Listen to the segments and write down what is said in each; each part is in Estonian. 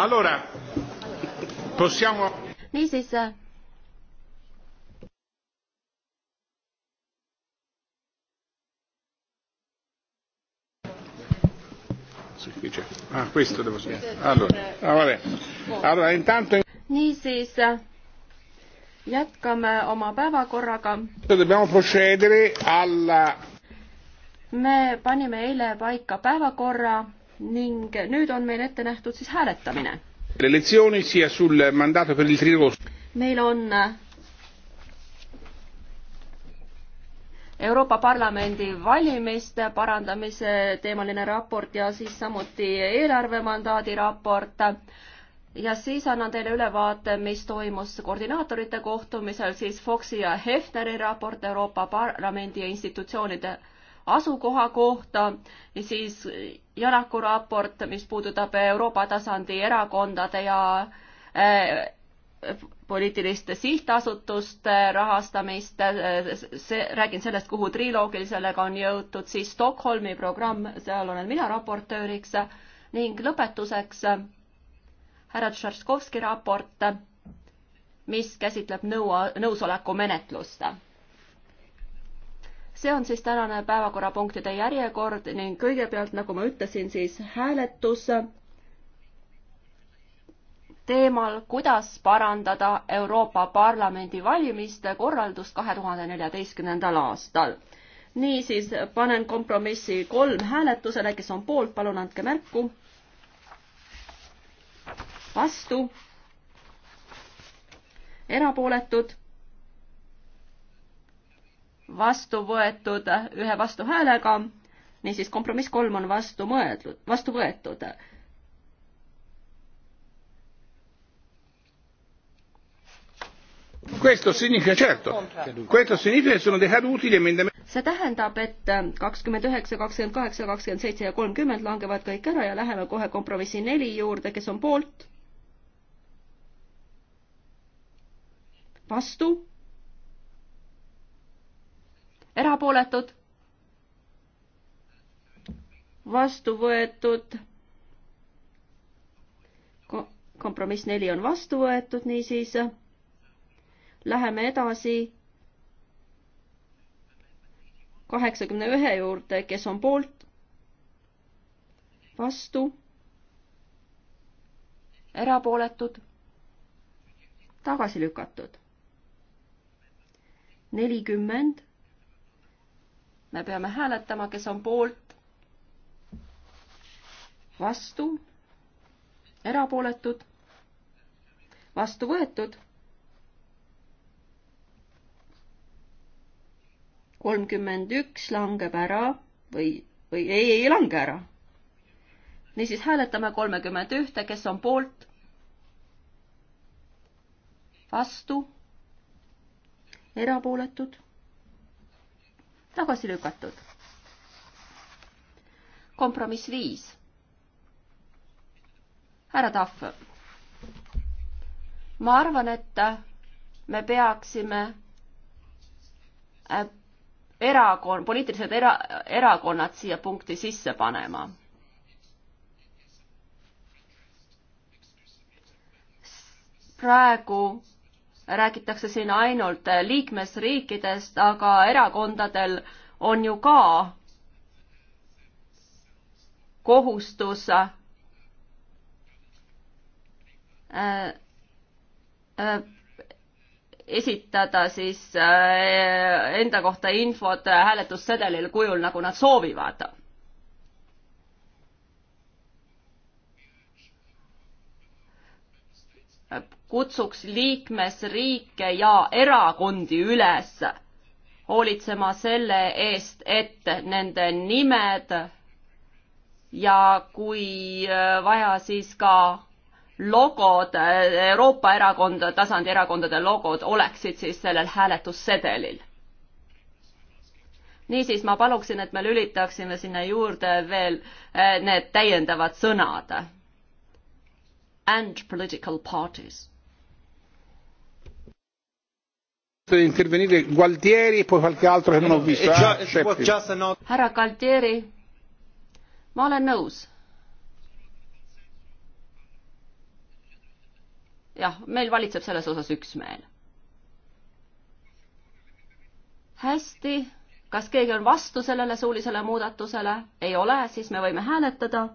Allora, possiamo... niisiis. Äh, ah, questo devo sapere. Allora, ah, vabbè. allora intanto... niisiis, äh, jätkame oma päevakorraga. Dobbiamo procedere alla... me panime eile paika päevakorra ning nüüd on meil ette nähtud siis hääletamine. meil on äh, Euroopa Parlamendi valimiste parandamise teemaline raport ja siis samuti eelarvemandaadi raport. ja siis annan teile ülevaate, mis toimus koordinaatorite kohtumisel, siis Foxi ja Hefneri raport Euroopa Parlamendi ja institutsioonide asukoha kohta, siis Janaku raport, mis puudutab Euroopa tasandi erakondade ja eh, poliitiliste sihtasutuste rahastamist, eh, see, räägin sellest, kuhu triloogilisega on jõutud, siis Stockholmi programm, seal olen mina raportööriks ning lõpetuseks härra Tšarskovski raport, mis käsitleb nõu, nõusoleku menetlust see on siis tänane päevakorrapunktide järjekord ning kõigepealt, nagu ma ütlesin, siis hääletus teemal, kuidas parandada Euroopa Parlamendi valimiste korraldust kahe tuhande neljateistkümnendal aastal. niisiis panen kompromissi kolm hääletusele, kes on poolt, palun andke märku. vastu. erapooletud vastu võetud ühe vastuhäälega, niisiis kompromiss kolm on vastu mõeldud, vastu võetud. see tähendab, et kakskümmend üheksa, kakskümmend kaheksa, kakskümmend seitse ja kolmkümmend langevad kõik ära ja läheme kohe kompromissi neli juurde, kes on poolt? vastu erapooletud, vastu võetud. kompromiss neli on vastu võetud, niisiis läheme edasi kaheksakümne ühe juurde, kes on poolt, vastu, erapooletud, tagasi lükatud nelikümmend me peame hääletama, kes on poolt, vastu, erapooletud, vastu võetud. kolmkümmend üks langeb ära või, või ei, ei lange ära. niisiis hääletame kolmekümmend ühte, kes on poolt, vastu, erapooletud tagasi lükatud. kompromiss viis. härra Tahv, ma arvan, et me peaksime äh, erakond, poliitilised era, erakonnad siia punkti sisse panema. praegu räägitakse siin ainult liikmesriikidest, aga erakondadel on ju ka kohustus äh, äh, esitada siis äh, enda kohta infot hääletussedelil kujul, nagu nad soovivad kutsuks liikmesriike ja erakondi üles hoolitsema selle eest, et nende nimed ja kui äh, vaja, siis ka logod, äh, Euroopa erakondade, tasandi erakondade logod oleksid siis sellel hääletussedelil. niisiis, ma paluksin, et me lülitaksime sinna juurde veel äh, need täiendavad sõnad. And political parties intervenire Gualtieri e poi qualche altro che non ho eh, visto. härra eh, eh, Gualtieri, ma olen nõus. jah, meil valitseb selles osas üksmeel. hästi, kas keegi on vastu sellele suulisele muudatusele? ei ole, siis me võime hääletada.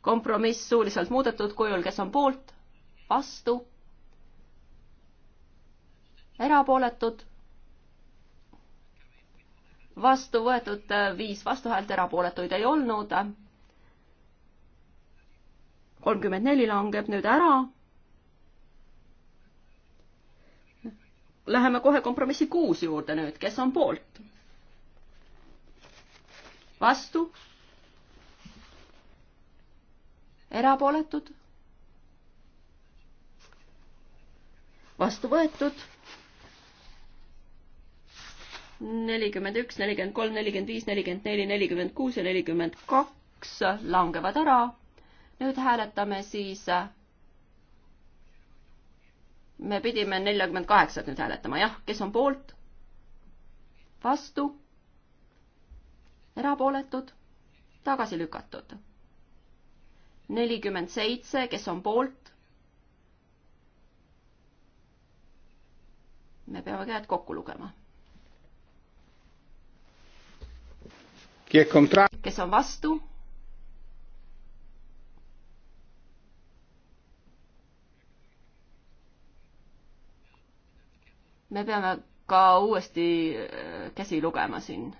kompromiss suuliselt muudetud kujul, kes on poolt, vastu erapooletud, vastu võetud äh, viis vastuhäält, erapooletuid ei olnud. kolmkümmend neli langeb nüüd ära. Läheme kohe kompromissi kuus juurde nüüd, kes on poolt? vastu? erapooletud? vastu võetud nelikümmend üks, nelikümmend kolm, nelikümmend viis, nelikümmend neli, nelikümmend kuus ja nelikümmend kaks langevad ära. nüüd hääletame siis. me pidime neljakümmend kaheksat nüüd hääletama, jah, kes on poolt? vastu? erapooletud? tagasi lükatud? nelikümmend seitse, kes on poolt? me peame käed kokku lugema kes on vastu? me peame ka uuesti eh, käsi lugema siin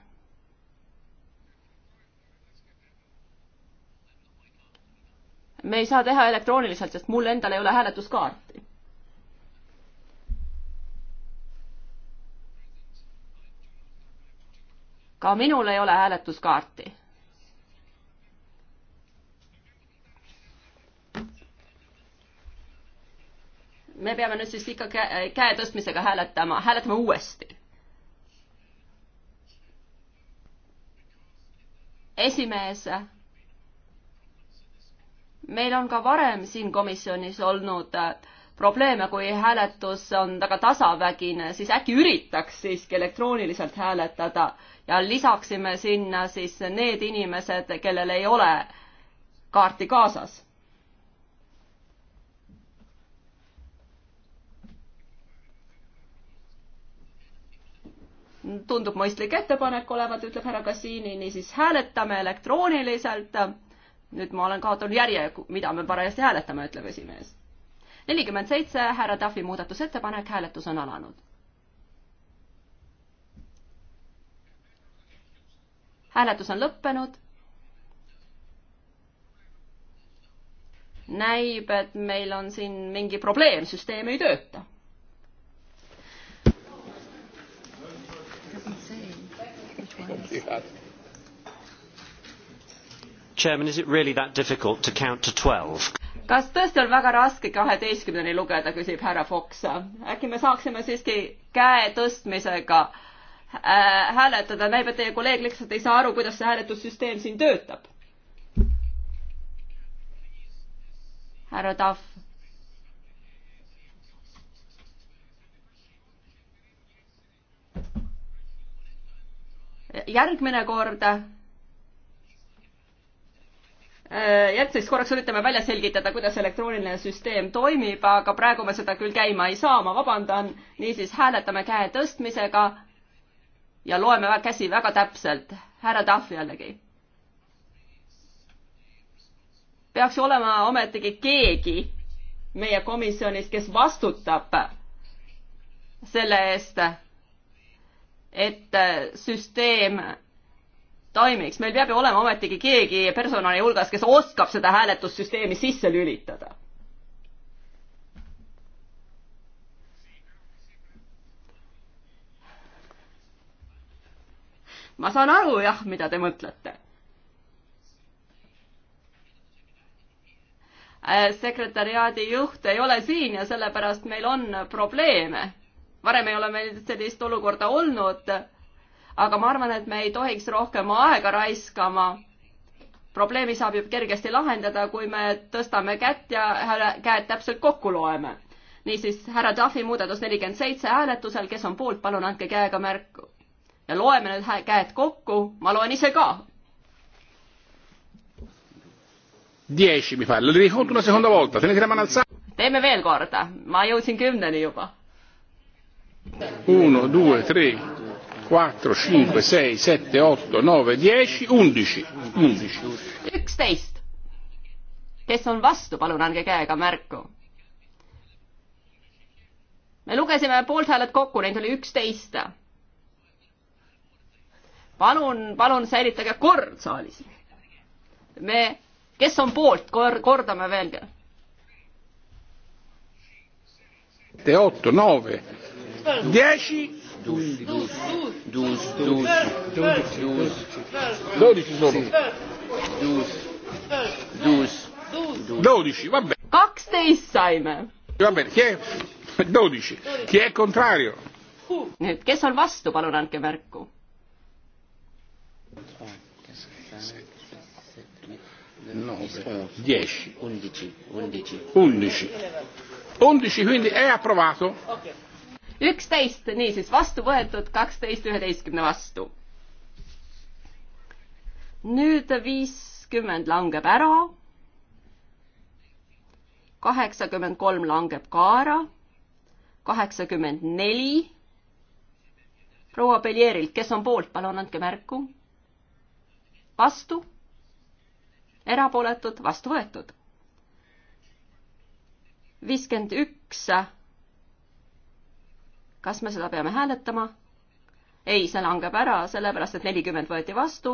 me ei saa teha elektrooniliselt, sest mul endal ei ole hääletuskaarti. ka minul ei ole hääletuskaarti. me peame nüüd siis ikka käe, käe tõstmisega hääletama, hääletame uuesti. esimees, meil on ka varem siin komisjonis olnud äh, probleeme, kui hääletus on väga tasavägine, siis äkki üritaks siiski elektrooniliselt hääletada ja lisaksime sinna siis need inimesed, kellel ei ole kaarti kaasas. tundub mõistlik ettepanek olevat, ütleb härra Kassiini, niisiis hääletame elektrooniliselt. nüüd ma olen kaotanud järje, mida me parajasti hääletame, ütleb esimees nelikümmend seitse, härra Tafi muudatusettepanek, hääletus on alanud. hääletus on lõppenud. näib, et meil on siin mingi probleem, süsteem ei tööta chairman is it really that difficult to count to twelve? kas tõesti on väga raske kaheteistkümneni lugeda, küsib härra Fox. äkki me saaksime siiski käe tõstmisega äh, hääletada, näib, et teie kolleeg lihtsalt ei saa aru, kuidas see hääletussüsteem siin töötab. härra Tahv. järgmine kord Äh, järgmiseks korraks üritame välja selgitada, kuidas elektrooniline süsteem toimib, aga praegu me seda küll käima ei saa, ma vabandan. niisiis hääletame käe tõstmisega ja loeme käsi väga täpselt. härra Tahv jällegi. peaks olema ometigi keegi meie komisjonis, kes vastutab selle eest, et süsteem toimiks, meil peab ju olema ometigi keegi personali hulgas, kes oskab seda hääletussüsteemi sisse lülitada. ma saan aru jah, mida te mõtlete. Äh, sekretäriaadi juht ei ole siin ja sellepärast meil on probleeme. varem ei ole meil sellist olukorda olnud aga ma arvan, et me ei tohiks rohkem aega raiskama. probleemi saab ju kergesti lahendada, kui me tõstame kätt ja käed täpselt kokku loeme. niisiis, härra Duffy muudatus nelikümmend seitse hääletusel, kes on poolt, palun andke käega märku. ja loeme nüüd käed kokku, ma loen ise ka. teeme veel korda, ma jõudsin kümneni juba. Uno, due, tre, 4, 5, 6, 7, 8, 9, 10, 11. üksteist. kes on vastu, palun andke käega märku. me lugesime poolthääled kokku, neid oli üksteist. palun, palun säilitage kord saalis. me, kes on poolt, kor-, kordame veel. Te otto, nove, dieci 12. 12. 12. 12. 12. 12 sono. 12. 12. 12, va bene. 12 saime. Va bene, chi è? 12. Chi è contrario? Nüüd, kes on vastu, palun andke märku. Dieci. Undici. Undici. Undici, quindi è approvato. Okay üksteist, niisiis vastu võetud, kaksteist üheteistkümne vastu. nüüd viiskümmend langeb ära. kaheksakümmend kolm langeb ka ära. kaheksakümmend neli. proua Beljeerilt, kes on poolt, palun andke märku. vastu. erapooletud, vastu võetud. viiskümmend üks kas me seda peame hääletama? ei, see langeb ära, sellepärast et nelikümmend võeti vastu.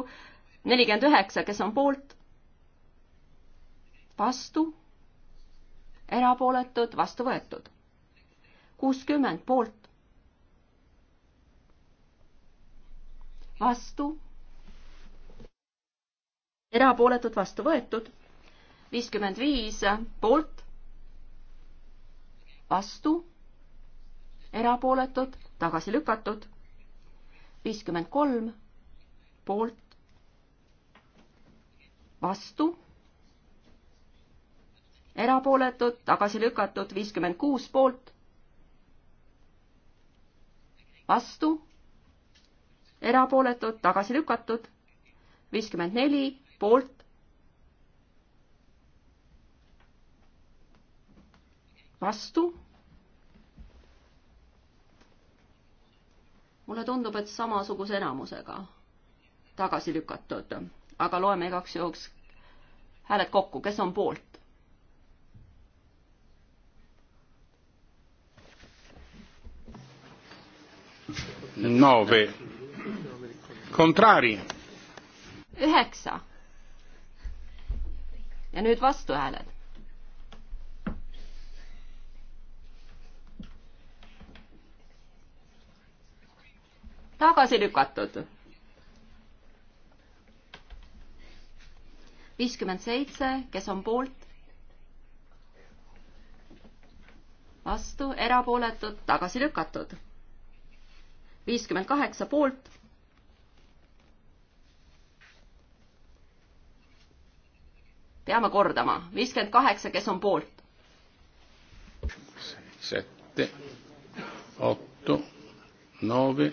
nelikümmend üheksa, kes on poolt? vastu? erapooletud, vastu võetud. kuuskümmend poolt. vastu. erapooletud, vastu võetud. viiskümmend viis poolt. vastu erapooletud, tagasi lükatud. viiskümmend kolm poolt, vastu, erapooletud, tagasi lükatud, viiskümmend kuus poolt, vastu, erapooletud, tagasi lükatud, viiskümmend neli poolt, vastu mulle tundub, et samasuguse enamusega tagasi lükatud, aga loeme igaks juhuks hääled kokku, kes on poolt? nove contrari üheksa ja nüüd vastuhääled tagasi lükatud. viiskümmend seitse, kes on poolt? vastu, erapooletud, tagasi lükatud. viiskümmend kaheksa poolt. peame kordama, viiskümmend kaheksa, kes on poolt? sette, otto, nove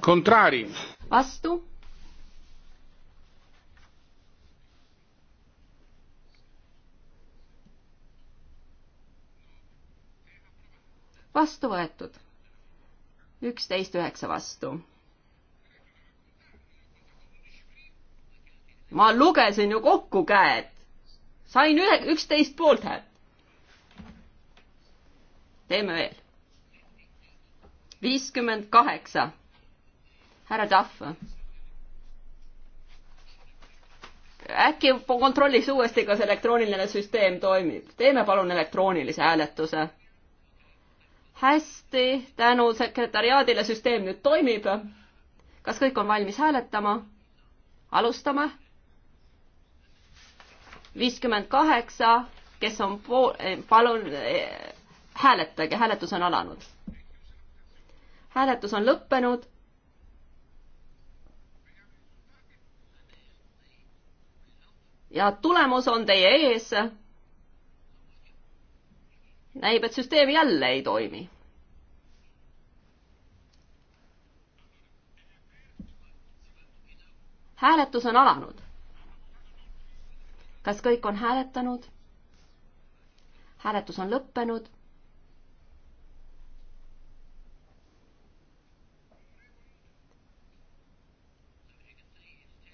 contrari vastu vastu võetud üksteist üheksa vastu ma lugesin ju kokku käed sain ühe üksteist poolthäält teeme veel viiskümmend kaheksa. härra Tahv. äkki kontrolliks uuesti, kas elektrooniline süsteem toimib. teeme palun elektroonilise hääletuse. hästi, tänu sekretäriaadile süsteem nüüd toimib. kas kõik on valmis hääletama? alustame. viiskümmend kaheksa, kes on pool, eh, palun eh, hääletage, hääletus on alanud hääletus on lõppenud. ja tulemus on teie ees. näib, et süsteem jälle ei toimi hääletus on alanud. kas kõik on hääletanud? hääletus on lõppenud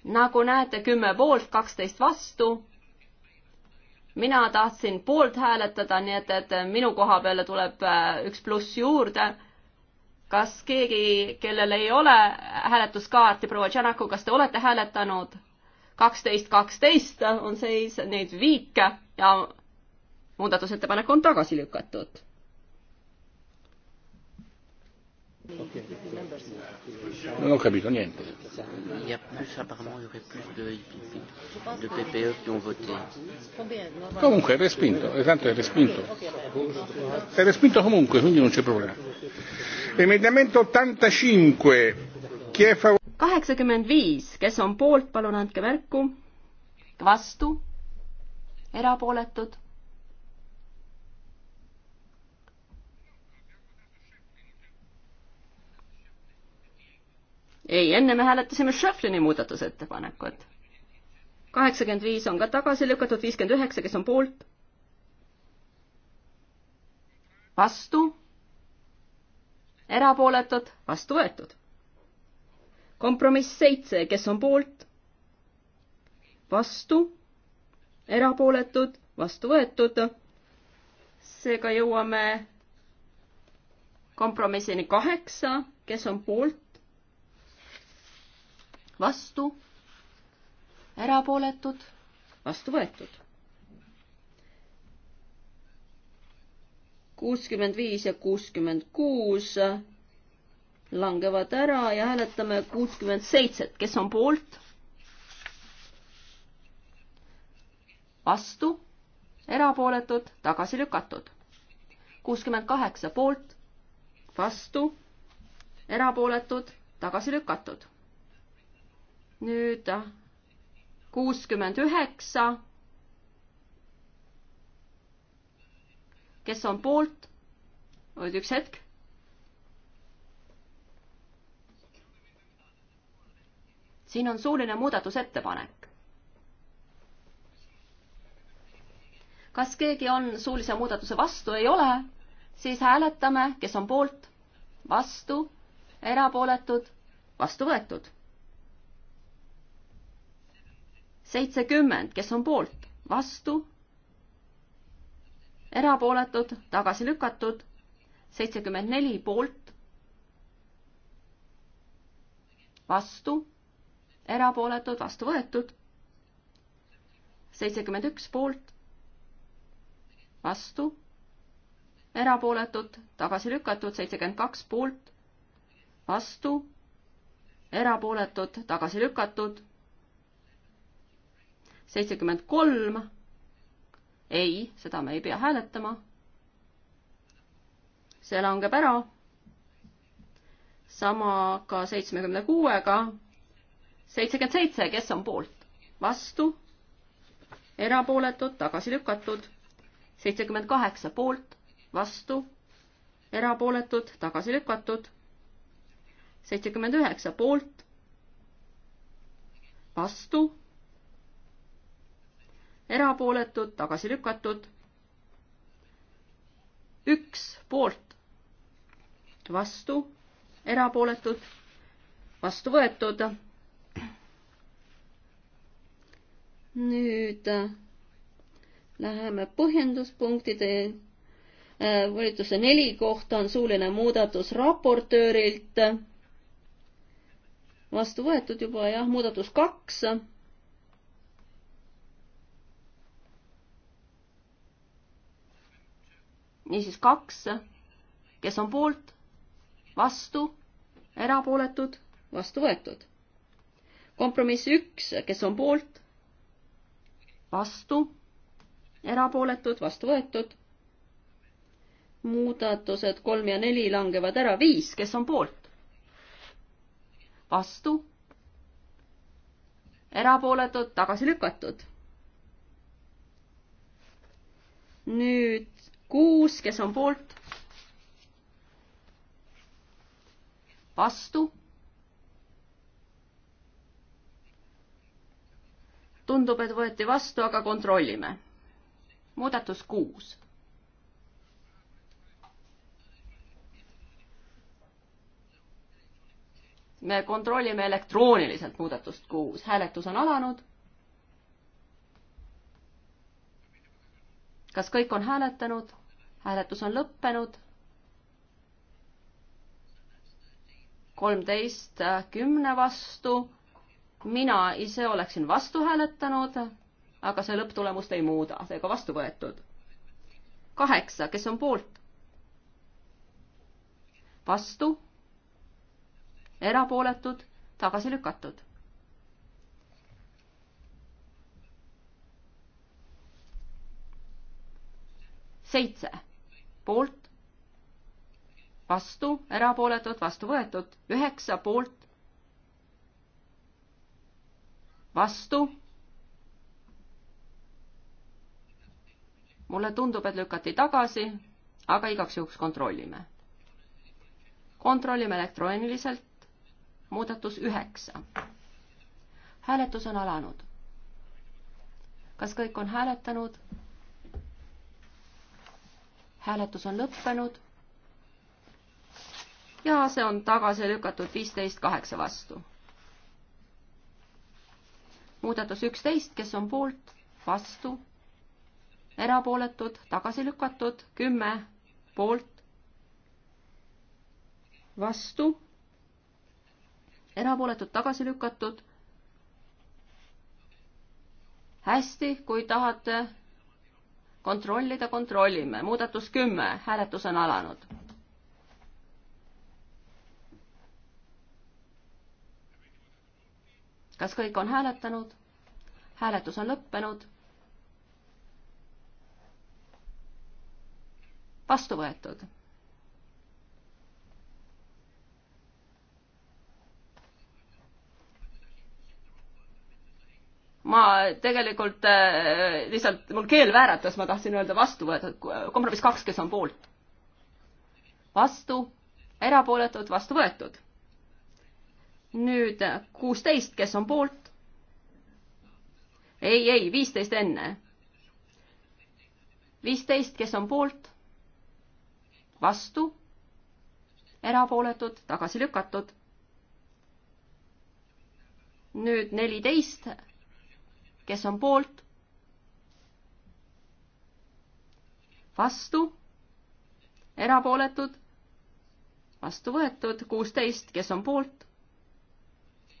nagu näete, kümme poolt, kaksteist vastu. mina tahtsin poolt hääletada, nii et, et minu koha peale tuleb äh, üks pluss juurde. kas keegi, kellel ei ole hääletuskaarti, proua Tšanaku, kas te olete hääletanud? kaksteist, kaksteist on seis, neid viike ja muudatusettepanek on tagasi lükatud non ho capito niente. Il y a plus, apparemment, il y aurait plus de, de PPE e qui ont voté. Comunque è respinto, esatto, è respinto. È respinto comunque, quindi non c'è problema. Emendamento 85, chi è favorevole? kaheksakümmend viis, kes on poolt, palun andke märku. vastu? erapooletud? ei, enne me hääletasime Schöflini muudatusettepanekut. kaheksakümmend viis on ka tagasi lükatud, viiskümmend üheksa, kes on poolt? vastu? erapooletud, vastu võetud. kompromiss seitse, kes on poolt? vastu? erapooletud, vastu võetud. seega jõuame kompromissini kaheksa, kes on poolt? vastu, erapooletud, vastu võetud. kuuskümmend viis ja kuuskümmend kuus langevad ära ja hääletame kuuskümmend seitset, kes on poolt? vastu, erapooletud, tagasi lükatud. kuuskümmend kaheksa poolt, vastu, erapooletud, tagasi lükatud nüüd kuuskümmend üheksa. kes on poolt? oot, üks hetk. siin on suuline muudatusettepanek. kas keegi on suulise muudatuse vastu, ei ole, siis hääletame, kes on poolt, vastu, erapooletud, vastu võetud seitsekümmend, kes on poolt, vastu, erapooletud, tagasi lükatud, seitsekümmend neli poolt, vastu, erapooletud, vastu võetud, seitsekümmend üks poolt, vastu, erapooletud, tagasi lükatud, seitsekümmend kaks poolt, vastu, erapooletud, tagasi lükatud seitsekümmend kolm. ei, seda me ei pea hääletama. see langeb ära. sama ka seitsmekümne kuuega. seitsekümmend seitse, kes on poolt? vastu? erapooletud, tagasi lükatud. seitsekümmend kaheksa poolt, vastu, erapooletud, tagasi lükatud. seitsekümmend üheksa poolt, vastu erapooletud, tagasi lükatud. üks poolt, vastu, erapooletud, vastu võetud. nüüd äh, läheme põhjenduspunktide äh, volituse neli kohta on suuline muudatus raportöörilt. vastu võetud juba jah, muudatus kaks niisiis kaks, kes on poolt, vastu, erapooletud, vastu võetud. kompromiss üks, kes on poolt, vastu, erapooletud, vastu võetud. muudatused kolm ja neli langevad ära, viis, kes on poolt, vastu, erapooletud, tagasi lükatud. nüüd kuus, kes on poolt? vastu? tundub, et võeti vastu, aga kontrollime. muudatus kuus. me kontrollime elektrooniliselt muudatust kuus, hääletus on alanud kas kõik on hääletanud? hääletus on lõppenud. kolmteist äh, kümne vastu. mina ise oleksin vastu hääletanud, aga see lõpptulemust ei muuda, seega vastu võetud. kaheksa, kes on poolt? vastu, erapooletud, tagasi lükatud seitse poolt, vastu, erapooletud, vastu võetud, üheksa poolt, vastu. mulle tundub, et lükati tagasi, aga igaks juhuks kontrollime. kontrollime elektrooniliselt, muudatus üheksa. hääletus on alanud. kas kõik on hääletanud? hääletus on lõppenud. ja see on tagasi lükatud viisteist kaheksa vastu. muudatus üksteist, kes on poolt, vastu, erapooletud, tagasi lükatud, kümme poolt, vastu, erapooletud, tagasi lükatud. hästi, kui tahate kontrollida, kontrollime. muudatus kümme, hääletus on alanud. kas kõik on hääletanud? hääletus on lõppenud. vastu võetud ma tegelikult äh, lihtsalt, mul keel vääratas, ma tahtsin öelda vastu võetud, kompromiss kaks, kes on poolt. vastu, erapooletud, vastu võetud. nüüd kuusteist, kes on poolt? ei, ei, viisteist enne. viisteist, kes on poolt? vastu, erapooletud, tagasi lükatud. nüüd neliteist kes on poolt? vastu? erapooletud? vastu võetud, kuusteist, kes on poolt?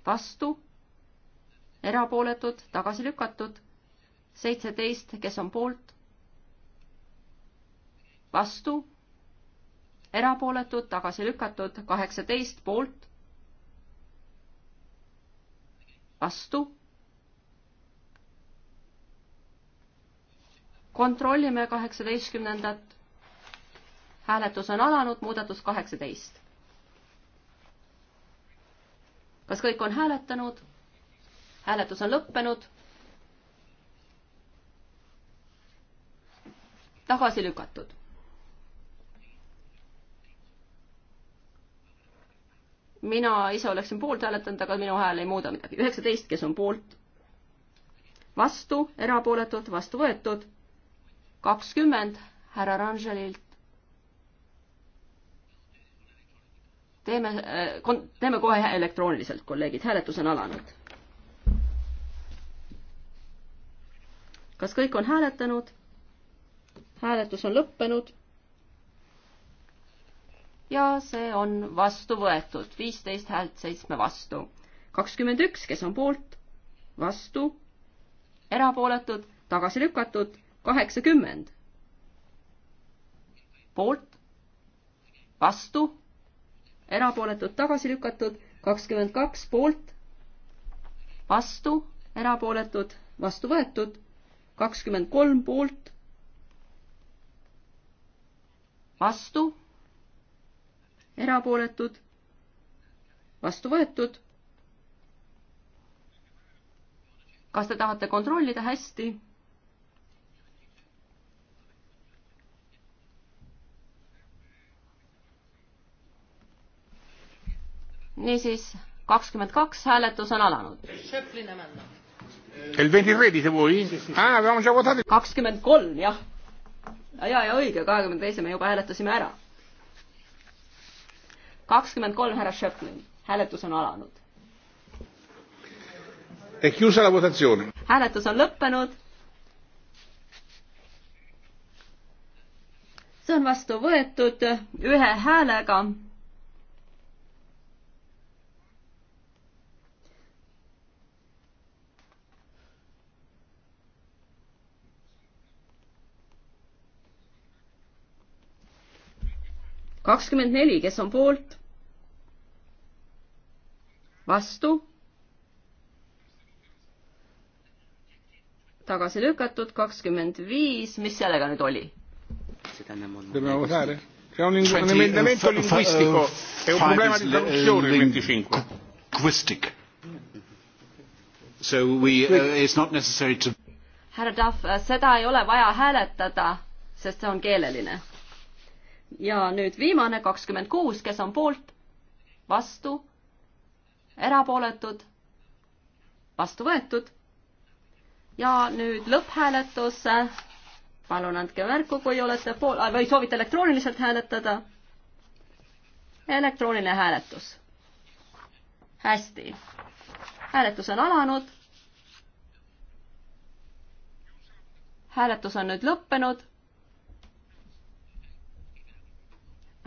vastu? erapooletud, tagasi lükatud, seitseteist, kes on poolt? vastu? erapooletud, tagasi lükatud, kaheksateist poolt? vastu? kontrollime kaheksateistkümnendat. hääletus on alanud, muudatus kaheksateist. kas kõik on hääletanud? hääletus on lõppenud. tagasi lükatud. mina ise oleksin poolt hääletanud, aga minu hääl ei muuda midagi. üheksateist, kes on poolt, vastu, erapooletud, vastu võetud kakskümmend härra Rangelilt. teeme, äh, teeme kohe elektrooniliselt, kolleegid, hääletus on alanud. kas kõik on hääletanud? hääletus on lõppenud. ja see on vastu võetud, viisteist häält seitsme vastu. kakskümmend üks, kes on poolt, vastu, erapooletud, tagasi lükatud kaheksakümmend. poolt, vastu, erapooletud, tagasi lükatud, kakskümmend kaks poolt, vastu, erapooletud, vastu võetud, kakskümmend kolm poolt, vastu, erapooletud, vastu võetud. kas te tahate kontrollida hästi? niisiis, kakskümmend kaks hääletus on alanud. Ah, kakskümmend kolm, jah. ja, ja õige, kahekümne teise me juba hääletasime ära. kakskümmend kolm, härra Schöpflin, hääletus on alanud. hääletus on lõppenud see on vastu võetud ühe häälega kakskümmend neli, kes on poolt? vastu? tagasi lükatud, kakskümmend viis, mis sellega nüüd oli? Dobbiamo votare? C'è un, un emendamento eh, linguistico e un problema di traduzione eh, il 25. Linguistic. So we, uh, it's not necessary to... härra Duff, äh, seda ei ole vaja hääletada, sest see on keeleline ja nüüd viimane, kakskümmend kuus, kes on poolt, vastu, erapooletud, vastu võetud. ja nüüd lõpphääletus. palun andke märku, kui olete pool- äh, või soovite elektrooniliselt hääletada. elektrooniline hääletus. hästi. hääletus on alanud. hääletus on nüüd lõppenud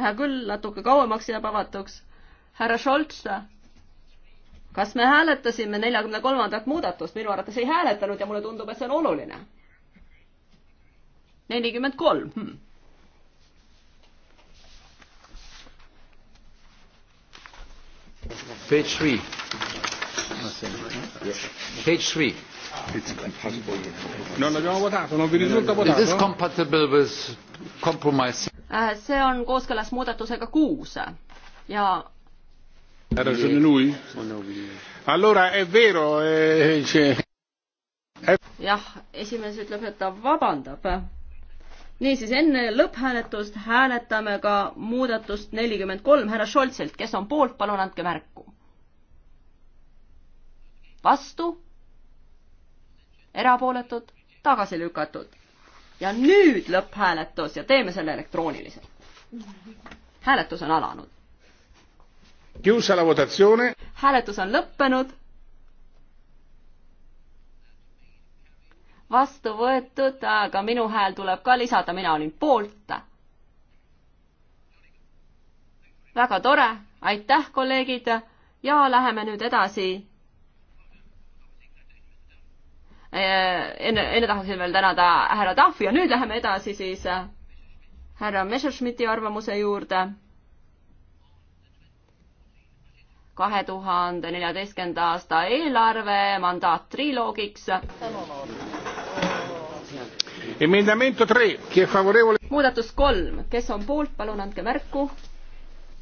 hea küll, natuke kauemaks jääb avatuks. härra Scholz, kas me hääletasime neljakümne kolmandat muudatust, minu arvates ei hääletanud ja mulle tundub, et see on oluline. nelikümmend kolm. Hmm. Page three. Page three. Non abbiamo votato, non vi risulta votato? Is this compatible with compromise? Äh, see on kooskõlas muudatusega kuus ja ha ragione lui allora è vero eh, c'è jah, esimees ütleb, et ta vabandab. niisiis, enne lõpphääletust hääletame ka muudatust nelikümmend kolm härra Scholzilt, kes on poolt, palun andke märku. vastu? erapooletud? tagasi lükatud? ja nüüd lõpphääletus ja teeme selle elektrooniliselt. hääletus on alanud. hääletus on lõppenud. vastu võetud, aga minu hääl tuleb ka lisada, mina olin poolt. väga tore, aitäh, kolleegid ja läheme nüüd edasi Eh, enne, enne tahaksin veel tänada härra Tahvi ja nüüd läheme edasi siis eh, härra Messerschmitti arvamuse juurde. kahe tuhande neljateistkümnenda aasta eelarve mandaat triloogiks. muudatus kolm, kes on poolt, palun andke märku.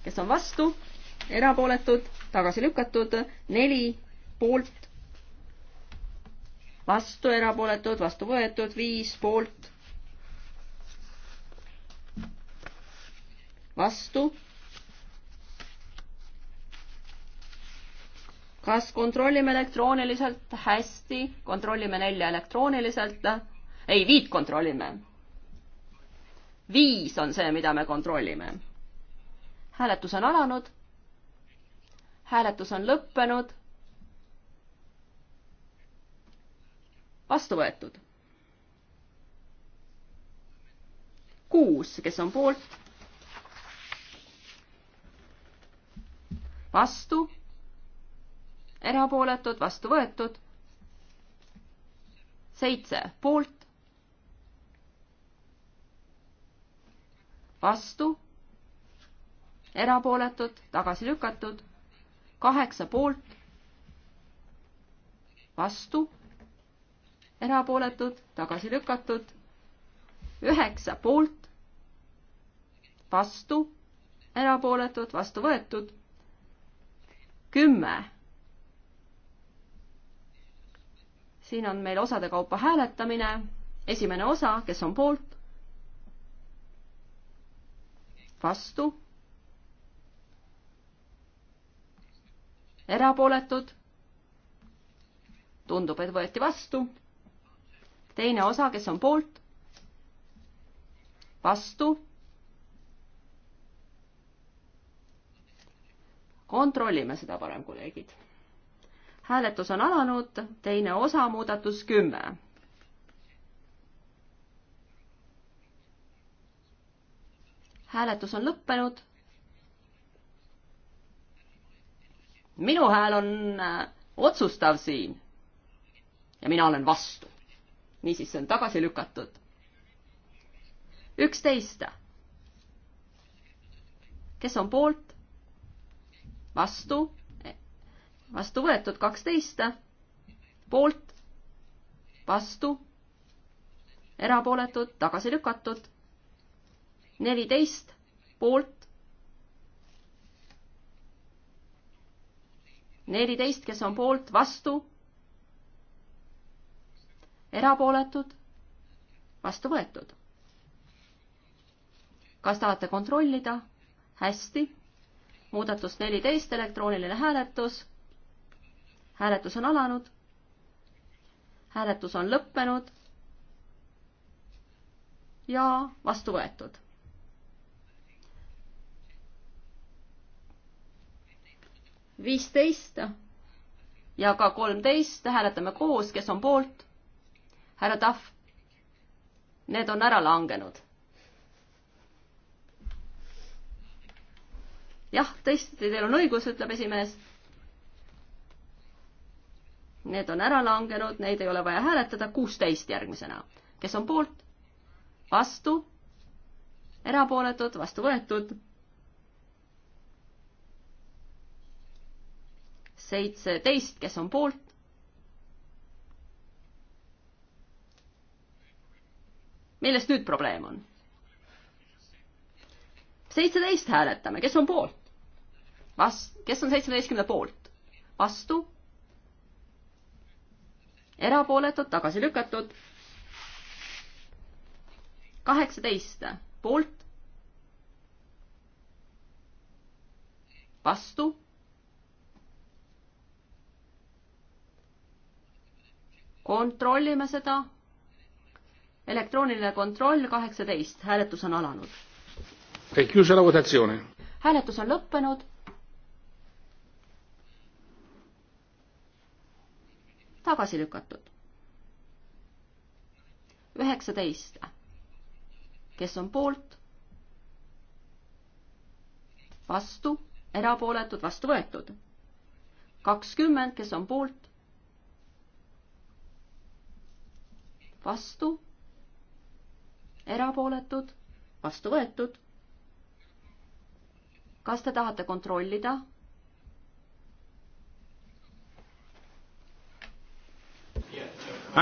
kes on vastu, erapooletud, tagasi lükatud, neli poolt, vastu erapooletud, vastu võetud, viis poolt. vastu. kas kontrollime elektrooniliselt? hästi, kontrollime nelja elektrooniliselt. ei, viit kontrollime. viis on see, mida me kontrollime. hääletus on alanud. hääletus on lõppenud vastu võetud. kuus, kes on poolt? vastu, erapooletud, vastu võetud. seitse poolt, vastu, erapooletud, tagasi lükatud, kaheksa poolt, vastu erapooletud, tagasi lükatud. üheksa poolt, vastu, erapooletud, vastu võetud. kümme. siin on meil osade kaupa hääletamine. esimene osa, kes on poolt, vastu, erapooletud tundub, et võeti vastu teine osa, kes on poolt, vastu. kontrollime seda parem, kolleegid. hääletus on alanud, teine osa, muudatus kümme hääletus on lõppenud. minu hääl on äh, otsustav siin ja mina olen vastu niisiis, see on tagasi lükatud. üksteist. kes on poolt? vastu? vastu võetud kaksteist. poolt? vastu? erapooletud, tagasi lükatud. neliteist poolt. neliteist, kes on poolt, vastu erapooletud, vastu võetud. kas tahate kontrollida? hästi. muudatus neliteist, elektrooniline hääletus. hääletus on alanud. hääletus on lõppenud. ja vastu võetud. viisteist ja ka kolmteist, hääletame koos, kes on poolt härra Tahv, need on ära langenud. jah, tõesti, teil on õigus, ütleb esimees. Need on ära langenud, neid ei ole vaja hääletada, kuusteist järgmisena. kes on poolt? vastu? erapooletud, vastu võetud? seitseteist, kes on poolt? millest nüüd probleem on? seitseteist hääletame, kes on poolt? Vas-, kes on seitsmeteistkümne poolt? vastu? erapooletud, tagasi lükatud. kaheksateist poolt. vastu. kontrollime seda elektrooniline kontroll kaheksateist, hääletus on alanud. hääletus on lõppenud. tagasi lükatud. üheksateist, kes on poolt? vastu, erapooletud, vastu võetud. kakskümmend, kes on poolt? vastu erapooletud, vastu võetud. kas te tahate kontrollida?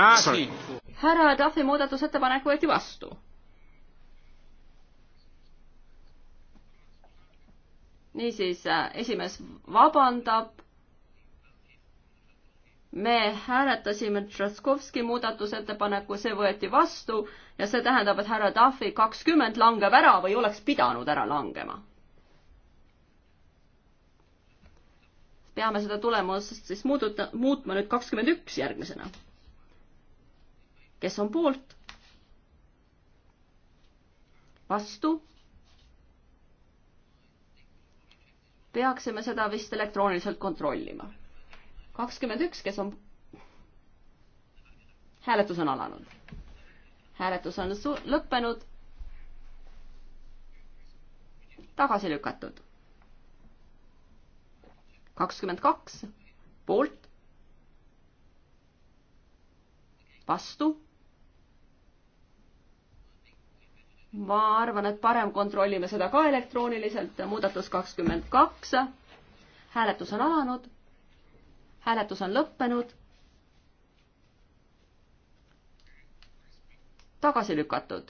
Ah, härra Tafi muudatusettepanek võeti vastu. niisiis, esimees vabandab. me hääletasime Tšaskovski muudatusettepaneku, see võeti vastu ja see tähendab, et härra Duffy kakskümmend langeb ära või oleks pidanud ära langema. peame seda tulemust siis muuduta, muutma nüüd kakskümmend üks järgmisena. kes on poolt? vastu? peaksime seda vist elektrooniliselt kontrollima. kakskümmend üks, kes on hääletus on alanud hääletus on lõppenud. tagasi lükatud. kakskümmend kaks poolt. vastu. ma arvan, et parem kontrollime seda ka elektrooniliselt, muudatus kakskümmend kaks. hääletus on alanud. hääletus on lõppenud tagasi lükatud.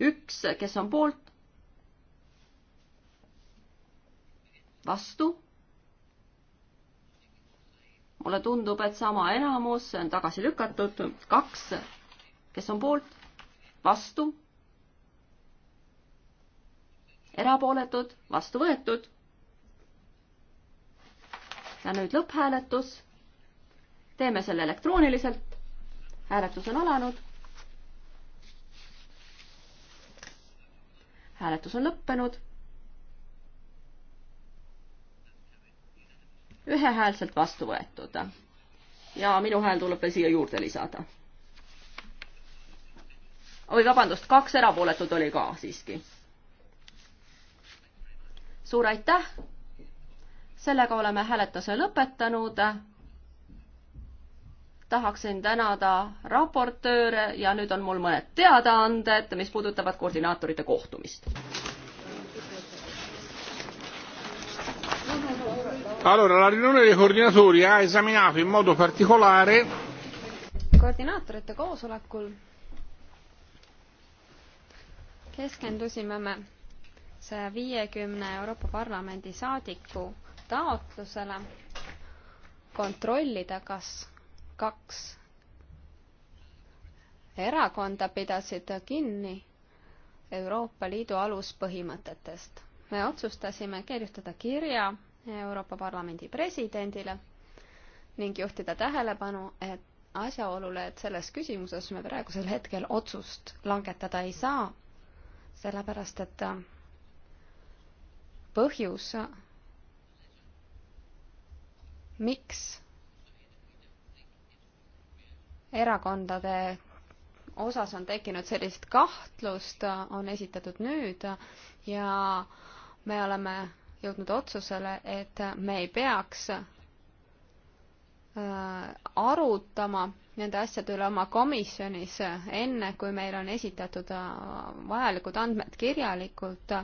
üks, kes on poolt, vastu. mulle tundub, et sama enamus, see on tagasi lükatud, kaks, kes on poolt, vastu, erapooletud, vastu võetud. ja nüüd lõpphääletus teeme selle elektrooniliselt. hääletus on alanud. hääletus on lõppenud. ühehäälselt vastu võetud. ja minu hääl tuleb veel siia juurde lisada. oi, vabandust, kaks erapooletut oli ka siiski. suur aitäh. sellega oleme hääletuse lõpetanud tahaksin tänada raportööre ja nüüd on mul mõned teadaanded, mis puudutavad koordinaatorite kohtumist. Allora, la riunione dei coordinatori ha esaminato in modo particolare koordinaatorite koosolekul keskendusime me saja viiekümne Euroopa Parlamendi saadiku taotlusele kontrollida, kas kaks erakonda pidasid kinni Euroopa Liidu aluspõhimõtetest. me otsustasime kirjutada kirja Euroopa Parlamendi presidendile ning juhtida tähelepanu, et asjaolule, et selles küsimuses me praegusel hetkel otsust langetada ei saa, sellepärast et põhjus, miks erakondade osas on tekkinud sellist kahtlust, on esitatud nüüd ja me oleme jõudnud otsusele, et me ei peaks äh, arutama nende asjade üle oma komisjonis enne, kui meile on esitatud äh, vajalikud andmed kirjalikult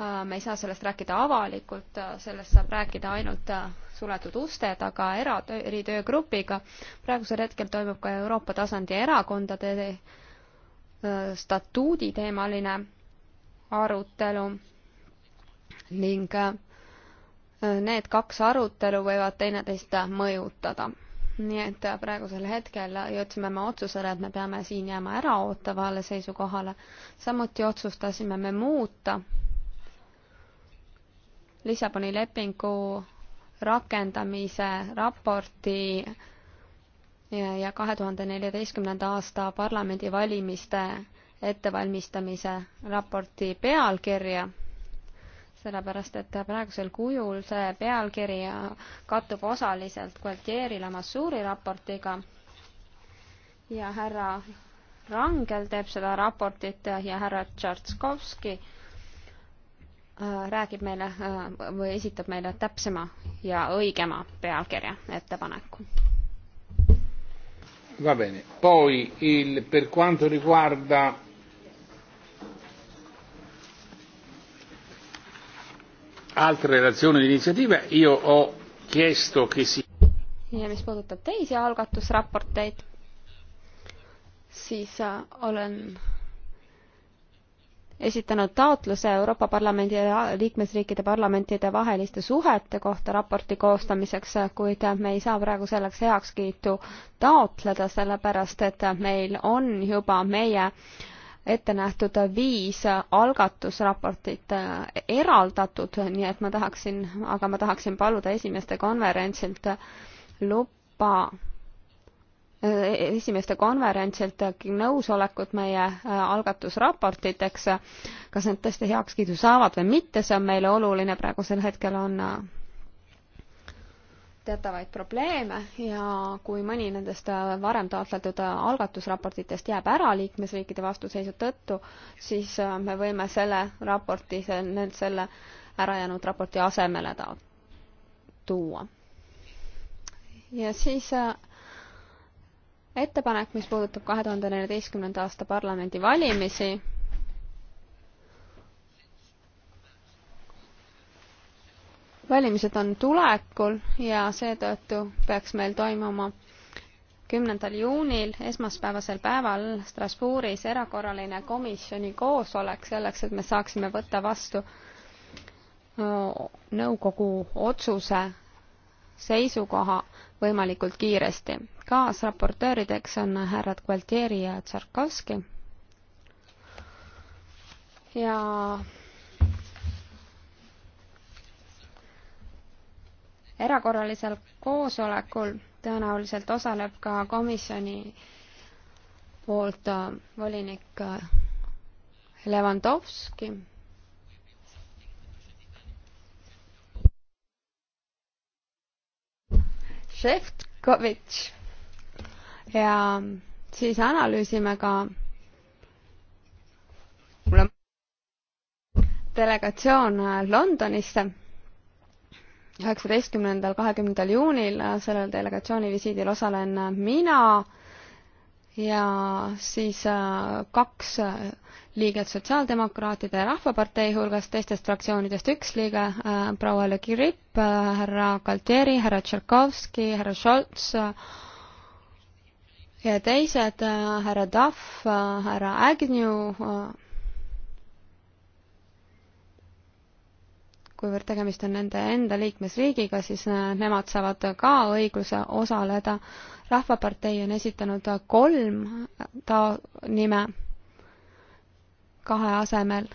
Äh, me ei saa sellest rääkida avalikult, äh, sellest saab rääkida ainult äh, suletud uste taga eratöö, eritöögrupiga. praegusel hetkel toimub ka Euroopa tasandi erakondade statuudi teemaline arutelu ning need kaks arutelu võivad teineteist mõjutada. nii et praegusel hetkel jõudsime me otsusele, et me peame siin jääma äraootavale seisukohale. samuti otsustasime me muuta Lissaboni lepingu rakendamise raporti ja kahe tuhande neljateistkümnenda aasta parlamendivalimiste ettevalmistamise raporti pealkirja, sellepärast et praegusel kujul see pealkiri kattub osaliselt Gualtieri Lamassuuri raportiga ja härra Rangel teeb seda raportit ja härra Tšartskovski Äh, räägib meile äh, või esitab meile täpsema ja õigema pealkirja ettepaneku. Va bene, poi il per quanto riguarda altre relazioni di iniziativa io ho chiesto che si ja mis puudutab teisi algatusraporteid, siis äh, olen esitanud taotluse Euroopa Parlamendi ja liikmesriikide parlamentide vaheliste suhete kohta raporti koostamiseks, kuid me ei saa praegu selleks heakskiitu taotleda, sellepärast et meil on juba meie ette nähtud viis algatusraportit eraldatud, nii et ma tahaksin, aga ma tahaksin paluda esimeste konverentsilt luba esimeeste konverentsilt nõusolekut meie äh, algatusraportiteks. kas need tõesti heakskiidu saavad või mitte, see on meile oluline, praegusel hetkel on äh, teatavaid probleeme ja kui mõni nendest äh, varem taotletud algatusraportitest jääb ära liikmesriikide vastuseisu tõttu, siis me võime selle raporti, selle ärajäänud raporti asemele ta tuua. ja siis ettepanek, mis puudutab kahe tuhande neljateistkümnenda aasta parlamendivalimisi. valimised on tulekul ja seetõttu peaks meil toimuma kümnendal juunil, esmaspäevasel päeval Strasbourgis erakorraline komisjoni koosolek selleks, et me saaksime võtta vastu nõukogu otsuse seisukoha võimalikult kiiresti. kaasraportöörideks on härrad Gualtieri ja Tsarkovski. ja erakorralisel koosolekul tõenäoliselt osaleb ka komisjoni poolt volinik Levandovski Šefkovitš ja siis analüüsime ka delegatsioon äh, Londonisse üheksateistkümnendal, kahekümnendal juunil äh, sellel delegatsiooni visiidil osalen äh, mina ja siis äh, kaks liiget Sotsiaaldemokraatide ja Rahvapartei hulgast, teistest fraktsioonidest üks liige, äh, proua Le Grip, äh, härra Galtieri, härra Tšerkovski, härra Scholz ja teised, härra Duff, härra Agnew kuivõrd tegemist on nende enda liikmesriigiga, siis äh, nemad saavad ka õiguse osaleda. rahvapartei on esitanud kolm äh, ta-, nime kahe asemel.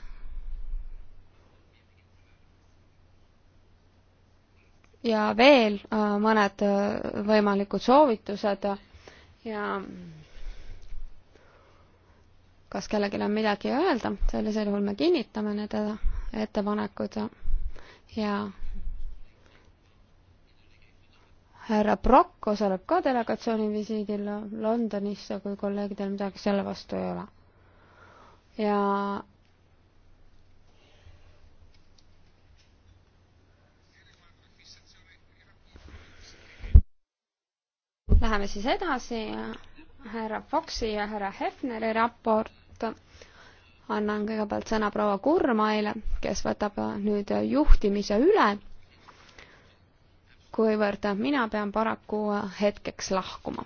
ja veel äh, mõned võimalikud soovitused ja kas kellelgi on midagi öelda, sellisel juhul me kinnitame need ettepanekud ja ja härra Brock osaleb ka delegatsiooni visiidil Londonisse, kui kolleegidel midagi selle vastu ei ole. ja Läheme siis edasi, härra Foxi ja härra Hefneri raport annan kõigepealt sõna proua Kurmaile, kes võtab nüüd juhtimise üle, kuivõrd mina pean paraku hetkeks lahkuma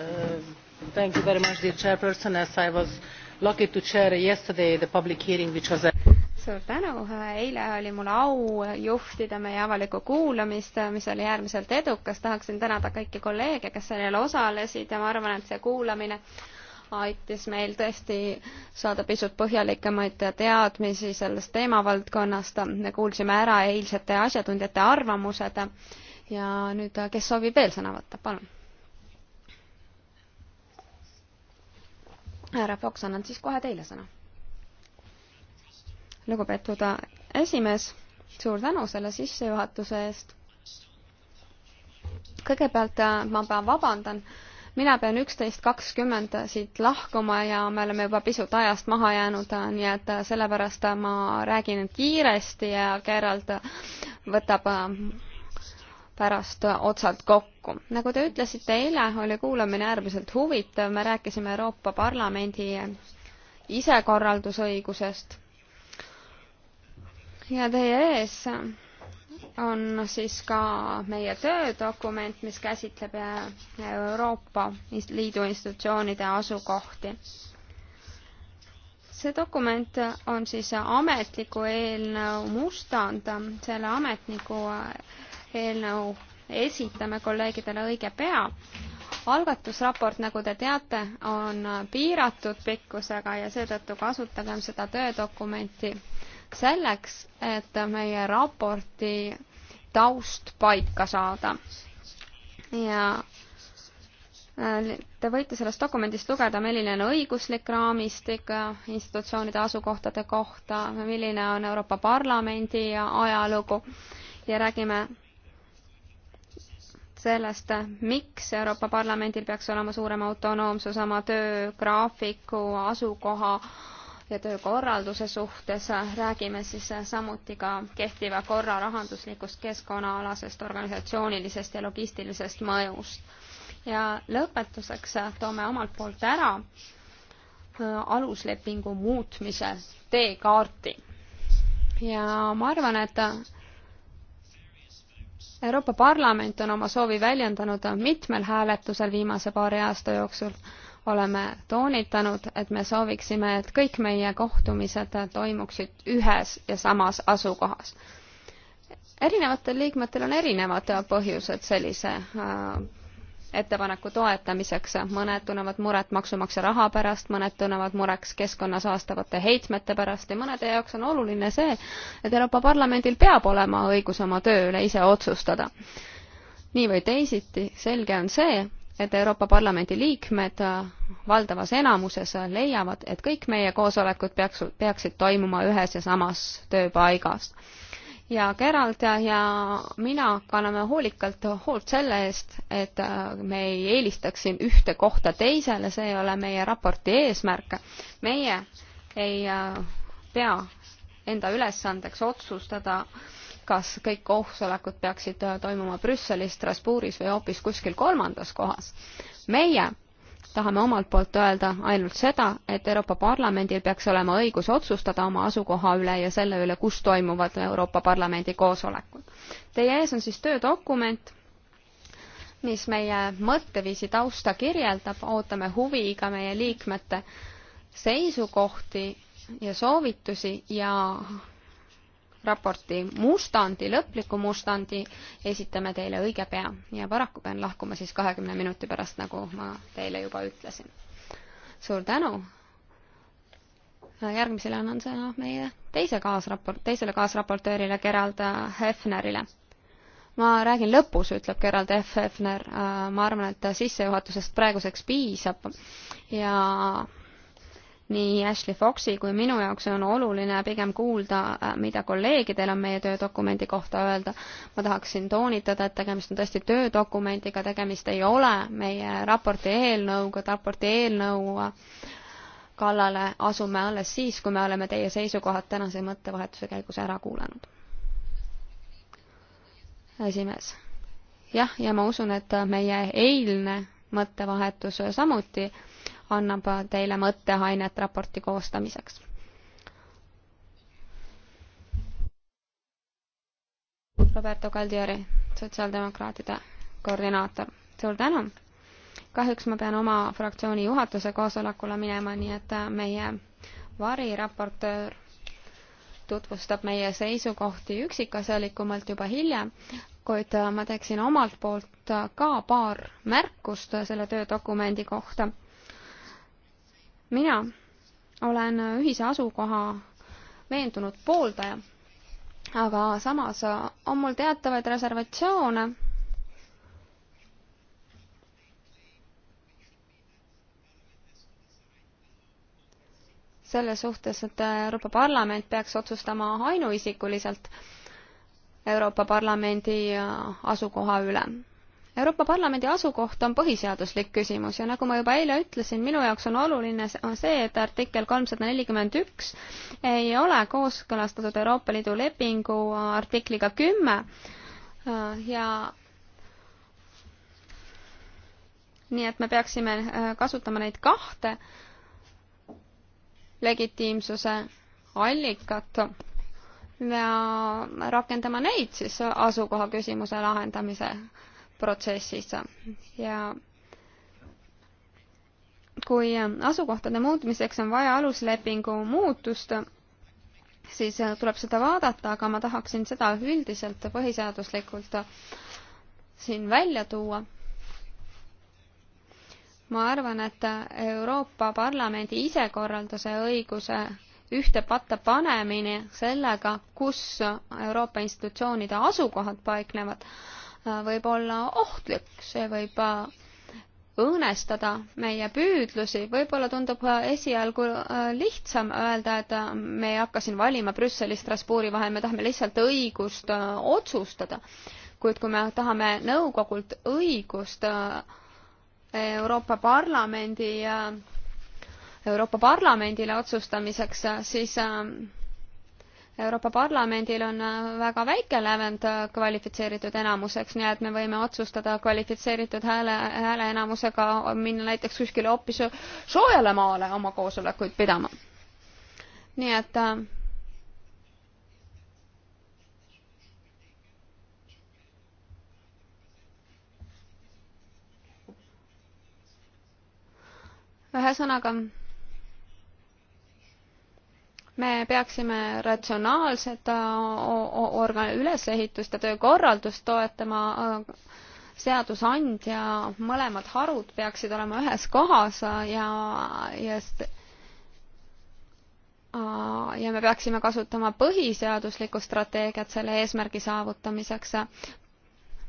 um, thank you very much dear chairperson as i was lucky to chair yesterday the public hearing which was a suur tänu, eile oli mul au juhtida meie avalikku kuulamist, mis oli äärmiselt edukas, tahaksin tänada kõiki kolleege, kes sellel osalesid ja ma arvan, et see kuulamine aitas meil tõesti saada pisut põhjalikumaid teadmisi sellest teemavaldkonnast. me kuulsime ära eilsete asjatundjate arvamused ja nüüd, kes soovib veel sõna võtta, palun. härra Fox, annan siis kohe teile sõna. lugupeetud esimees, suur tänu selle sissejuhatuse eest. kõigepealt ma vabandan mina pean üksteist kakskümmend siit lahkuma ja me oleme juba pisut ajast maha jäänud, nii et sellepärast ma räägin kiiresti ja Gerald võtab äh, pärast otsad kokku. nagu te ütlesite, eile oli kuulamine äärmiselt huvitav, me rääkisime Euroopa Parlamendi isekorraldusõigusest ja teie ees on siis ka meie töödokument, mis käsitleb äh, Euroopa Liidu institutsioonide asukohti. see dokument on siis ametliku eelnõu mustand, selle ametniku äh, eelnõu esitame kolleegidele õige pea. algatusraport, nagu te teate, on piiratud pikkusega ja seetõttu kasutagem seda töödokumenti selleks, et meie raporti taust paika saada. ja äh, Te võite sellest dokumendist lugeda, milline on õiguslik raamistik äh, institutsioonide asukohtade kohta, milline on Euroopa Parlamendi ajalugu ja räägime sellest, miks Euroopa Parlamendil peaks olema suurem autonoomsus oma töögraafiku, asukoha äh, ja töökorralduse suhtes, räägime siis samuti ka kehtiva korra rahanduslikust keskkonnaalasest organisatsioonilisest ja logistilisest mõjust. ja lõpetuseks toome omalt poolt ära aluslepingu muutmise teekaarti. ja ma arvan, et Euroopa Parlament on oma soovi väljendanud mitmel hääletusel viimase paari aasta jooksul oleme toonitanud, et me sooviksime, et kõik meie kohtumised toimuksid ühes ja samas asukohas. erinevatel liikmetel on erinevad põhjused sellise äh, ettepaneku toetamiseks, mõned tunnevad muret maksumaksja raha pärast, mõned tunnevad mureks keskkonna saastavate heitmete pärast ja mõnede jaoks on oluline see, et Euroopa Parlamendil peab olema õigus oma töö üle ise otsustada. nii või teisiti, selge on see, et Euroopa Parlamendi liikmed valdavas enamuses leiavad, et kõik meie koosolekud peaks, peaksid toimuma ühes ja samas tööpaigas. ja Gerald ja, ja mina kanname hoolikalt hoolt selle eest, et me ei eelistaks siin ühte kohta teisele, see ei ole meie raporti eesmärk. meie ei äh, pea enda ülesandeks otsustada äh, kas kõik koosolekud peaksid äh, toimuma Brüsselis, Strasbourgis või hoopis kuskil kolmandas kohas. meie tahame omalt poolt öelda ainult seda, et Euroopa Parlamendil peaks olema õigus otsustada oma asukoha üle ja selle üle, kus toimuvad Euroopa Parlamendi koosolekud. Teie ees on siis töödokument, mis meie mõtteviisi tausta kirjeldab, ootame huviga meie liikmete seisukohti ja soovitusi ja raporti mustandi, lõpliku mustandi esitame teile õige pea ja paraku pean lahkuma siis kahekümne minuti pärast, nagu ma teile juba ütlesin. suur tänu. järgmisele annan sõna meie teise kaasraport, teisele kaasraportöörile Gerald äh, Hefnerile. ma räägin lõpus, ütleb Gerald F. Hefner. Äh, ma arvan, et sissejuhatusest praeguseks piisab ja nii Ashley Foxi kui minu jaoks on oluline pigem kuulda, mida kolleegidel on meie töödokumendi kohta öelda. ma tahaksin toonitada, et tegemist on tõesti töödokumendiga, tegemist ei ole meie raporti eelnõuga, raporti eelnõu kallale asume alles siis, kui me oleme teie seisukohad tänase mõttevahetuse käigus ära kuulanud. esimees. jah, ja ma usun, et meie eilne mõttevahetus samuti annab teile mõtteainet raporti koostamiseks. Roberto Caldieri, sotsiaaldemokraatide koordinaator, suur tänu! kahjuks ma pean oma fraktsiooni juhatuse koosolekule minema, nii et meie variraportöör tutvustab meie seisukohti üksikasjalikumalt juba hiljem, kuid ma teeksin omalt poolt ka paar märkust selle töödokumendi kohta mina olen ühise asukoha veendunud pooldaja, aga samas on mul teatavaid reservatsioone selles suhtes, et Euroopa Parlament peaks otsustama ainuisikuliselt Euroopa Parlamendi asukoha üle. Euroopa Parlamendi asukoht on põhiseaduslik küsimus ja nagu ma juba eile ütlesin, minu jaoks on oluline see, et artikkel kolmsada nelikümmend üks ei ole kooskõlastatud Euroopa Liidu lepingu artikliga kümme ja nii et me peaksime äh, kasutama neid kahte legitiimsuse allikat ja rakendama neid siis asukoha küsimuse lahendamisel protsessis ja kui asukohtade muutmiseks on vaja aluslepingu muutust, siis tuleb seda vaadata, aga ma tahaksin seda üldiselt põhiseaduslikult siin välja tuua. ma arvan, et Euroopa Parlamendi isekorralduse õiguse ühte patta panemine sellega, kus Euroopa institutsioonide asukohad paiknevad, Äh, võib olla ohtlik, see võib äh, õõnestada meie püüdlusi, võib-olla tundub äh, esialgu lihtsam öelda, et me ei hakka siin valima Brüsseli, Strasbourgi vahel, me tahame lihtsalt õigust otsustada. kuid kui me tahame nõukogult õigust Euroopa Parlamendi, Euroopa Parlamendile otsustamiseks, siis Euroopa Parlamendil on äh, väga väike lävend äh, kvalifitseeritud enamuseks, nii et me võime otsustada kvalifitseeritud hääle, hääleenamusega minna näiteks kuskile hoopis soojale maale oma koosolekuid pidama. nii et äh, ühesõnaga me peaksime ratsionaalset äh, orga-, ülesehitust ja töökorraldust toetama, äh, seadusandja, mõlemad harud peaksid olema ühes kohas äh, ja, ja ja me peaksime kasutama põhiseaduslikku strateegiat selle eesmärgi saavutamiseks.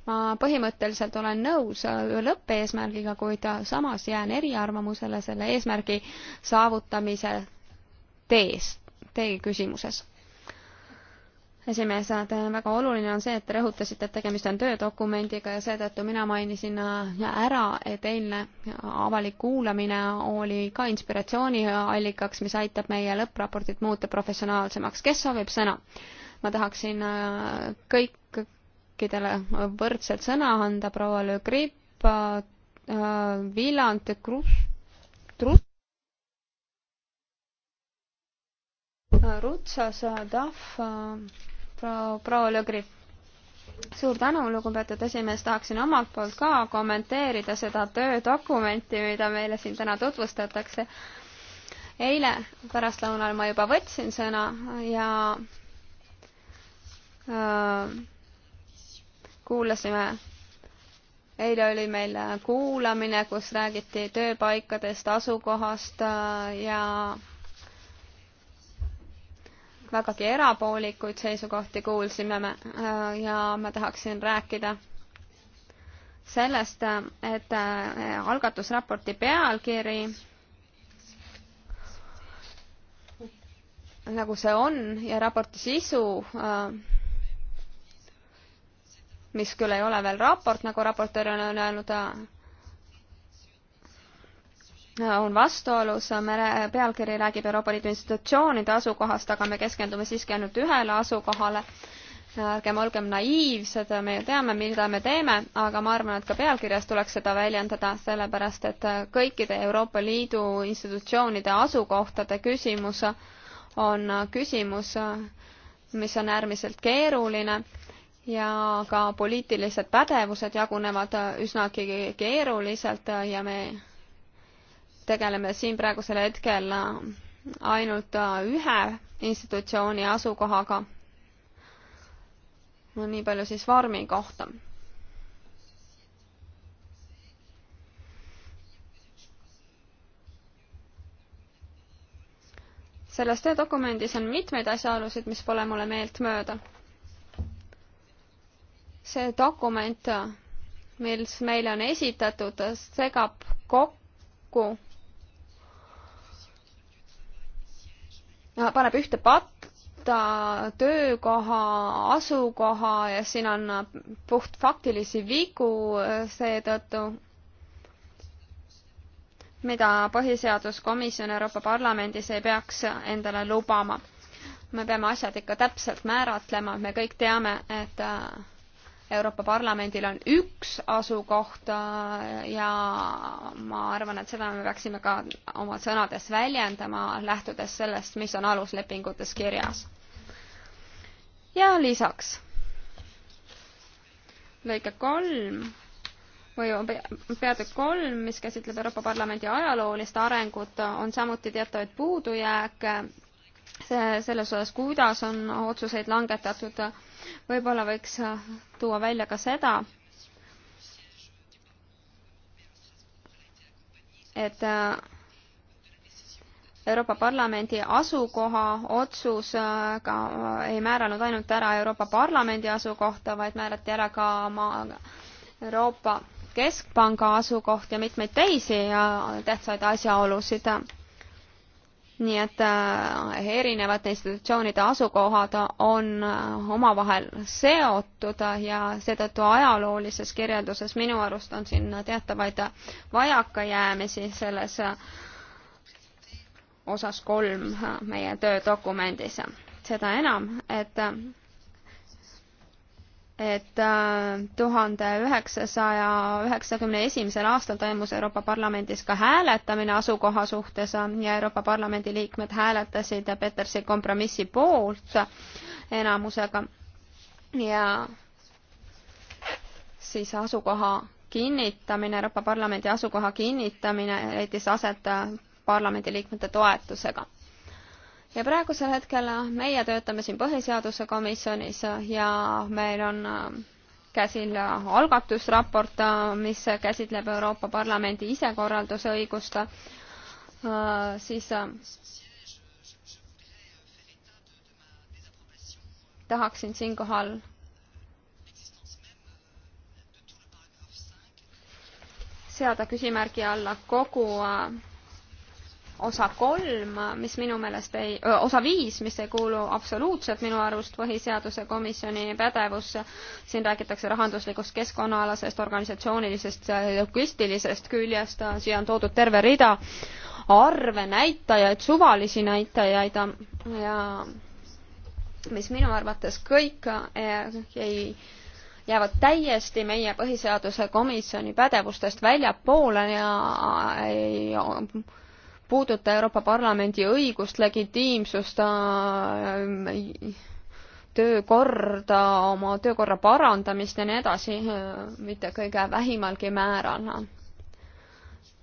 ma põhimõtteliselt olen nõus lõppeesmärgiga, kuid samas jään eriarvamusele selle eesmärgi saavutamise teest teie küsimuses. esimees, väga oluline on see, et te rõhutasite, et tegemist on töödokumendiga ja seetõttu mina mainisin äh, ära, et eilne avalik kuulamine oli ka inspiratsiooniallikaks, mis aitab meie lõppraportit muuta professionaalsemaks. kes soovib sõna? ma tahaksin äh, kõikidele võrdselt sõna anda, proua Le Grip, äh, Viljand, Trust, Rutsas, Tahv, proua Le Grip suur tänu, lugupeetud esimees, tahaksin omalt poolt ka kommenteerida seda töödokumenti, mida meile siin täna tutvustatakse. eile pärastlõunal ma juba võtsin sõna ja äh, kuulasime, eile oli meil kuulamine, kus räägiti tööpaikadest, asukohast äh, ja vägagi erapoolikuid seisukohti kuulsime me äh, ja ma tahaksin rääkida sellest, et äh, algatusraporti pealkiri nagu see on ja raporti sisu, äh, mis küll ei ole veel raport, nagu raportöör on öelnud, on vastuolus, mere pealkiri räägib Euroopa Liidu institutsioonide asukohast, aga me keskendume siiski ainult ühele asukohale. ärgem olgem naiivsed, me teame, mida me teeme, aga ma arvan, et ka pealkirjas tuleks seda väljendada, sellepärast et kõikide Euroopa Liidu institutsioonide asukohtade küsimus on küsimus, mis on äärmiselt keeruline ja ka poliitilised pädevused jagunevad üsnagi keeruliselt ja me tegeleme siin praegusel hetkel äh, ainult äh, ühe institutsiooni asukohaga. no nii palju siis farmi kohta. selles töödokumendis on mitmeid asjaolusid, mis pole mulle meeltmööda. see dokument, äh, mis meile on esitatud, segab kokku paneb ühte patta töökoha, asukoha ja siin on puht faktilisi vigu äh, seetõttu, mida põhiseaduskomisjon Euroopa Parlamendis ei peaks endale lubama. me peame asjad ikka täpselt määratlema, me kõik teame, et äh, Euroopa Parlamendil on üks asukoht äh, ja ma arvan, et seda me peaksime ka oma sõnades väljendama, lähtudes sellest, mis on aluslepingutes kirjas. ja lisaks lõike kolm või peatükk kolm, mis käsitleb Euroopa Parlamendi ajaloolist arengut, on samuti teatavaid puudujääke selles osas, kuidas on otsuseid langetatud võib-olla võiks äh, tuua välja ka seda, et äh, Euroopa Parlamendi asukoha otsus äh, ka ei määranud ainult ära Euroopa Parlamendi asukohta, vaid määrati ära ka maa, Euroopa Keskpanga asukoht ja mitmeid teisi ja tähtsaid asjaolusid nii et äh, erinevate institutsioonide asukohad on äh, omavahel seotud ja seetõttu ajaloolises kirjelduses minu arust on siin teatavaid vajakajäämisi selles äh, osas kolm meie töödokumendis. seda enam, et et äh, tuhande üheksasaja üheksakümne esimesel aastal toimus Euroopa Parlamendis ka hääletamine asukoha suhtes ja Euroopa Parlamendi liikmed hääletasid Petersi kompromissi poolt enamusega ja siis asukoha kinnitamine, Euroopa Parlamendi asukoha kinnitamine leidis aset parlamendiliikmete toetusega ja praegusel hetkel ah, meie töötame siin põhiseaduse komisjonis ah, ja meil on ah, käsil algatusraport, mis käsitleb Euroopa Parlamendi isekorraldusõigust, siis tahaksin siinkohal seada küsimärgi alla kogu osa kolm, mis minu meelest ei, osa viis, mis ei kuulu absoluutselt minu arust Põhiseaduse Komisjoni pädevusse. siin räägitakse rahanduslikust keskkonnaalasest, organisatsioonilisest, äh, logistilisest küljest, siia on toodud terve rida arve, näitajaid, suvalisi näitajaid ja mis minu arvates kõik äh, ei jäävad täiesti meie põhiseaduse komisjoni pädevustest väljapoole ja äh, ei puuduta Euroopa Parlamendi õigust, legitiimsust, ähm, töökorda, oma töökorra parandamist ja nii edasi, äh, mitte kõige vähimalgi määral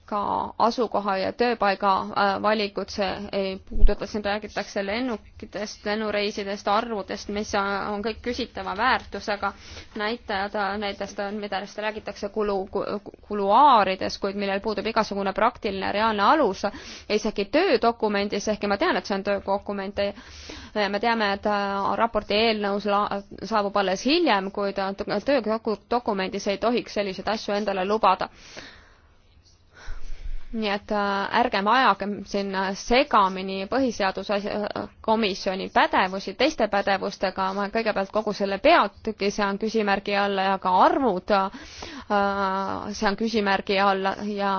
ka asukoha ja tööpaiga äh, valikud, see ei puuduta, siin räägitakse lennukitest, lennureisidest, arvudest, mis on kõik küsitava väärtusega. näitajad äh, nendest on, millest räägitakse kulu, kuluaarides, kuid millel puudub igasugune praktiline reaalne alus. isegi töödokumendis, ehkki ma tean, et see on töödokument, me teame, et äh, raporti eelnõus saabub alles hiljem, kuid töödokumendis ei tohiks selliseid asju endale lubada nii et äh, ärgem ajagem sinna äh, segamini põhiseaduse komisjoni pädevusi teiste pädevustega, ma kõigepealt kogu selle peatüki sean küsimärgi alla ja ka arvud äh, sean küsimärgi alla ja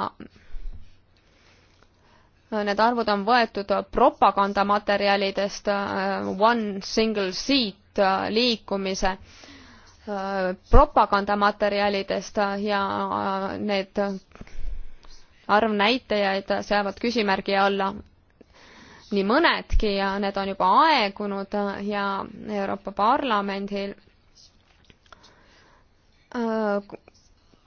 need arvud on võetud propagandamaterjalidest One Single Seat liikumise propagandamaterjalidest ja need arv näitajaid seavad küsimärgi alla nii mõnedki ja need on juba aegunud ja Euroopa Parlamendil äh,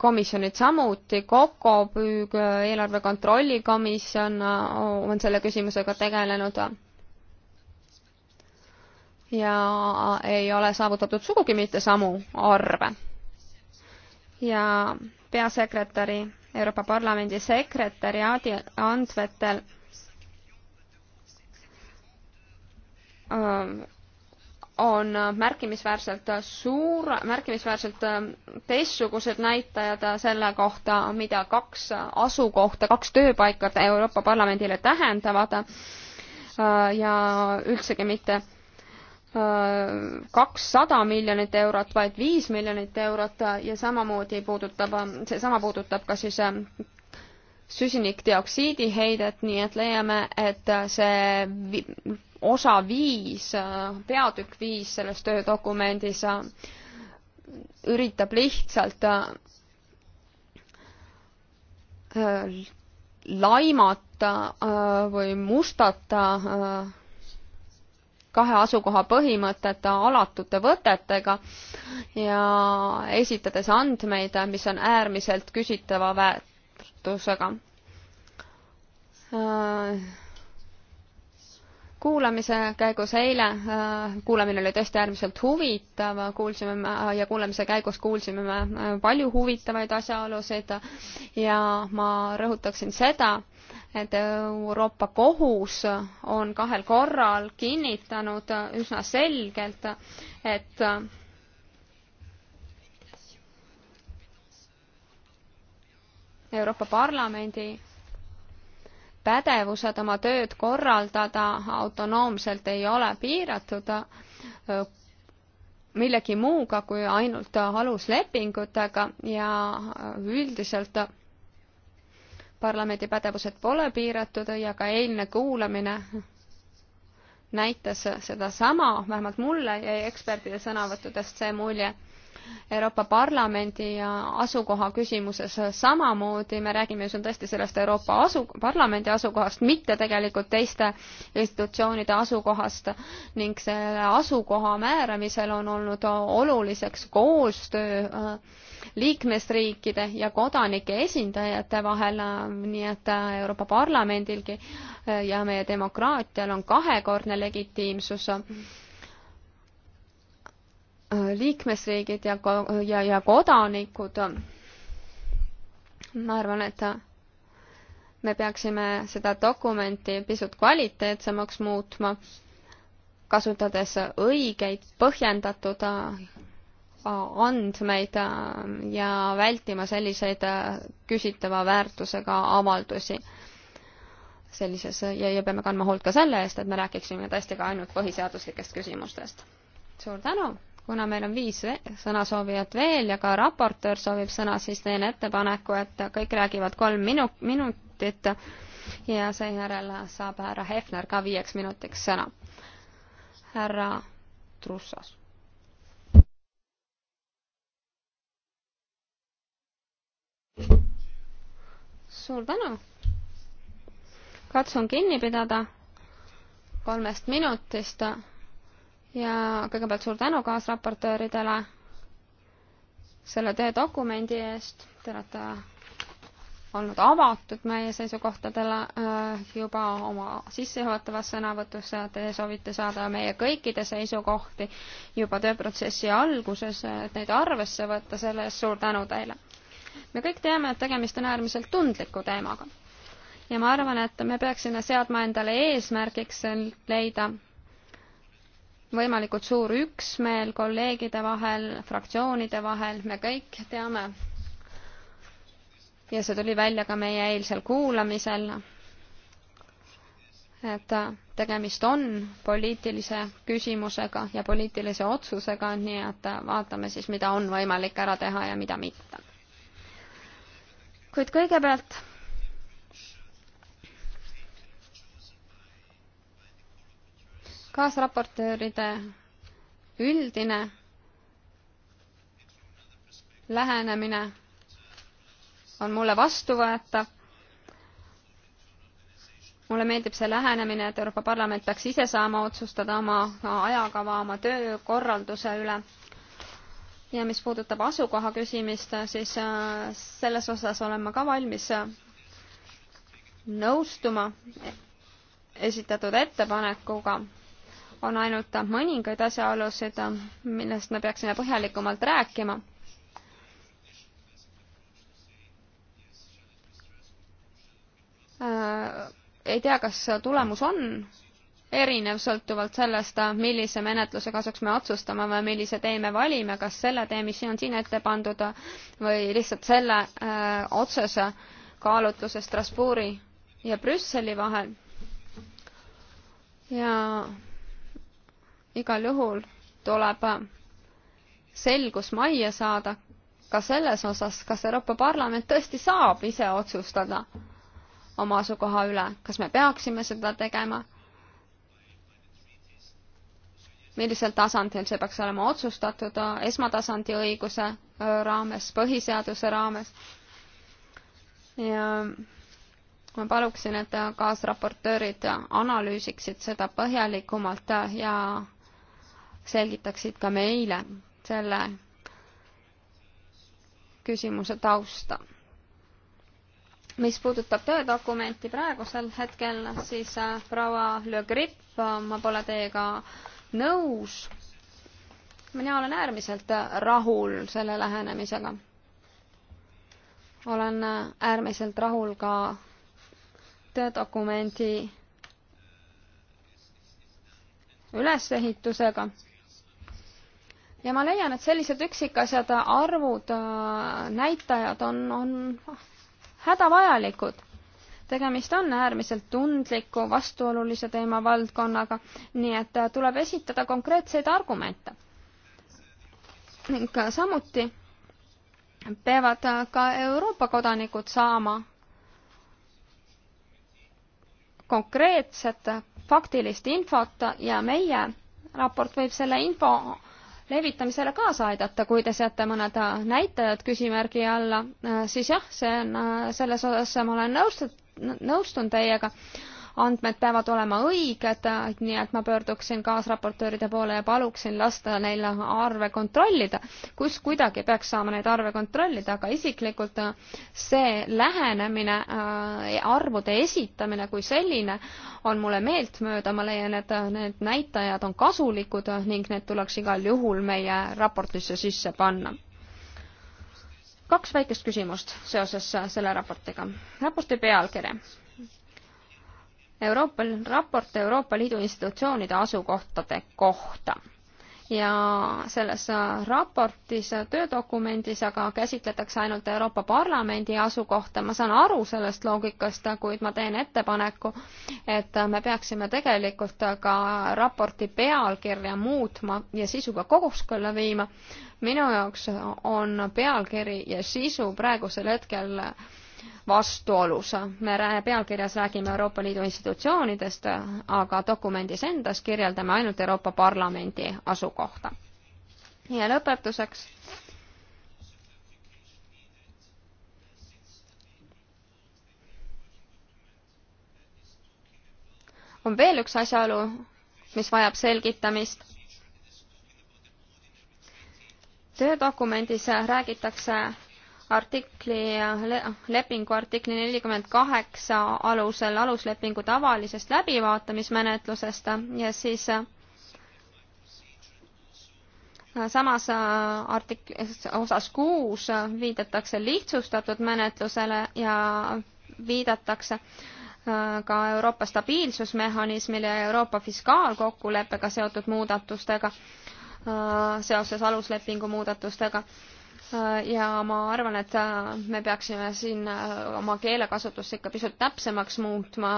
komisjonid samuti, kokopüüg, eelarve kontrolli komisjon äh, on selle küsimusega tegelenud. ja ei ole saavutatud sugugi mitte samu arve. ja peasekretäri Euroopa Parlamendi sekretäriaadi andmetel ähm, on märkimisväärselt suur, märkimisväärselt ähm, teistsugused näitajad selle kohta, mida kaks asukohta, kaks tööpaika Euroopa Parlamendile tähendavad äh, ja üldsegi mitte kakssada miljonit eurot, vaid viis miljonit eurot ja samamoodi puudutab, seesama puudutab ka siis ähm, süsinikdioksiidi heidet, nii et leiame, et see vi osa viis, äh, peatükk viis selles töödokumendis äh, üritab lihtsalt äh, laimata või mustata kahe asukoha põhimõtet alatute võtetega ja esitades andmeid, mis on äärmiselt küsitava väärtusega. kuulamise käigus eile, kuulamine oli tõesti äärmiselt huvitav, kuulsime me ja kuulamise käigus kuulsime me palju huvitavaid asjaolusid ja ma rõhutaksin seda, et Euroopa Kohus on kahel korral kinnitanud üsna selgelt, et Euroopa Parlamendi pädevused oma tööd korraldada autonoomselt ei ole piiratud millegi muuga kui ainult aluslepingutega ja üldiselt parlamendi pädevused pole piiratud ja ka eilne kuulamine näitas sedasama, vähemalt mulle jäi ekspertide sõnavõttudest see mulje Euroopa Parlamendi asukoha küsimuses samamoodi, me räägime ju siin tõesti sellest Euroopa asu, Parlamendi asukohast, mitte tegelikult teiste institutsioonide asukohast ning selle asukoha määramisel on olnud oluliseks koostöö äh, liikmesriikide ja kodanike esindajate vahel, äh, nii et äh, Euroopa Parlamendilgi ja meie demokraatial on kahekordne legitiimsus Äh, liikmesriigid ja, ja, ja kodanikud. ma arvan, et me peaksime seda dokumenti pisut kvaliteetsemaks muutma, kasutades õigeid, põhjendatud äh, andmeid äh, ja vältima selliseid küsitava väärtusega avaldusi sellises ja, ja peame kandma hoolt ka selle eest, et me räägiksime tõesti ka ainult põhiseaduslikest küsimustest. suur tänu! kuna meil on viis sõnasoovijat veel ja ka raportöör soovib sõna, siis teen ettepaneku, et kõik räägivad kolm minu-, minutit ja seejärel saab härra Hefner ka viieks minutiks sõna. härra Trussas. suur tänu. katsun kinni pidada kolmest minutist ja kõigepealt suur tänu kaasraportööridele selle töödokumendi eest, te olete olnud avatud meie seisukohtadele äh, juba oma sissejuhatavas sõnavõtus, te soovite saada meie kõikide seisukohti juba tööprotsessi alguses, et neid arvesse võtta, selle eest suur tänu teile. me kõik teame, et tegemist on äärmiselt tundliku teemaga. ja ma arvan, et me peaksime seadma endale eesmärgiks leida võimalikult suur üksmeel kolleegide vahel, fraktsioonide vahel, me kõik teame. ja see tuli välja ka meie eilsel kuulamisel, et tegemist on poliitilise küsimusega ja poliitilise otsusega, nii et vaatame siis, mida on võimalik ära teha ja mida mitte. kuid kõigepealt kaasraportööride üldine lähenemine on mulle vastuvõetav. mulle meeldib see lähenemine, et Euroopa Parlament peaks ise saama otsustada oma ajakava, oma töökorralduse üle. ja mis puudutab asukoha küsimist, siis äh, selles osas olen ma ka valmis äh, nõustuma esitatud ettepanekuga on ainult mõningaid asjaolusid, millest me peaksime põhjalikumalt rääkima. ei tea, kas tulemus on erinev sõltuvalt sellest, millise menetluse kasuks me otsustame või millise tee me valime, kas selle tee, mis on siin ette pandud või lihtsalt selle öö, äh, otsese kaalutluse Strasbourgi ja Brüsseli vahel. ja igal juhul tuleb selgus majja saada ka selles osas, kas Euroopa Parlament tõesti saab ise otsustada oma asukoha üle, kas me peaksime seda tegema, millisel tasandil see peaks olema otsustatud, esmatasandi õiguse raames, põhiseaduse raames. ja ma paluksin, et kaasraportöörid analüüsiksid seda põhjalikumalt ja selgitaksid ka meile selle küsimuse tausta. mis puudutab töödokumenti praegusel hetkel, siis äh, proua Le Grip, äh, ma pole teiega nõus. mina olen äärmiselt äh, rahul selle lähenemisega. olen äärmiselt rahul ka töödokumendi ülesehitusega ja ma leian, et sellised üksikasjad, arvud, äh, näitajad on, on hädavajalikud. tegemist on äärmiselt tundliku, vastuolulise teemavaldkonnaga, nii et äh, tuleb esitada konkreetseid argumente. ning äh, samuti peavad ka Euroopa kodanikud saama konkreetset faktilist infot ja meie raport võib selle info levitamisele kaasa aidata, kui te seate mõned äh, näitajad küsimärgi alla, äh, siis jah, see on, äh, selles osas ma olen nõustunud, nõustun teiega andmed peavad olema õiged, nii et ma pöörduksin kaasraportööride poole ja paluksin lasta neil arve kontrollida, kus kuidagi peaks saama neid arve kontrollida, aga isiklikult see lähenemine, arvude esitamine kui selline on mulle meeltmööda, ma leian, et need näitajad on kasulikud ning need tuleks igal juhul meie raportisse sisse panna kaks väikest küsimust seoses selle raportiga. raporti pealkiri Euroopa, raport Euroopa Liidu institutsioonide asukohtade kohta. ja selles raportis, töödokumendis aga käsitletakse ainult Euroopa Parlamendi asukohta, ma saan aru sellest loogikast, kuid ma teen ettepaneku, et me peaksime tegelikult ka raporti pealkirja muutma ja sisuga kooskõlla viima. minu jaoks on pealkiri ja sisu praegusel hetkel äh, vastuolus. me pealkirjas räägime Euroopa Liidu institutsioonidest, aga dokumendis endas kirjeldame ainult Euroopa Parlamendi asukohta. ja lõpetuseks. on veel üks asjaolu, mis vajab selgitamist töödokumendis räägitakse artikli, lepingu artikli nelikümmend kaheksa alusel aluslepingu tavalisest läbivaatamismenetlusest ja siis äh, samas äh, artik-, osas kuus viidatakse lihtsustatud menetlusele ja viidatakse äh, ka Euroopa stabiilsusmehhanismile ja Euroopa fiskaalkokkuleppega seotud muudatustega seoses aluslepingu muudatustega Äh, ja ma arvan, et äh, me peaksime siin äh, oma keelekasutust ikka pisut täpsemaks muutma.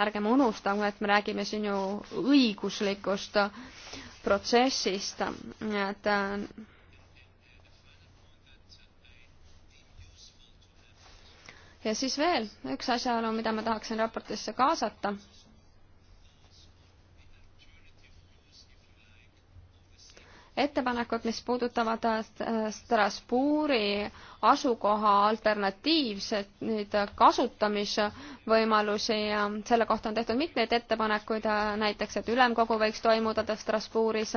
ärgem unustame, et me räägime siin ju õiguslikust protsessist, et ja siis veel üks asjaolu, mida ma tahaksin raportisse kaasata ettepanekud, mis puudutavad äh, äh, Strasbourgi asukoha alternatiivseid äh, kasutamisvõimalusi ja selle kohta on tehtud mitmeid ettepanekuid, näiteks et ülemkogu võiks toimuda Strasbourgis,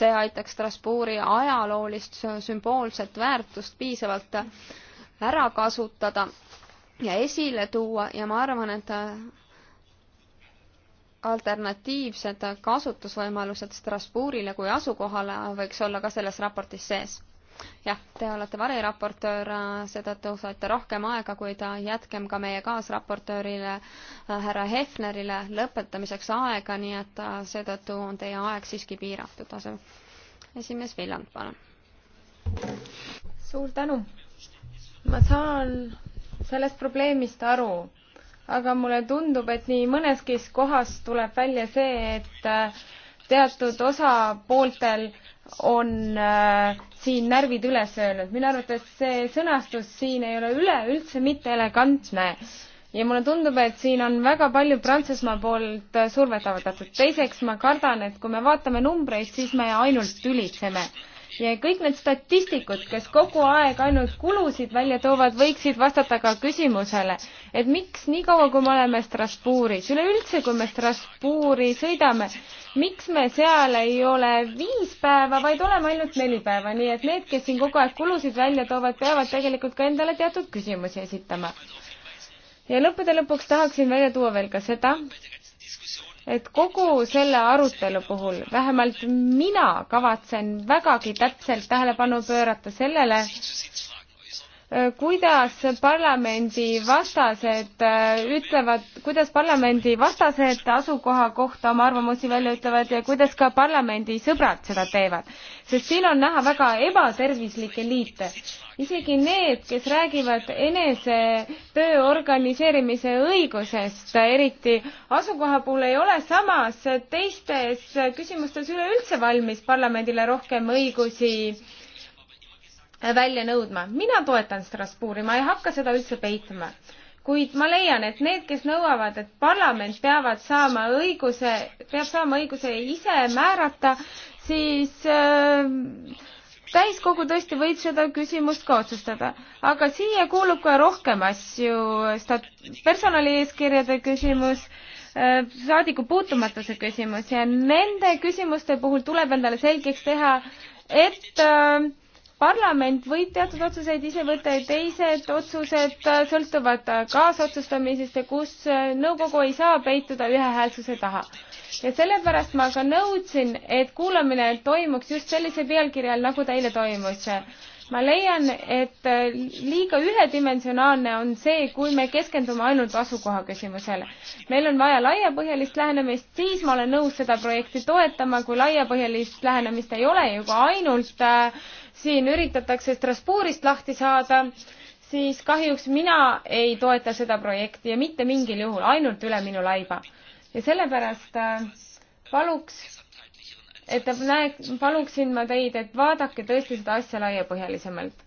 see aitaks Strasbourgi ajaloolist sümboolset väärtust piisavalt ära kasutada ja esile tuua ja ma arvan, et alternatiivsed kasutusvõimalused Strasbourgile kui asukohale võiks olla ka selles raportis sees. jah, te olete variraportöör, seetõttu saate rohkem aega, kuid jätkem ka meie kaasraportöörile äh, härra Hefnerile lõpetamiseks aega, nii et äh, seetõttu on teie aeg siiski piiratud. esimees Villand, palun. suur tänu. ma saan sellest probleemist aru aga mulle tundub, et nii mõneski kohas tuleb välja see, et äh, teatud osapooltel on äh, siin närvid üles öelnud. minu arvates see sõnastus siin ei ole üleüldse mitte elegantne ja mulle tundub, et siin on väga palju Prantsusmaa poolt äh, survet avaldatud. teiseks ma kardan, et kui me vaatame numbreid, siis me ainult tülitseme ja kõik need statistikud, kes kogu aeg ainult kulusid välja toovad, võiksid vastata ka küsimusele, et miks niikaua, kui me oleme Strasbourgis, üleüldse, kui me Strasbourgi sõidame, miks me seal ei ole viis päeva, vaid oleme ainult neli päeva, nii et need, kes siin kogu aeg kulusid välja toovad, peavad tegelikult ka endale teatud küsimusi esitama. ja lõppude lõpuks tahaksin välja tuua veel ka seda, et kogu selle arutelu puhul vähemalt mina kavatsen vägagi täpselt tähelepanu pöörata sellele, Äh, kuidas parlamendi vastased äh, ütlevad, kuidas parlamendi vastased asukoha kohta oma arvamusi välja ütlevad ja kuidas ka parlamendi sõbrad seda teevad. sest siin on näha väga ebatervislikke liite. isegi need, kes räägivad enese töö organiseerimise õigusest, äh, eriti asukoha puhul, ei ole samas teistes küsimustes üleüldse valmis parlamendile rohkem õigusi äh, välja nõudma. mina toetan Strasbourgi, ma ei hakka seda üldse peitma. kuid ma leian, et need, kes nõuavad, et parlament peavad saama õiguse, peab saama õiguse ise määrata, siis äh, täiskogu tõesti võib seda küsimust ka otsustada, aga siia kuulub ka rohkem asju, personalieeskirjade küsimus, äh, saadiku puutumatuse küsimus ja nende küsimuste puhul tuleb endale selgeks teha, et äh, parlament võib teatud otsuseid ise võtta ja teised otsused sõltuvad kaasotsustamisest ja kus nõukogu ei saa peituda ühehäälsuse taha. ja sellepärast ma ka nõudsin, et kuulamine toimuks just sellise pealkirja all, nagu ta eile toimus. ma leian, et liiga ühedimensionaalne on see, kui me keskendume ainult asukoha küsimusele. meil on vaja laiapõhjalist lähenemist, siis ma olen nõus seda projekti toetama, kui laiapõhjalist lähenemist ei ole ja kui ainult äh, siin üritatakse Strasbourgist lahti saada, siis kahjuks mina ei toeta seda projekti ja mitte mingil juhul, ainult üle minu laiba. ja sellepärast äh, paluks, et näeks, paluksin ma teid, et vaadake tõesti seda asja laiapõhjalisemalt.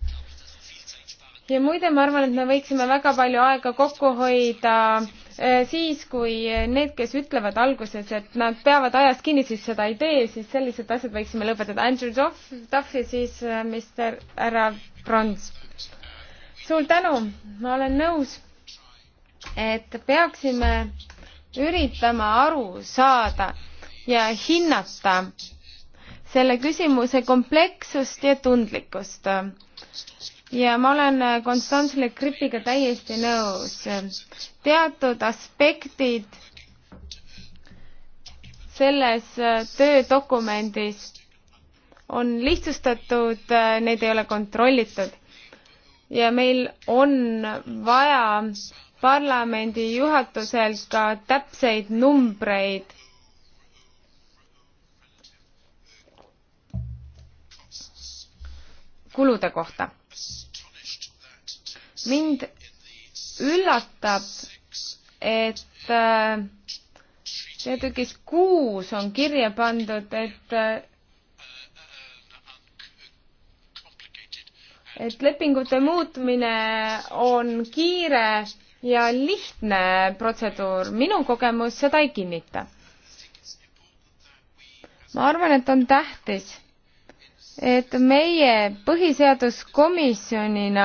ja muide, ma arvan, et me võiksime väga palju aega kokku hoida äh, Äh, siis, kui need, kes ütlevad alguses, et nad peavad ajast kinni, siis seda ei tee, siis sellised asjad võiksime lõpetada. Andrew Duff, Duff ja siis äh, Mr härra Brons. suur tänu, ma olen nõus, et peaksime üritama aru saada ja hinnata selle küsimuse komplekssust ja tundlikkust ja ma olen äh, Konstantz Le Gripiga täiesti nõus. teatud aspektid selles äh, töödokumendis on lihtsustatud, äh, need ei ole kontrollitud. ja meil on vaja parlamendi juhatuselt ka täpseid numbreid kulude kohta mind üllatab, et peatükis äh, kuus on kirja pandud, et äh, et lepingute muutmine on kiire ja lihtne protseduur. minu kogemus seda ei kinnita. ma arvan, et on tähtis et meie põhiseaduskomisjonina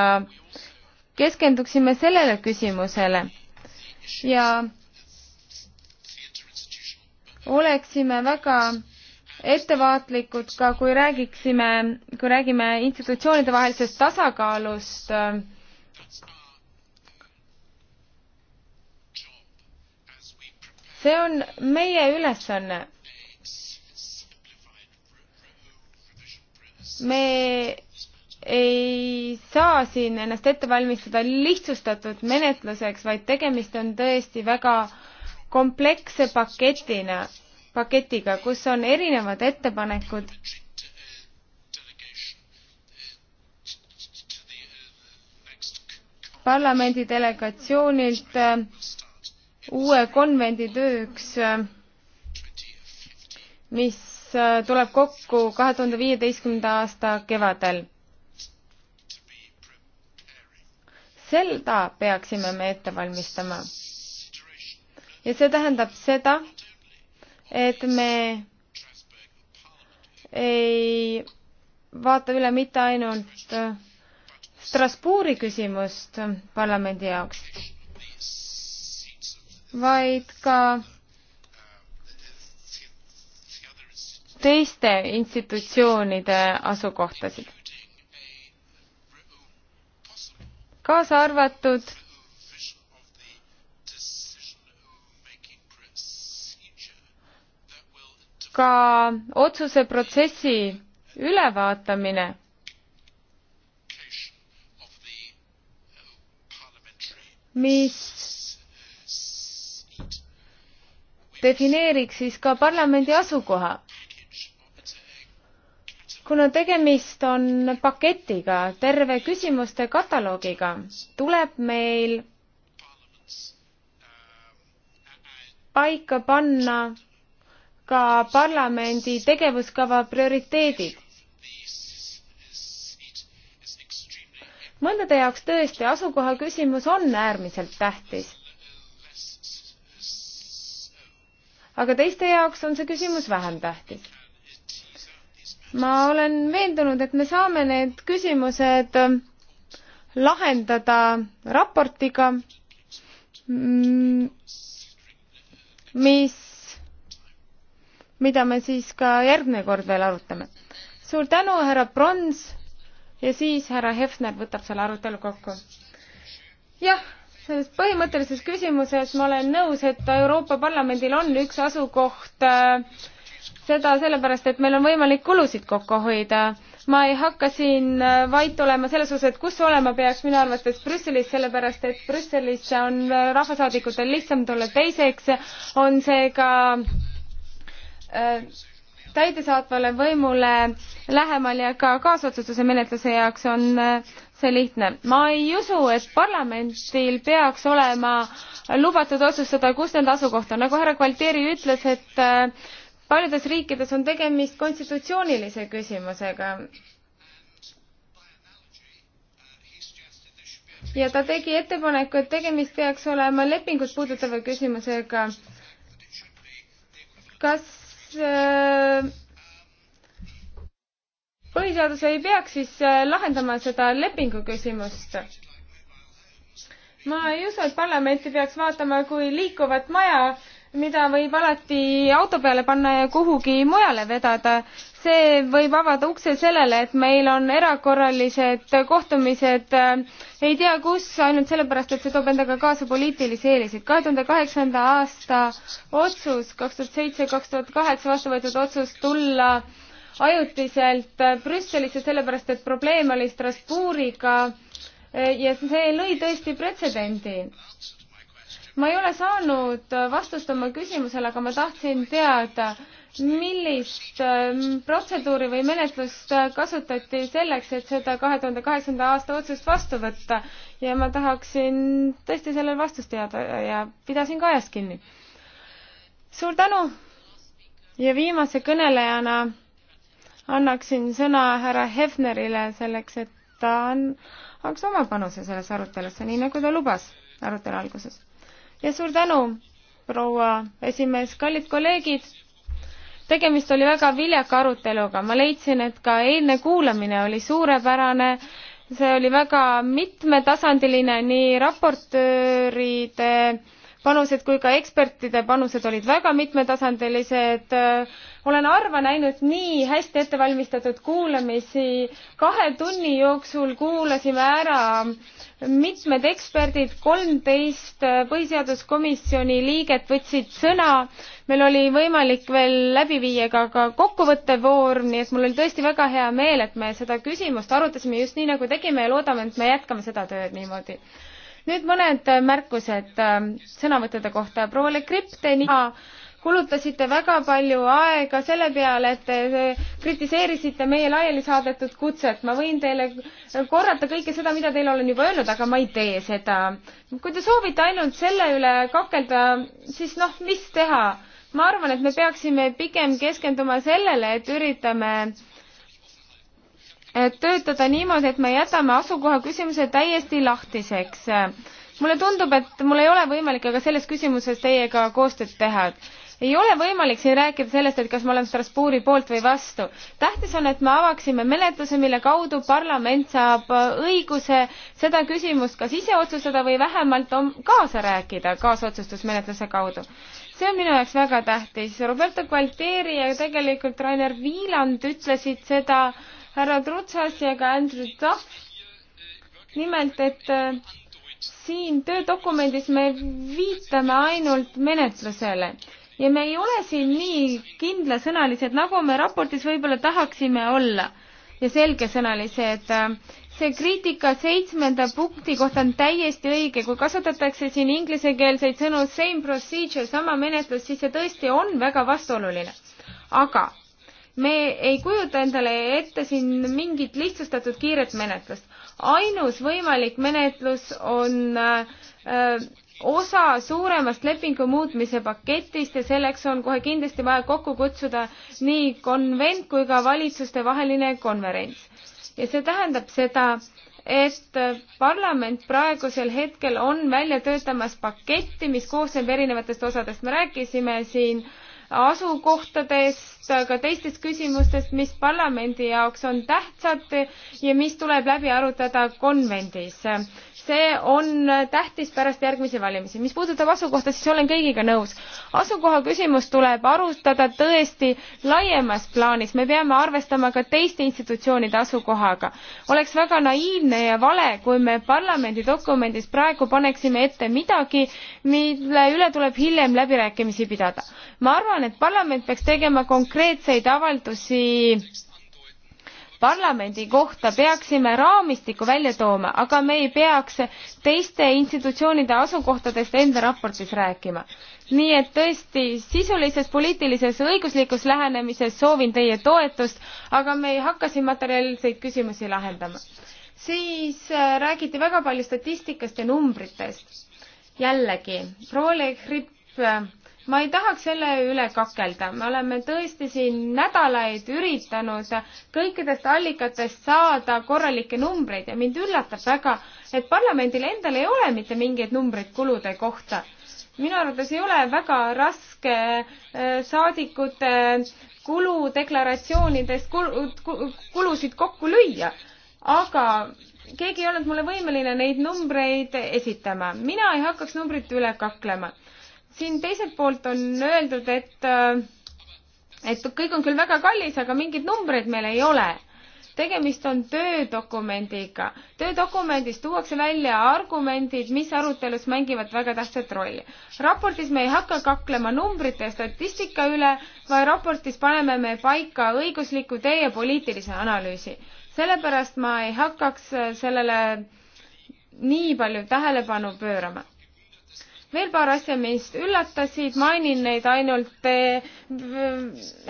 keskenduksime sellele küsimusele ja oleksime väga ettevaatlikud ka, kui räägiksime, kui räägime institutsioonide vahelisest tasakaalust äh, see on meie ülesanne me ei saa siin ennast ette valmistada lihtsustatud menetluseks, vaid tegemist on tõesti väga kompleksse paketina, paketiga, kus on erinevad ettepanekud. parlamendi delegatsioonilt äh, uue konvendi tööks, äh, mis Äh, tuleb kokku kahe tuhande viieteistkümnenda aasta kevadel. seda peaksime me ette valmistama. ja see tähendab seda, et me ei vaata üle mitte ainult äh, Strasbourgi küsimust parlamendi jaoks, vaid ka teiste institutsioonide asukohtasid. kaasa arvatud ka otsuseprotsessi ülevaatamine mis defineeriks siis ka parlamendi asukoha kuna tegemist on paketiga, terve küsimuste kataloogiga, tuleb meil paika panna ka parlamendi tegevuskava prioriteedid. mõndade jaoks tõesti asukoha küsimus on äärmiselt tähtis. aga teiste jaoks on see küsimus vähem tähtis ma olen veendunud, et me saame need küsimused ähm, lahendada raportiga, mm, mis, mida me siis ka järgmine kord veel arutame. suur tänu, härra Brons ja siis härra Hefner võtab selle arutelu kokku. jah, selles põhimõttelises küsimuses ma olen nõus, et Euroopa Parlamendil on üks asukoht äh, seda sellepärast, et meil on võimalik kulusid kokku hoida. ma ei hakka siin äh, vait olema selles osas, et kus olema peaks minu arvates Brüsselis, sellepärast et Brüsselisse on äh, rahvasaadikutel lihtsam tulla, teiseks on see ka äh, täidesaatvale võimule lähemal ja ka kaasotsustuse menetluse jaoks on äh, see lihtne. ma ei usu, et parlamendil peaks olema lubatud otsustada, kus nende asukoht on. nagu härra Kvalteeri ütles, et äh, paljudes riikides on tegemist konstitutsioonilise küsimusega. ja ta tegi ettepaneku, et tegemist peaks olema lepingut puudutava küsimusega. kas äh, põhiseadus ei peaks siis äh, lahendama seda lepingu küsimust? ma ei usu, et parlamenti peaks vaatama kui liikuvat maja, mida võib alati auto peale panna ja kuhugi mujale vedada. see võib avada ukse sellele, et meil on erakorralised kohtumised ei tea kus, ainult sellepärast, et see toob endaga kaasa poliitilisi eeliseid. kahe tuhande kaheksanda aasta otsus, kaks tuhat seitse, kaks tuhat kaheksa vastu võetud otsus tulla ajutiselt Brüsselisse, sellepärast et probleem oli Strasbourgiga ja see lõi tõesti pretsedendi ma ei ole saanud vastust oma küsimusele, aga ma tahtsin teada, millist ähm, protseduuri või menetlust kasutati selleks, et seda kahe tuhande kaheksanda aasta otsust vastu võtta ja ma tahaksin tõesti sellele vastust teada ja pidasin ka ajast kinni. suur tänu ja viimase kõnelejana annaksin sõna härra Hefnerile selleks, et ta annaks oma panuse selles arutelusse, nii nagu ta lubas arutelu alguses ja suur tänu, proua esimees, kallid kolleegid. tegemist oli väga viljaka aruteluga, ma leidsin, et ka eilne kuulamine oli suurepärane see oli väga mitmetasandiline nii raportööride panused kui ka ekspertide panused olid väga mitmetasandilised. Äh, olen harva näinud nii hästi ettevalmistatud kuulamisi. kahe tunni jooksul kuulasime ära mitmed eksperdid, kolmteist äh, põhiseaduskomisjoni liiget võtsid sõna. meil oli võimalik veel läbi viia ka, ka kokkuvõttevoor, nii et mul oli tõesti väga hea meel, et me seda küsimust arutasime just nii, nagu tegime ja loodame, et me jätkame seda tööd niimoodi nüüd mõned äh, märkused ähm, sõnavõttude kohta. proua Le Gripp, te nii kulutasite väga palju aega selle peale, et te kritiseerisite meie laiali saadetud kutset. ma võin teile korrata kõike seda, mida teile olen juba öelnud, aga ma ei tee seda. kui te soovite ainult selle üle kakelda, siis noh, mis teha? ma arvan, et me peaksime pigem keskenduma sellele, et üritame äh, töötada niimoodi, et me jätame asukoha küsimuse täiesti lahtiseks. mulle tundub, et mul ei ole võimalik aga selles küsimuses teiega koostööd teha. ei ole võimalik siin rääkida sellest, et kas ma olen Strasbourgi poolt või vastu. tähtis on, et me avaksime menetluse, mille kaudu parlament saab õiguse seda küsimust kas ise otsustada või vähemalt kaasa rääkida kaasotsustusmenetluse kaudu see on minu jaoks väga tähtis. Roberto Gualtieri ja tegelikult Rainer Viiland ütlesid seda äh, härra Trutsas ja ka Andrew Duff. nimelt, et äh, siin töödokumendis me viitame ainult menetlusele ja me ei ole siin nii kindlasõnalised, nagu me raportis võib-olla tahaksime olla ja selgesõnalised. see kriitika seitsmenda punkti kohta on täiesti õige, kui kasutatakse siin inglisekeelseid sõnu same procedure, sama menetlus, siis see tõesti on väga vastuoluline. aga me ei kujuta endale ette siin mingit lihtsustatud kiiret menetlust. ainus võimalik menetlus on äh, osa suuremast lepingu muutmise paketist ja selleks on kohe kindlasti vaja kokku kutsuda nii konvent kui ka valitsuste vaheline konverents. ja see tähendab seda, et parlament praegusel hetkel on välja töötamas paketti, mis koosneb erinevatest osadest. me rääkisime siin äh, asukohtadest, ka teistest küsimustest, mis parlamendi jaoks on tähtsad ja mis tuleb läbi arutada konvendis see on tähtis pärast järgmisi valimisi. mis puudutab asukohta, siis olen kõigiga nõus. asukoha küsimus tuleb arutada tõesti laiemas plaanis, me peame arvestama ka teiste institutsioonide asukohaga. oleks väga naiivne ja vale, kui me parlamendi dokumendis praegu paneksime ette midagi, mille üle tuleb hiljem läbirääkimisi pidada. ma arvan, et parlament peaks tegema konkreetseid avaldusi parlamendi kohta peaksime raamistiku välja tooma, aga me ei peaks teiste institutsioonide asukohtadest enda raportis rääkima. nii et tõesti sisulises poliitilises õiguslikus lähenemises soovin teie toetust, aga me ei hakka siin materiaalseid küsimusi lahendama. siis äh, räägiti väga palju statistikast ja numbritest. jällegi, proua Lehrip äh, ma ei tahaks selle üle kakelda, me oleme tõesti siin nädalaid üritanud kõikidest allikatest saada korralikke numbreid ja mind üllatab väga, et parlamendil endal ei ole mitte mingeid numbreid kulude kohta. minu arvates ei ole väga raske äh, saadikute kuludeklaratsioonidest kul, kulusid kokku lüüa, aga keegi ei olnud mulle võimeline neid numbreid esitama, mina ei hakkaks numbrite üle kaklema siin teiselt poolt on öeldud, et äh, et kõik on küll väga kallis, aga mingeid numbreid meil ei ole. tegemist on töödokumendiga. töödokumendis tuuakse välja argumendid, mis arutelus mängivad väga tähtsat rolli. raportis me ei hakka kaklema numbrite ja statistika üle, vaid raportis paneme me paika õigusliku tee ja poliitilise analüüsi. sellepärast ma ei hakkaks äh, sellele nii palju tähelepanu pöörama veel paar asja, mis üllatasid, mainin neid ainult. Te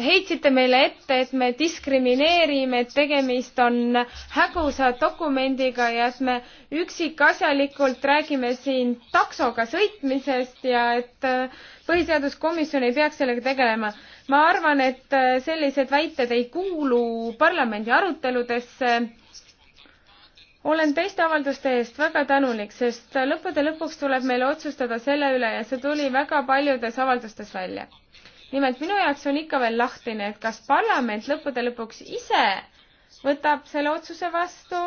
heitsite meile ette, et me diskrimineerime, et tegemist on hägusa dokumendiga ja et me üksikasjalikult räägime siin taksoga sõitmisest ja et äh, põhiseaduskomisjon ei peaks sellega tegelema. ma arvan, et äh, sellised väited ei kuulu parlamendi aruteludesse olen teiste avalduste eest väga tänulik, sest lõppude lõpuks tuleb meil otsustada selle üle ja see tuli väga paljudes avaldustes välja. nimelt minu jaoks on ikka veel lahtine, et kas parlament lõppude lõpuks ise võtab selle otsuse vastu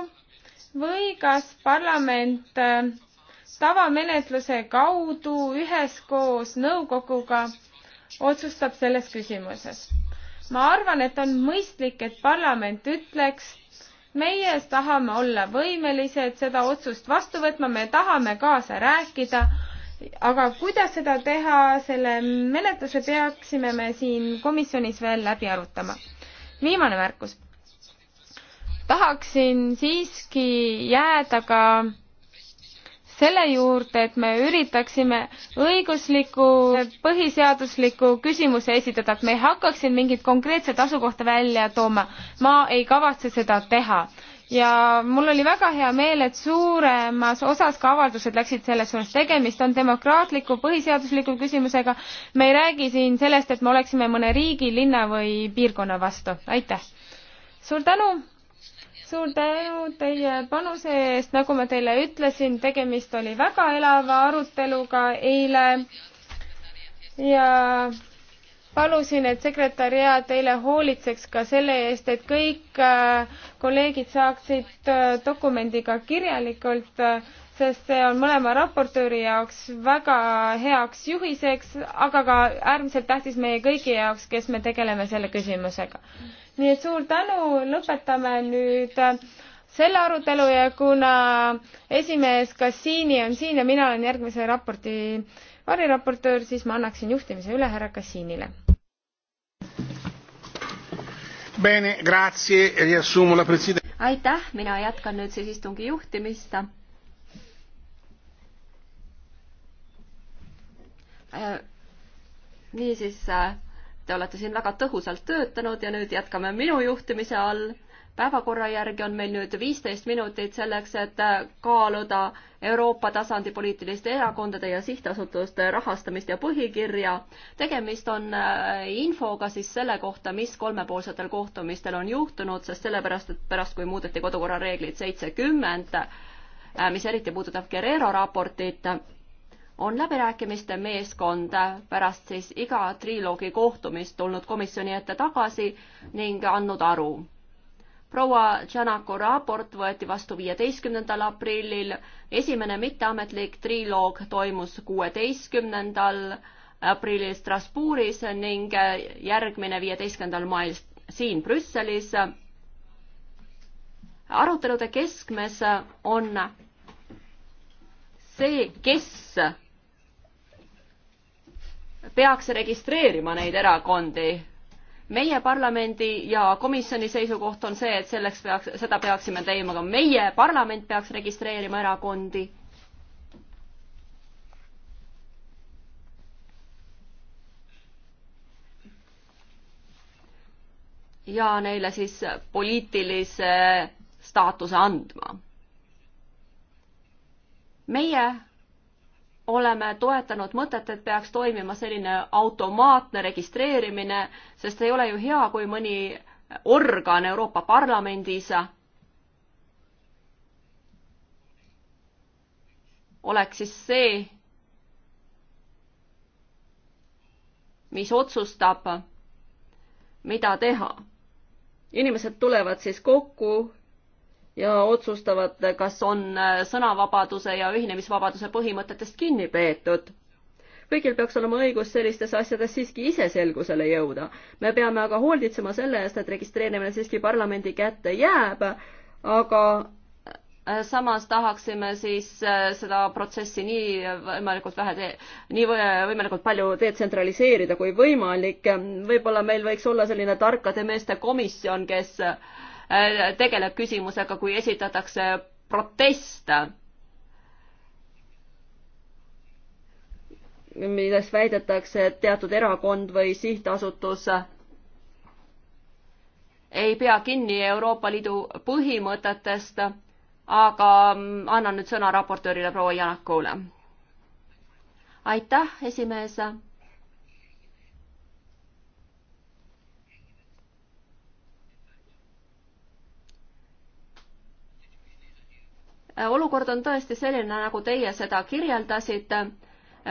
või kas parlament äh, tavamenetluse kaudu üheskoos nõukoguga otsustab selles küsimuses. ma arvan, et on mõistlik, et parlament ütleks meie tahame olla võimelised seda otsust vastu võtma, me tahame kaasa rääkida, aga kuidas seda teha, selle menetluse peaksime me siin komisjonis veel läbi arutama. viimane märkus. tahaksin siiski jääda ka selle juurde, et me üritaksime õigusliku, põhiseadusliku küsimuse esitada, et me ei hakkaks siin mingit konkreetset asukohta välja tooma. ma ei kavatse seda teha ja mul oli väga hea meel, et suuremas osas ka avaldused läksid selles suunas. tegemist on demokraatliku põhiseadusliku küsimusega. me ei räägi siin sellest, et me oleksime mõne riigi, linna või piirkonna vastu. aitäh! suur tänu suur tänu teie panuse eest, nagu ma teile ütlesin, tegemist oli väga elava aruteluga eile ja palusin, et sekretäriaat eile hoolitseks ka selle eest, et kõik äh, kolleegid saaksid äh, dokumendiga kirjalikult, äh, sest see on mõlema raportööri jaoks väga heaks juhiseks, aga ka äärmiselt tähtis meie kõigi jaoks, kes me tegeleme selle küsimusega mm nii et suur tänu, lõpetame nüüd selle arutelu ja kuna esimees Kassiini on siin ja mina olen järgmise raporti variraportöör, siis ma annaksin juhtimise üle härra Kassiinile. aitäh, mina jätkan nüüd siis istungi juhtimist. Äh, niisiis äh, Te olete siin väga tõhusalt töötanud ja nüüd jätkame minu juhtimise all. päevakorra järgi on meil nüüd viisteist minutit selleks, et kaaluda Euroopa tasandi poliitiliste erakondade ja sihtasutuste rahastamist ja põhikirja. tegemist on äh, infoga siis selle kohta, mis kolmepoolsetel kohtumistel on juhtunud, sest sellepärast, et pärast, kui muudeti kodukorra reeglid seitsekümmend, äh, mis eriti puudutab Guerrero raportit, on läbirääkimiste meeskond pärast siis iga triloogi kohtumist tulnud komisjoni ette tagasi ning andnud aru. proua Tšanako raport võeti vastu viieteistkümnendal aprillil, esimene mitteametlik triloog toimus kuueteistkümnendal aprillil Strasbourgis ning järgmine viieteistkümnendal mail siin Brüsselis. arutelude keskmes on see, kes peaks registreerima neid erakondi. meie parlamendi ja komisjoni seisukoht on see, et selleks peaks, seda peaksime tegema ka meie, parlament peaks registreerima erakondi. ja neile siis poliitilise staatuse andma. meie oleme toetanud mõtet, et peaks toimima selline automaatne registreerimine, sest ei ole ju hea, kui mõni organ Euroopa Parlamendis oleks siis see, mis otsustab, mida teha. inimesed tulevad siis kokku ja otsustavad, kas on äh, sõnavabaduse ja ühinemisvabaduse põhimõtetest kinni peetud. kõigil peaks olema õigus sellistes asjades siiski ise selgusele jõuda. me peame aga hoolitsema selle eest, et registreerimine siiski parlamendi kätte jääb, aga äh, samas tahaksime siis äh, seda protsessi nii võimalikult vähe, nii võimalikult palju detsentraliseerida kui võimalik. võib-olla meil võiks olla selline tarkade meeste komisjon, kes äh, Äh, tegeleb küsimusega, kui esitatakse protest, milles väidetakse, et teatud erakond või sihtasutus ei pea kinni Euroopa Liidu põhimõtetest, aga mm, annan nüüd sõna raportöörile proua Janakule. aitäh, esimees Äh, olukord on tõesti selline, nagu teie seda kirjeldasite.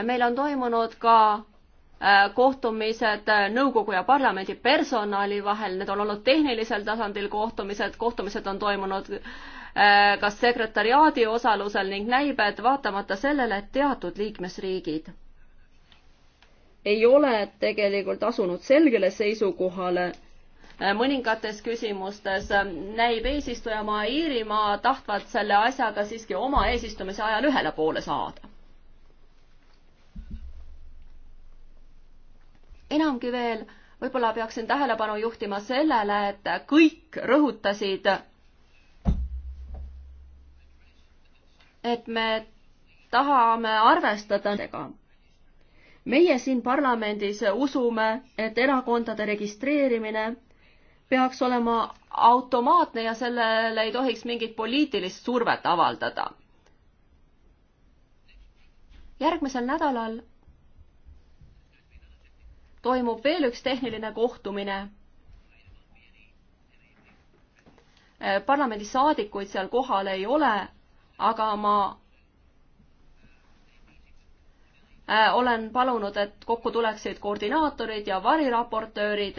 meil on toimunud ka äh, kohtumised äh, nõukogu ja parlamendi personali vahel, need on olnud tehnilisel tasandil kohtumised, kohtumised on toimunud kas sekretariaadi osalusel ning näib, et vaatamata sellele, et teatud liikmesriigid ei ole tegelikult asunud selgele seisukohale Äh, mõningates küsimustes äh, näib eesistujamaa Iirimaa tahtvat selle asjaga siiski oma eesistumise ajal ühele poole saada. enamgi veel, võib-olla peaksin tähelepanu juhtima sellele, et kõik rõhutasid, et me tahame arvestada nendega meie siin parlamendis usume, et erakondade registreerimine peaks olema automaatne ja sellele ei tohiks mingit poliitilist survet avaldada. järgmisel nädalal toimub veel üks tehniline kohtumine. Eh, parlamendisaadikuid seal kohal ei ole, aga ma eh, olen palunud, et kokku tuleksid koordinaatorid ja variraportöörid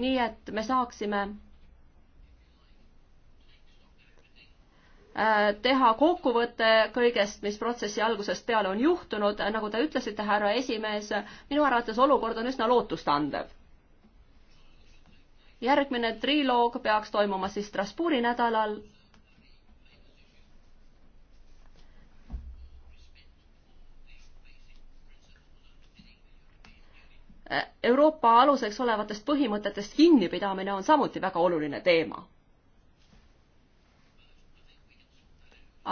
nii et me saaksime äh, teha kokkuvõte kõigest, mis protsessi algusest peale on juhtunud, nagu te ütlesite, härra esimees, minu arvates olukord on üsna lootustandev. järgmine triloog peaks toimuma siis Strasbourgi nädalal Euroopa aluseks olevatest põhimõtetest kinnipidamine on samuti väga oluline teema.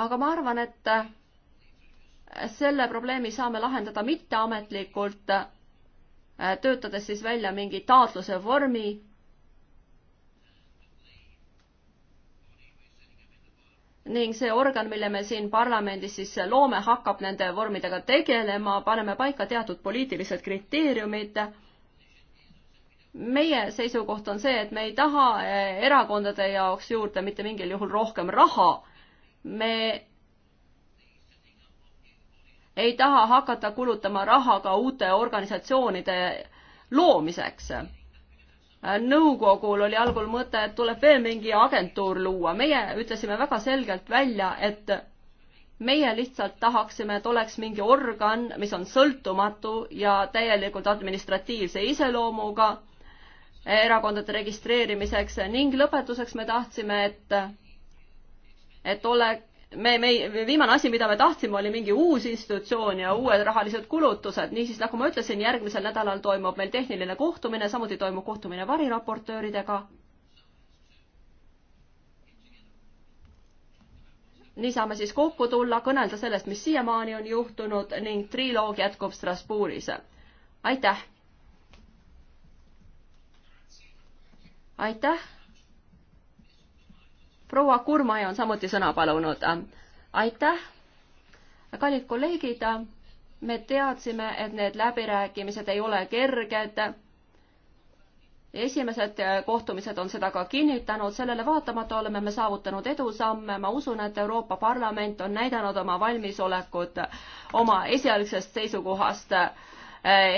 aga ma arvan, et äh, selle probleemi saame lahendada mitteametlikult, äh, töötades siis välja mingi taotluse vormi ning see organ, mille me siin parlamendis siis loome, hakkab nende vormidega tegelema, paneme paika teatud poliitilised kriteeriumid. meie seisukoht on see, et me ei taha eh, erakondade jaoks juurde mitte mingil juhul rohkem raha. me ei taha hakata kulutama raha ka uute organisatsioonide loomiseks Äh, nõukogul oli algul mõte, et tuleb veel mingi agentuur luua, meie ütlesime väga selgelt välja, et meie lihtsalt tahaksime, et oleks mingi organ, mis on sõltumatu ja täielikult administratiivse iseloomuga erakondade registreerimiseks ning lõpetuseks me tahtsime, et et ole, me, me, viimane asi, mida me tahtsime, oli mingi uus institutsioon ja uued rahalised kulutused, niisiis nagu ma ütlesin, järgmisel nädalal toimub meil tehniline kohtumine, samuti toimub kohtumine variraportööridega. nii saame siis kokku tulla, kõnelda sellest, mis siiamaani on juhtunud ning triloog jätkub Strasbourgis. aitäh! aitäh! proua Kurmai on samuti sõna palunud. aitäh, kallid kolleegid, me teadsime, et need läbirääkimised ei ole kerged. esimesed kohtumised on seda ka kinnitanud, sellele vaatamata oleme me saavutanud edusamme, ma usun, et Euroopa Parlament on näidanud oma valmisolekut oma esialgsest seisukohast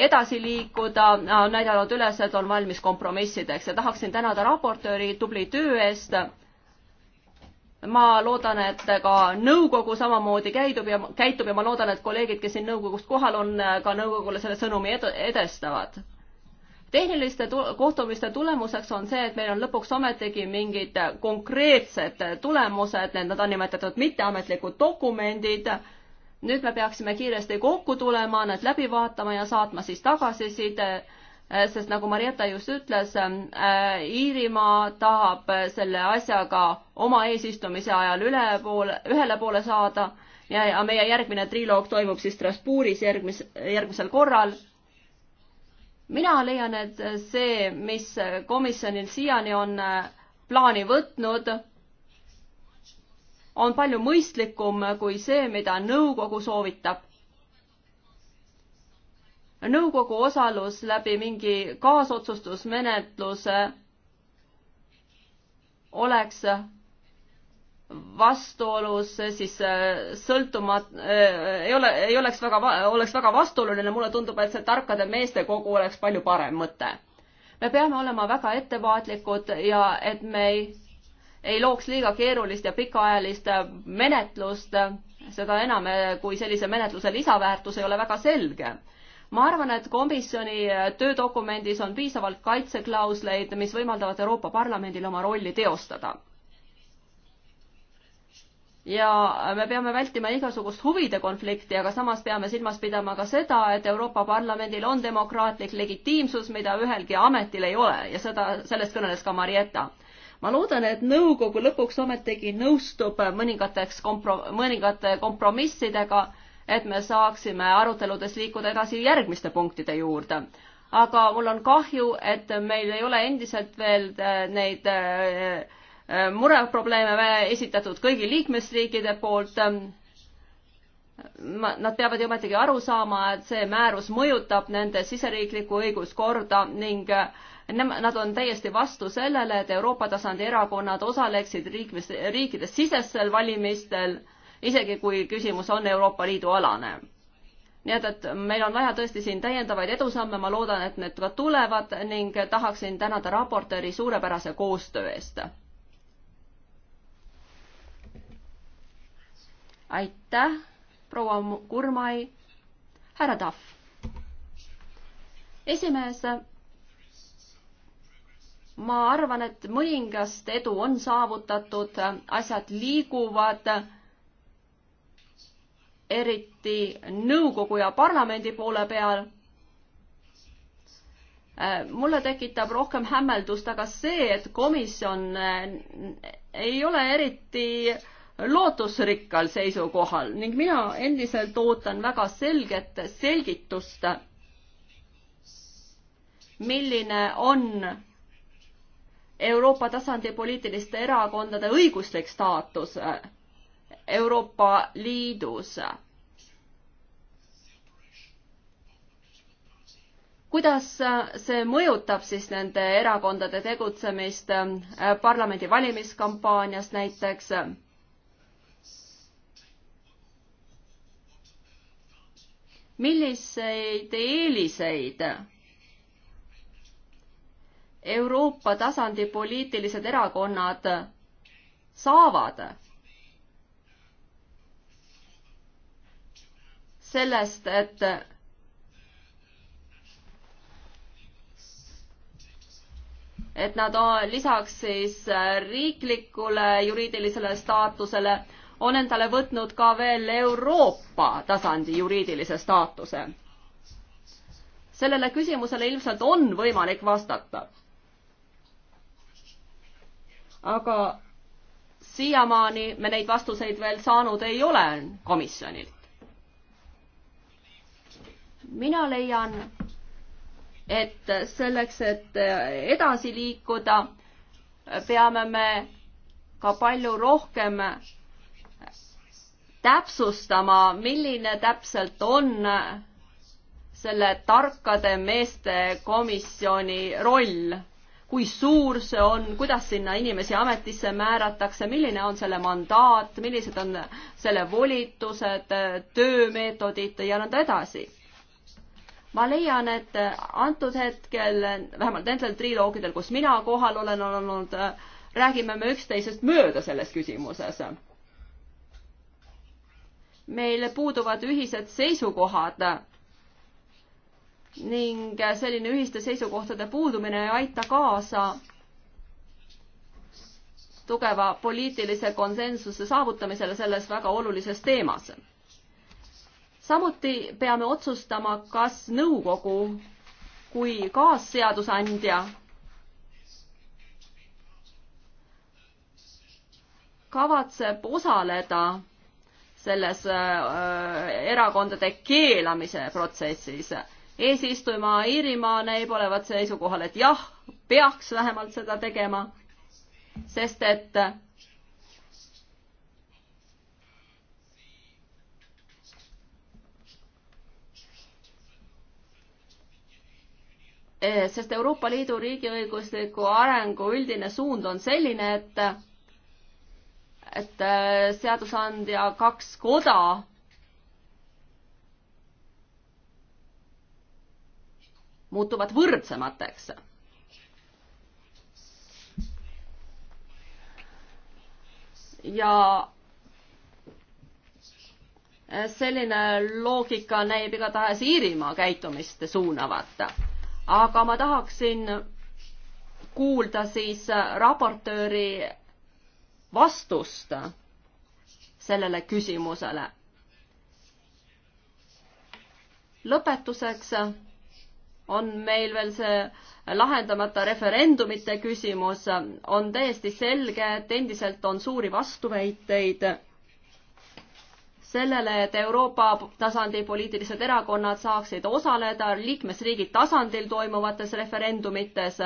edasi liikuda, on näidanud üles, et on valmis kompromissideks ja tahaksin tänada raportööri tubli töö eest ma loodan, et ka nõukogu samamoodi käidub ja käitub ja ma loodan, et kolleegid, kes siin nõukogust kohal on, ka nõukogule selle sõnumi edu, edestavad. tehniliste tu kohtumiste tulemuseks on see, et meil on lõpuks ometigi mingid konkreetsed tulemused, need nõndanimetatud mitteametlikud dokumendid. nüüd me peaksime kiiresti kokku tulema, need läbi vaatama ja saatma siis tagasiside Äh, sest nagu Marietta just ütles, äh, Iirimaa tahab selle asjaga oma eesistumise ajal üle poole, ühele poole saada ja, ja meie järgmine triloog toimub siis Strasbourgis järgmis, järgmisel korral. mina leian, et see, mis komisjonil siiani on äh, plaani võtnud, on palju mõistlikum kui see, mida nõukogu soovitab nõukogu osalus läbi mingi kaasotsustusmenetluse oleks vastuolus siis äh, sõltumat-, äh, ei ole, ei oleks väga, oleks väga vastuoluline, mulle tundub, et see tarkade meeste kogu oleks palju parem mõte. me peame olema väga ettevaatlikud ja et me ei, ei looks liiga keerulist ja pikaajalist menetlust, seda enam, kui sellise menetluse lisaväärtus ei ole väga selge ma arvan, et komisjoni töödokumendis on piisavalt kaitseklausleid, mis võimaldavad Euroopa Parlamendil oma rolli teostada ja me peame vältima igasugust huvide konflikti, aga samas peame silmas pidama ka seda, et Euroopa Parlamendil on demokraatlik legitiimsus, mida ühelgi ametil ei ole ja seda, sellest kõneles ka Marietta. ma loodan, et nõukogu lõpuks ometigi nõustub mõningateks kompro-, mõningate kompromissidega et me saaksime aruteludes liikuda edasi järgmiste punktide juurde. aga mul on kahju, et meil ei ole endiselt veel äh, neid äh, äh, mureprobleeme esitatud kõigi liikmesriikide poolt. Nad peavad ju ometigi aru saama, et see määrus mõjutab nende siseriiklikku õiguskorda ning nad on täiesti vastu sellele, et Euroopa tasandi erakonnad osaleksid riikides, riikides sisestel valimistel äh, isegi kui küsimus on Euroopa Liidu alane. nii et, et meil on vaja tõesti siin täiendavaid edusamme, ma loodan, et need ka tulevad ning tahaksin tänada raportööri suurepärase koostöö eest. aitäh, proua Kurmai, härra Tahv. esimees ma arvan, et mõningast edu on saavutatud, asjad liiguvad eriti nõukogu ja parlamendi poole peal. Äh, mulle tekitab rohkem hämmeldust aga see, et komisjon äh, ei ole eriti lootusrikkal seisukohal ning mina endiselt ootan väga selget selgitust, milline on Euroopa tasandi poliitiliste erakondade õiguslik staatus äh, Euroopa Liidus. kuidas äh, see mõjutab siis nende erakondade tegutsemist äh, parlamendi valimiskampaanias näiteks? milliseid eeliseid Euroopa tasandi poliitilised erakonnad saavad sellest, et et nad lisaks siis äh, riiklikule juriidilisele staatusele on endale võtnud ka veel Euroopa tasandi juriidilise staatuse. sellele küsimusele ilmselt on võimalik vastata. aga siiamaani me neid vastuseid veel saanud ei ole komisjonilt. mina leian, et selleks, et äh, edasi liikuda, peame me ka palju rohkem täpsustama, milline täpselt on selle tarkade meeste komisjoni roll, kui suur see on, kuidas sinna inimesi ametisse määratakse, milline on selle mandaat, millised on selle volitused, töömeetodid ja nõnda edasi ma leian, et äh, antud hetkel, vähemalt nendel triloogidel, kus mina kohal olen olnud, äh, räägime me üksteisest mööda selles küsimuses. meil puuduvad ühised seisukohad ning äh, selline ühiste seisukohtade puudumine ei aita kaasa tugeva poliitilise konsensuse saavutamisele selles väga olulises teemas samuti peame otsustama, kas nõukogu kui kaasseadusandja kavatseb osaleda selles äh, erakondade keelamise protsessis. eesistuja Iirimaa näib olevat seisukohal, et jah, peaks vähemalt seda tegema, sest et Eh, sest Euroopa Liidu riigiõigusliku arengu üldine suund on selline, et et eh, seadusandja kaks koda muutuvad võrdsemateks. ja selline loogika näib igatahes Iirimaa käitumist suunavat aga ma tahaksin kuulda siis raportööri vastust sellele küsimusele. lõpetuseks on meil veel see lahendamata referendumite küsimus. on täiesti selge, et endiselt on suuri vastuväiteid sellele, et Euroopa tasandi poliitilised erakonnad saaksid osaleda liikmesriigi tasandil toimuvates referendumites,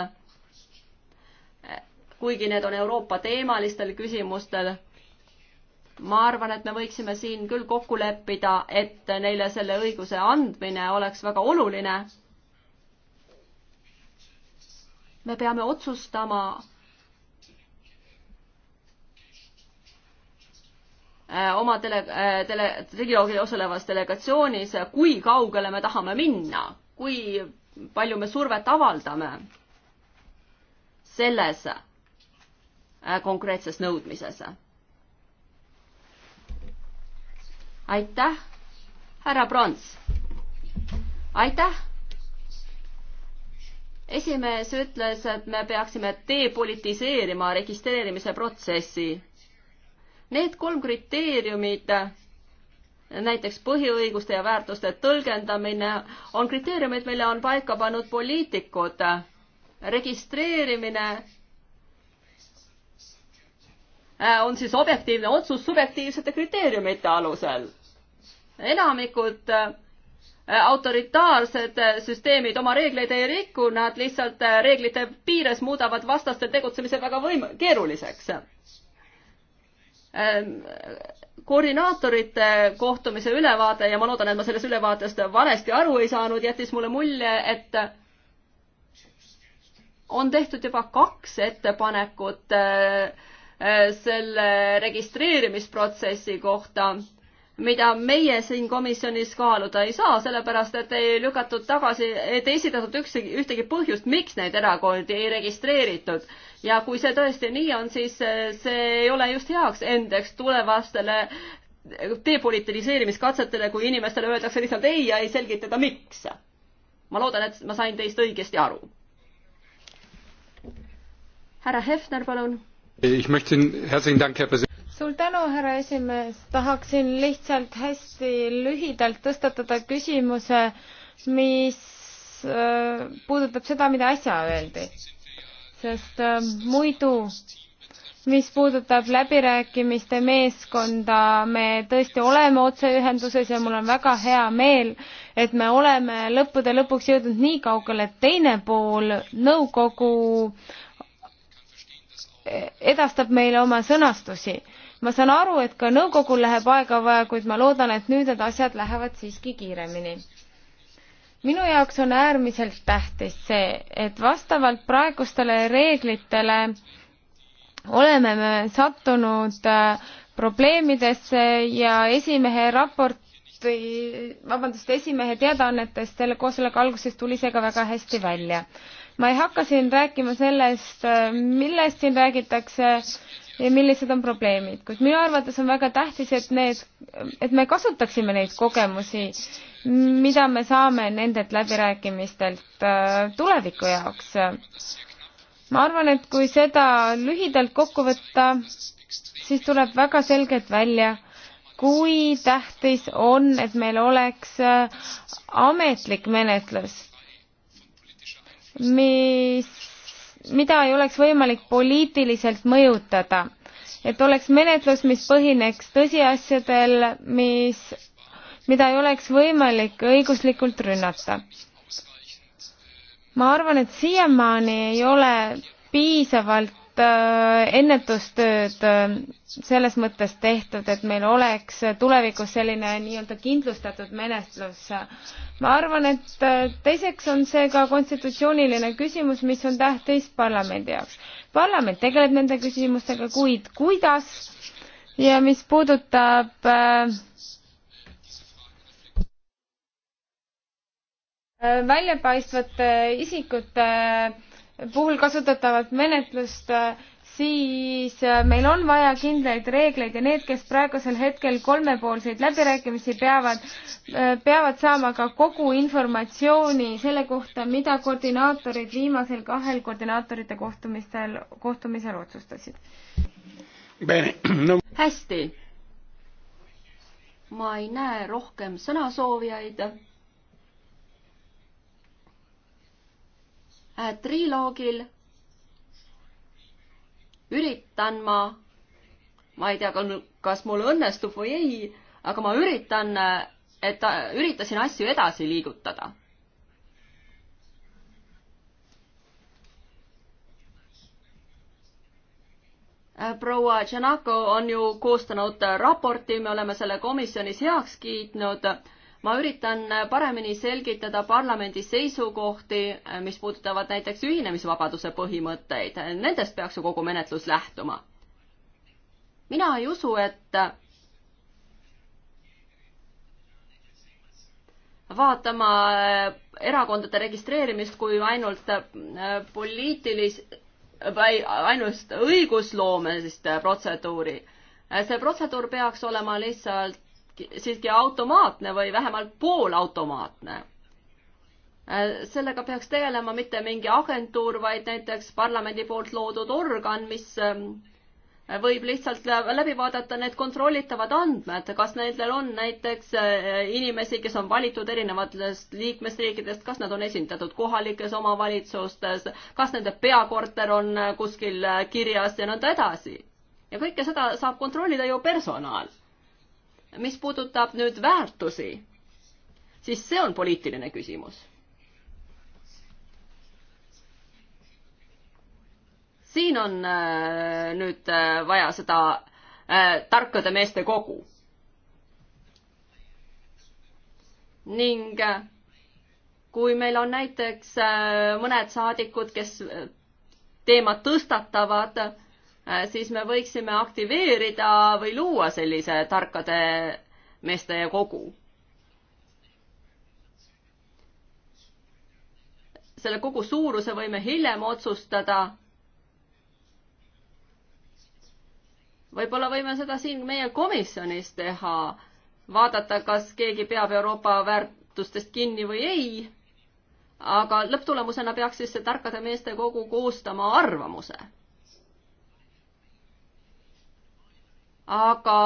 kuigi need on Euroopa teemalistel küsimustel. ma arvan, et me võiksime siin küll kokku leppida, et neile selle õiguse andmine oleks väga oluline. me peame otsustama Äh, oma tele, äh, tele, Riigikogul osalevas delegatsioonis, kui kaugele me tahame minna, kui palju me survet avaldame selles äh, konkreetses nõudmises. aitäh, härra Prants. aitäh. esimees ütles, et me peaksime depolitiseerima registreerimise protsessi Need kolm kriteeriumid, näiteks põhiõiguste ja väärtuste tõlgendamine, on kriteeriumid, mille on paika pannud poliitikud. registreerimine äh, on siis objektiivne otsus subjektiivsete kriteeriumite alusel. enamikud äh, autoritaarsed süsteemid oma reegleid ei riku, nad lihtsalt äh, reeglite piires muudavad vastaste tegutsemise väga võim-, keeruliseks. Ähm, koordinaatorite kohtumise ülevaade ja ma loodan, et ma sellest ülevaatest valesti aru ei saanud, jättis mulle mulje, et on tehtud juba kaks ettepanekut äh, äh, selle registreerimisprotsessi kohta mida meie siin komisjonis kaaluda ei saa, sellepärast et ei lükatud tagasi, et ei esitatud üksegi, ühtegi põhjust, miks neid erakondi ei registreeritud. ja kui see tõesti nii on, siis eh, see ei ole just heaks endeks tulevastele eh, depolitiseerimiskatsetele, kui inimestele öeldakse lihtsalt ei ja ei selgitada, miks. ma loodan, et ma sain teist õigesti aru. härra Hefner, palun suur tänu, härra esimees, tahaksin lihtsalt hästi lühidalt tõstatada küsimuse, mis äh, puudutab seda, mida äsja öeldi. sest äh, muidu, mis puudutab läbirääkimiste meeskonda, me tõesti oleme otseühenduses ja mul on väga hea meel, et me oleme lõppude lõpuks jõudnud nii kaugele, et teine pool, nõukogu, edastab meile oma sõnastusi ma saan aru, et ka nõukogul läheb aega vaja, kuid ma loodan, et nüüd need asjad lähevad siiski kiiremini. minu jaoks on äärmiselt tähtis see, et vastavalt praegustele reeglitele oleme me sattunud äh, probleemidesse ja esimehe raport vabandust, esimehe teadaannetest selle koosoleku alguses tuli see ka väga hästi välja. ma ei hakka siin rääkima sellest, äh, millest siin räägitakse, ja millised on probleemid, kuid minu arvates on väga tähtis, et need, et me kasutaksime neid kogemusi, mida me saame nendelt läbirääkimistelt äh, tuleviku jaoks. ma arvan, et kui seda lühidalt kokku võtta, siis tuleb väga selgelt välja, kui tähtis on, et meil oleks äh, ametlik menetlus, mis mida ei oleks võimalik poliitiliselt mõjutada. et oleks menetlus, mis põhineks tõsiasjadel, mis, mida ei oleks võimalik õiguslikult rünnata. ma arvan, et siiamaani ei ole piisavalt Äh, ennetustööd äh, selles mõttes tehtud, et meil oleks tulevikus selline nii-öelda kindlustatud menetlus. ma arvan, et äh, teiseks on see ka konstitutsiooniline küsimus, mis on tähtis parlamendi jaoks. parlament tegeleb nende küsimustega, kuid kuidas ja mis puudutab äh, väljapaistvate isikute äh, puhul kasutatavat menetlust, äh, siis äh, meil on vaja kindlaid reegleid ja need, kes praegusel hetkel kolmepoolseid läbirääkimisi peavad, äh, peavad saama ka kogu informatsiooni selle kohta, mida koordinaatorid viimasel kahel koordinaatorite kohtumistel, kohtumisel otsustasid. No. hästi. ma ei näe rohkem sõnasoovijaid Äh, triloogil üritan ma, ma ei tea, kas mul õnnestub või ei, aga ma üritan, äh, et äh, üritasin asju edasi liigutada. proua Tšenako on ju koostanud raporti, me oleme selle komisjonis heaks kiitnud ma üritan äh, paremini selgitada parlamendi seisukohti, äh, mis puudutavad näiteks ühinemisvabaduse põhimõtteid, nendest peaks ju kogu menetlus lähtuma. mina ei usu, et äh, vaatama erakondade registreerimist kui ainult poliitilis- või ainult õigusloomelist protseduuri. see protseduur peaks olema lihtsalt siiski automaatne või vähemalt poolautomaatne. Äh, sellega peaks tegelema mitte mingi agentuur, vaid näiteks parlamendi poolt loodud organ, mis ähm, võib lihtsalt läbi vaadata need kontrollitavad andmed, kas nendel on näiteks äh, inimesi, kes on valitud erinevatest liikmesriikidest, kas nad on esindatud kohalikes omavalitsustes, kas nende peakorter on äh, kuskil kirjas ja nõnda edasi. ja kõike seda saab kontrollida ju personal mis puudutab nüüd väärtusi, siis see on poliitiline küsimus. siin on äh, nüüd äh, vaja seda äh, tarkade meeste kogu. ning kui meil on näiteks mõned saadikud, kes teemat tõstatavad, Äh, siis me võiksime aktiveerida või luua sellise tarkade meeste kogu. selle kogu suuruse võime hiljem otsustada. võib-olla võime seda siin meie komisjonis teha, vaadata, kas keegi peab Euroopa väärtustest kinni või ei. aga lõpptulemusena peaks siis see tarkade meeste kogu koostama arvamuse aga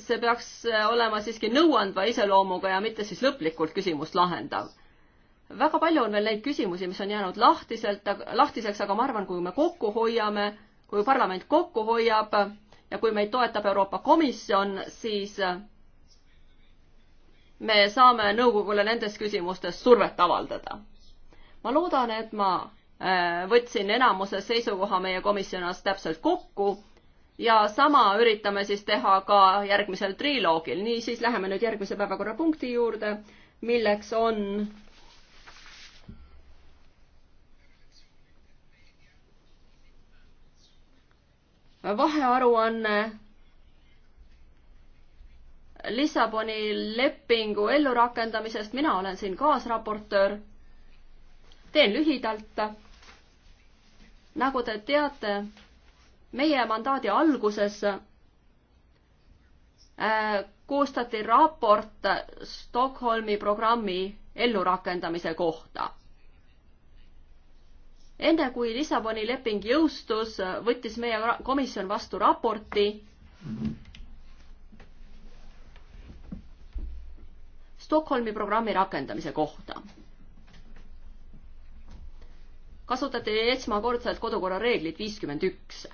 see peaks olema siiski nõuandva iseloomuga ja mitte siis lõplikult küsimust lahendav. väga palju on veel neid küsimusi, mis on jäänud lahtiselt, lahtiseks, aga ma arvan, kui me kokku hoiame, kui parlament kokku hoiab ja kui meid toetab Euroopa Komisjon, siis me saame nõukogule nendes küsimustes survet avaldada. ma loodan, et ma äh, võtsin enamuse seisukoha meie komisjonis täpselt kokku ja sama üritame siis teha ka järgmisel triloogil. niisiis läheme nüüd järgmise päevakorrapunkti juurde, milleks on vahearuanne Lissaboni lepingu ellurakendamisest, mina olen siin kaasraportöör. teen lühidalt. nagu te teate, meie mandaadi alguses äh, koostati raport Stockholmi programmi ellurakendamise kohta. enne kui Lissaboni leping jõustus, võttis meie komisjon vastu raporti Stockholmi programmi rakendamise kohta. kasutati esmakordselt kodukorra reeglit viiskümmend üks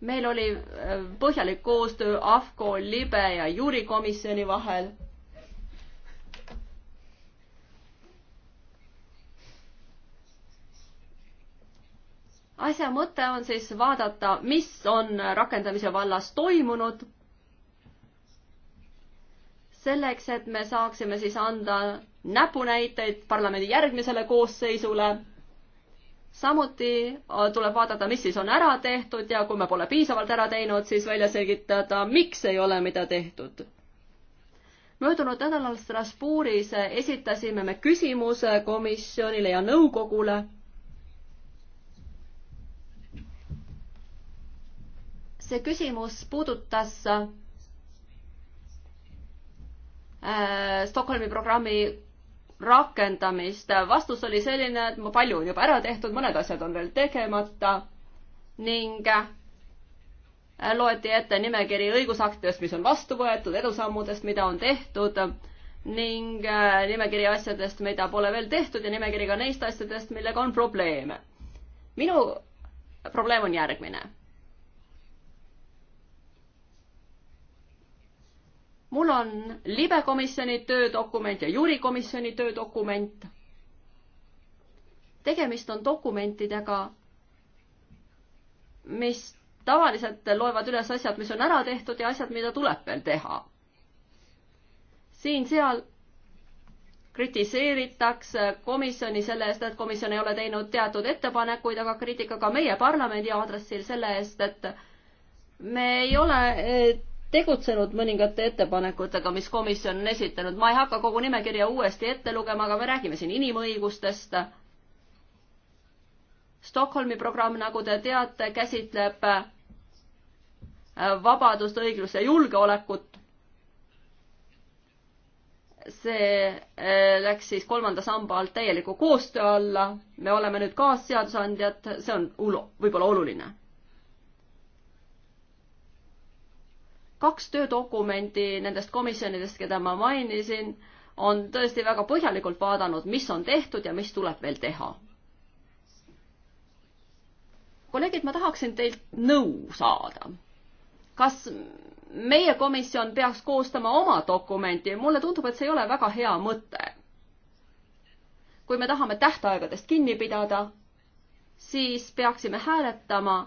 meil oli äh, põhjalik koostöö AFCO, libe ja juurikomisjoni vahel. asja mõte on siis vaadata, mis on rakendamise vallas toimunud. selleks, et me saaksime siis anda näpunäiteid parlamendi järgmisele koosseisule samuti äh, tuleb vaadata, mis siis on ära tehtud ja kui me pole piisavalt ära teinud, siis välja selgitada, miks ei ole mida tehtud. möödunud nädalal Strasbourgis esitasime me küsimuse komisjonile ja nõukogule. see küsimus puudutas äh, Stockholmi programmi rakendamist. vastus oli selline, et palju on juba ära tehtud, mõned asjad on veel tegemata ning äh, loeti ette nimekiri õigusaktidest, mis on vastu võetud, edusammudest, mida on tehtud ning äh, nimekiri asjadest, mida pole veel tehtud ja nimekiri ka neist asjadest, millega on probleeme. minu probleem on järgmine mul on libekomisjoni töödokument ja juurikomisjoni töödokument. tegemist on dokumentidega, mis tavaliselt loevad üles asjad, mis on ära tehtud ja asjad, mida tuleb veel teha. siin-seal kritiseeritakse komisjoni selle eest, et komisjon ei ole teinud teatud ettepanekuid, aga kriitika ka meie parlamendi aadressil selle eest, et me ei ole tegutsenud mõningate ettepanekutega, mis komisjon on esitanud. ma ei hakka kogu nimekirja uuesti ette lugema, aga me räägime siin inimõigustest. Stockholmi programm, nagu te teate, käsitleb äh, vabadust, õiglust ja julgeolekut. see äh, läks siis kolmanda samba alt täieliku koostöö alla. me oleme nüüd kaasseadusandjad, see on võib-olla oluline kaks töödokumenti nendest komisjonidest, keda ma mainisin, on tõesti väga põhjalikult vaadanud, mis on tehtud ja mis tuleb veel teha. kolleegid, ma tahaksin teilt nõu saada. kas meie komisjon peaks koostama oma dokumenti, mulle tundub, et see ei ole väga hea mõte. kui me tahame tähtaegadest kinni pidada, siis peaksime hääletama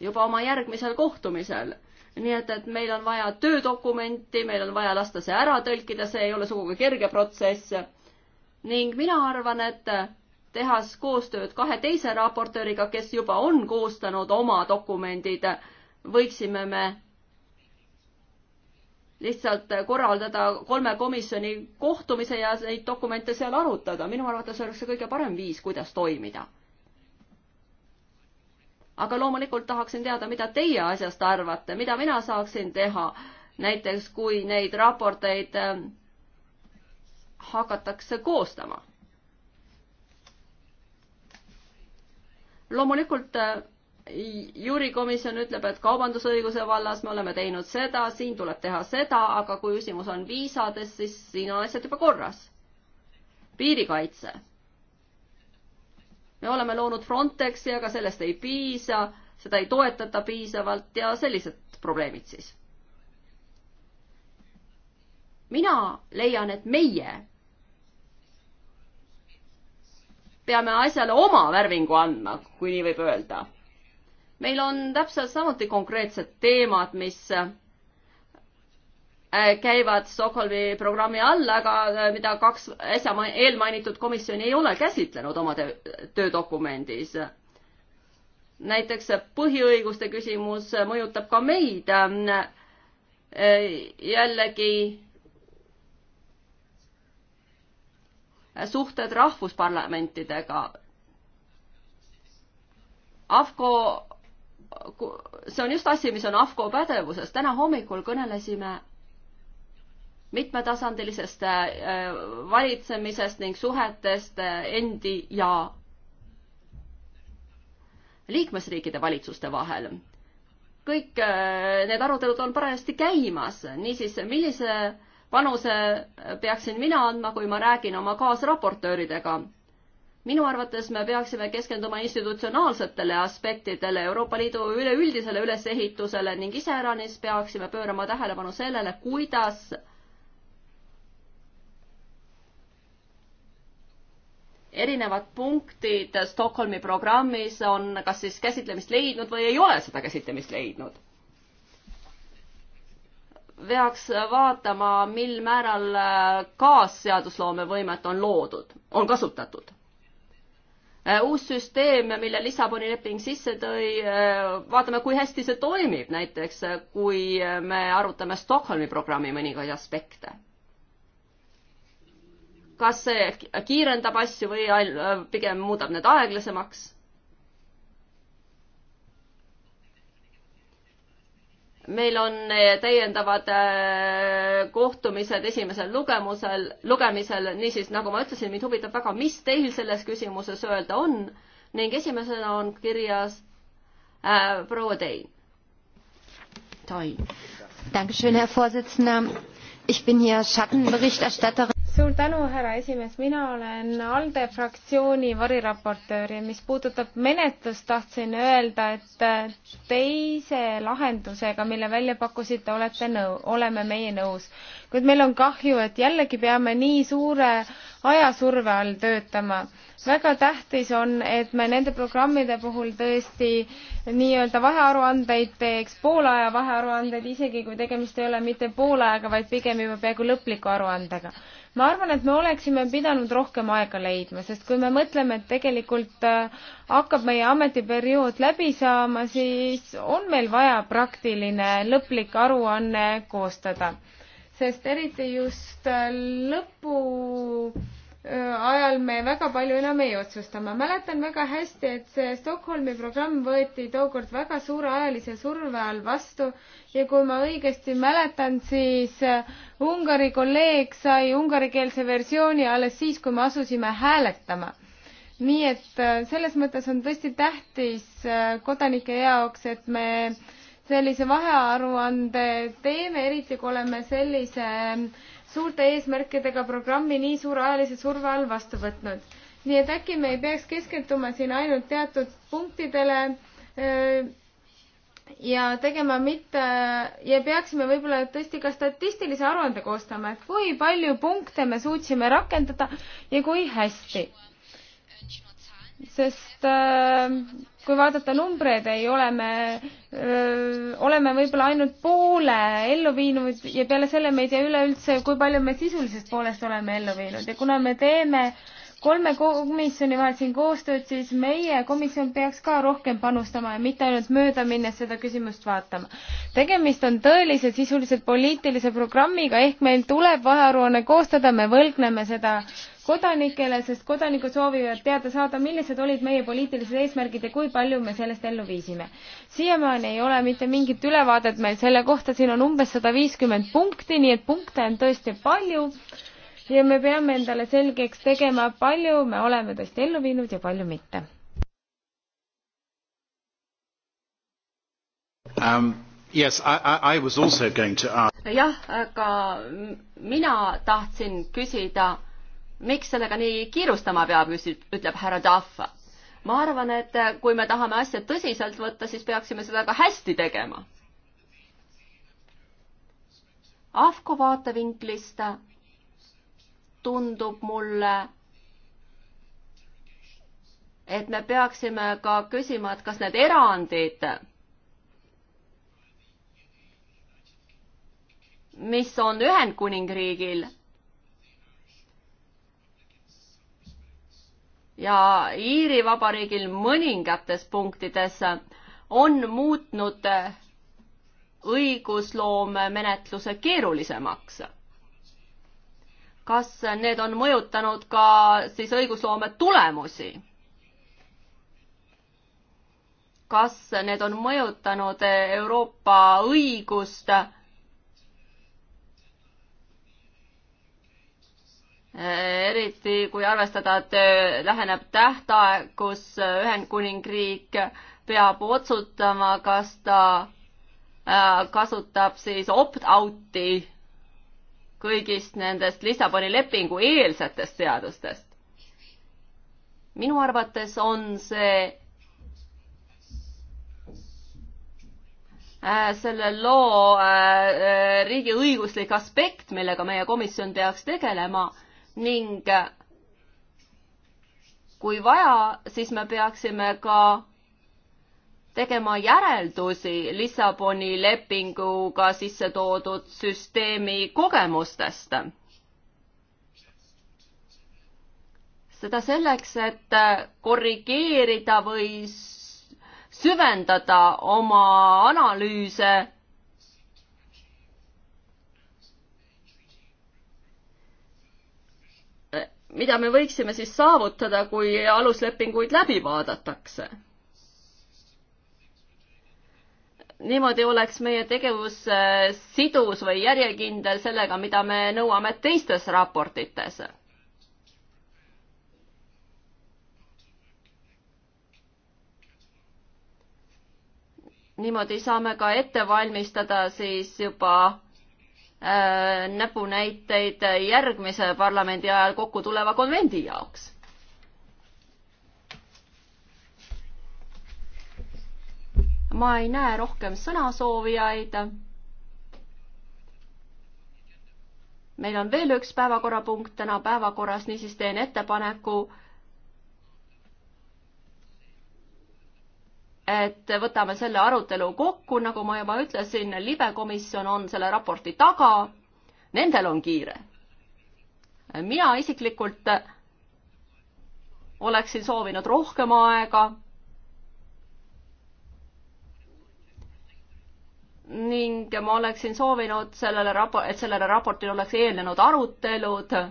juba oma järgmisel kohtumisel nii et, et meil on vaja töödokumenti, meil on vaja lasta see ära tõlkida, see ei ole sugugi kerge protsess. ning mina arvan, et tehas koostööd kahe teise raportööriga, kes juba on koostanud oma dokumendid, võiksime me lihtsalt korraldada kolme komisjoni kohtumise ja neid dokumente seal arutada. minu arvates oleks see kõige parem viis, kuidas toimida aga loomulikult tahaksin teada, mida teie asjast arvate, mida mina saaksin teha, näiteks kui neid raporteid ähm, hakatakse koostama. loomulikult äh, juurikomisjon ütleb, et kaubandusõiguse vallas me oleme teinud seda, siin tuleb teha seda, aga kui küsimus on viisades, siis siin on asjad juba korras. piirikaitse me oleme loonud Frontexi, aga sellest ei piisa, seda ei toetata piisavalt ja sellised probleemid siis. mina leian, et meie peame asjale oma värvingu andma, kui nii võib öelda. meil on täpselt samuti konkreetsed teemad, mis Äh, käivad Stockholmi programmi all, aga äh, mida kaks äsja eelmainitud komisjoni ei ole käsitlenud oma töödokumendis. näiteks põhiõiguste küsimus mõjutab ka meid. Äh, jällegi suhted rahvusparlamentidega. AFCO, see on just asi, mis on AFCO pädevuses. täna hommikul kõnelesime mitmetasandilisest äh, valitsemisest ning suhetest äh, endi ja liikmesriikide valitsuste vahel. kõik äh, need arutelud on parajasti käimas, niisiis millise panuse peaksin mina andma, kui ma räägin oma kaasraportööridega? minu arvates me peaksime keskenduma institutsionaalsetele aspektidele, Euroopa Liidu üleüldisele ülesehitusele ning iseäranis peaksime pöörama tähelepanu sellele, kuidas äh, erinevad punktid Stockholmi programmis on kas siis käsitlemist leidnud või ei ole seda käsitlemist leidnud. peaks vaatama, mil määral kaasseadusloome võimet on loodud, on kasutatud. uus süsteem, mille Lissaboni leping sisse tõi, vaatame, kui hästi see toimib, näiteks kui me arutame Stockholmi programmi mõningaid aspekte kas see kiirendab asju või pigem muudab need aeglasemaks? meil on täiendavad äh, kohtumised esimesel lugemusel, lugemisel, niisiis nagu ma ütlesin, mind huvitab väga, mis teil selles küsimuses öelda on ning esimesena on kirjas äh, proua Tein. Tein. Dankeschön, Herr Vorsitzender. Ich bin hier Schattenberichterstatterin suur tänu, härra esimees, mina olen ALDE fraktsiooni variraportöör ja mis puudutab menetlust, tahtsin öelda, et äh, teise lahendusega, mille välja pakkusite, olete nõu-, oleme meie nõus. kuid meil on kahju, et jällegi peame nii suure ajasurve all töötama väga tähtis on, et me nende programmide puhul tõesti nii-öelda vahearuandeid teeks, poolaja vahearuandeid, isegi kui tegemist ei ole mitte poolajaga, vaid pigem juba peaaegu lõpliku aruandega ma arvan, et me oleksime pidanud rohkem aega leidma, sest kui me mõtleme, et tegelikult äh, hakkab meie ametiperiood läbi saama, siis on meil vaja praktiline lõplik aruanne koostada. sest eriti just äh, lõpu ajal me väga palju enam ei otsusta. ma mäletan väga hästi, et see Stockholmi programm võeti tookord väga suure ajalise surve all vastu ja kui ma õigesti mäletan, siis äh, Ungari kolleeg sai ungarikeelse versiooni alles siis, kui me asusime hääletama. nii et äh, selles mõttes on tõesti tähtis äh, kodanike jaoks, et me sellise vahearuande teeme, eriti kui oleme sellise äh, suurte eesmärkidega programmi nii suure ajalise surve all vastu võtnud. nii et äkki me ei peaks keskenduma siin ainult teatud punktidele ja tegema mitte ja peaksime võib-olla tõesti ka statistilise aruande koostama, et kui palju punkte me suutsime rakendada ja kui hästi sest äh, kui vaadata numbreid, ei ole me, äh, oleme võib-olla ainult poole ellu viinud ja peale selle me ei tea üleüldse, kui palju me sisulisest poolest oleme ellu viinud ja kuna me teeme äh, kolme komisjoni vahel siin koostööd, siis meie komisjon peaks ka rohkem panustama ja mitte ainult mööda minnes seda küsimust vaatama. tegemist on tõelise sisuliselt poliitilise programmiga, ehk meil tuleb vahearuanne koostada, me võlgneme seda kodanikele, sest kodanikud soovivad teada saada, millised olid meie poliitilised eesmärgid ja kui palju me sellest ellu viisime. siiamaani ei ole mitte mingit ülevaadet meil selle kohta, siin on umbes sada viiskümmend punkti, nii et punkte on tõesti palju ja me peame endale selgeks tegema, palju me oleme tõesti ellu viinud ja palju mitte um,. Yes, I, I was also going to ask. jah, aga mina tahtsin küsida, miks sellega nii kiirustama peab, ütleb härra Tahv. ma arvan, et kui me tahame asja tõsiselt võtta, siis peaksime seda ka hästi tegema Afko vaatevinklist tundub mulle, et me peaksime ka küsima, et kas need erandid, mis on Ühendkuningriigil ja Iiri Vabariigil mõningates punktides, on muutnud õigusloome menetluse keerulisemaks kas need on mõjutanud ka siis õigusloome tulemusi? kas need on mõjutanud Euroopa õigust eriti kui arvestada, et läheneb tähtaeg, kus Ühendkuningriik peab otsutama, kas ta äh, kasutab siis opt-out'i kõigist nendest Lissaboni lepingu eelsetest seadustest. minu arvates on see äh, selle loo äh, äh, riigi õiguslik aspekt, millega meie komisjon peaks tegelema ning kui vaja, siis me peaksime ka tegema järeldusi Lissaboni lepinguga sisse toodud süsteemi kogemustest. seda selleks, et korrigeerida või süvendada oma analüüse mida me võiksime siis saavutada, kui aluslepinguid läbi vaadatakse niimoodi oleks meie tegevus äh, sidus või järjekindel sellega, mida me nõuame teistes raportites. niimoodi saame ka ette valmistada siis juba äh, näpunäiteid järgmise parlamendi ajal kokku tuleva konvendi jaoks ma ei näe rohkem sõnasoovijaid. meil on veel üks päevakorrapunkt täna päevakorras, niisiis teen ettepaneku, et võtame selle arutelu kokku, nagu ma juba ütlesin, libekomisjon on selle raporti taga, nendel on kiire. mina isiklikult oleksin soovinud rohkem aega ning ma oleksin soovinud sellele rapo-, et sellele raportile oleks eelnenud arutelud, äh,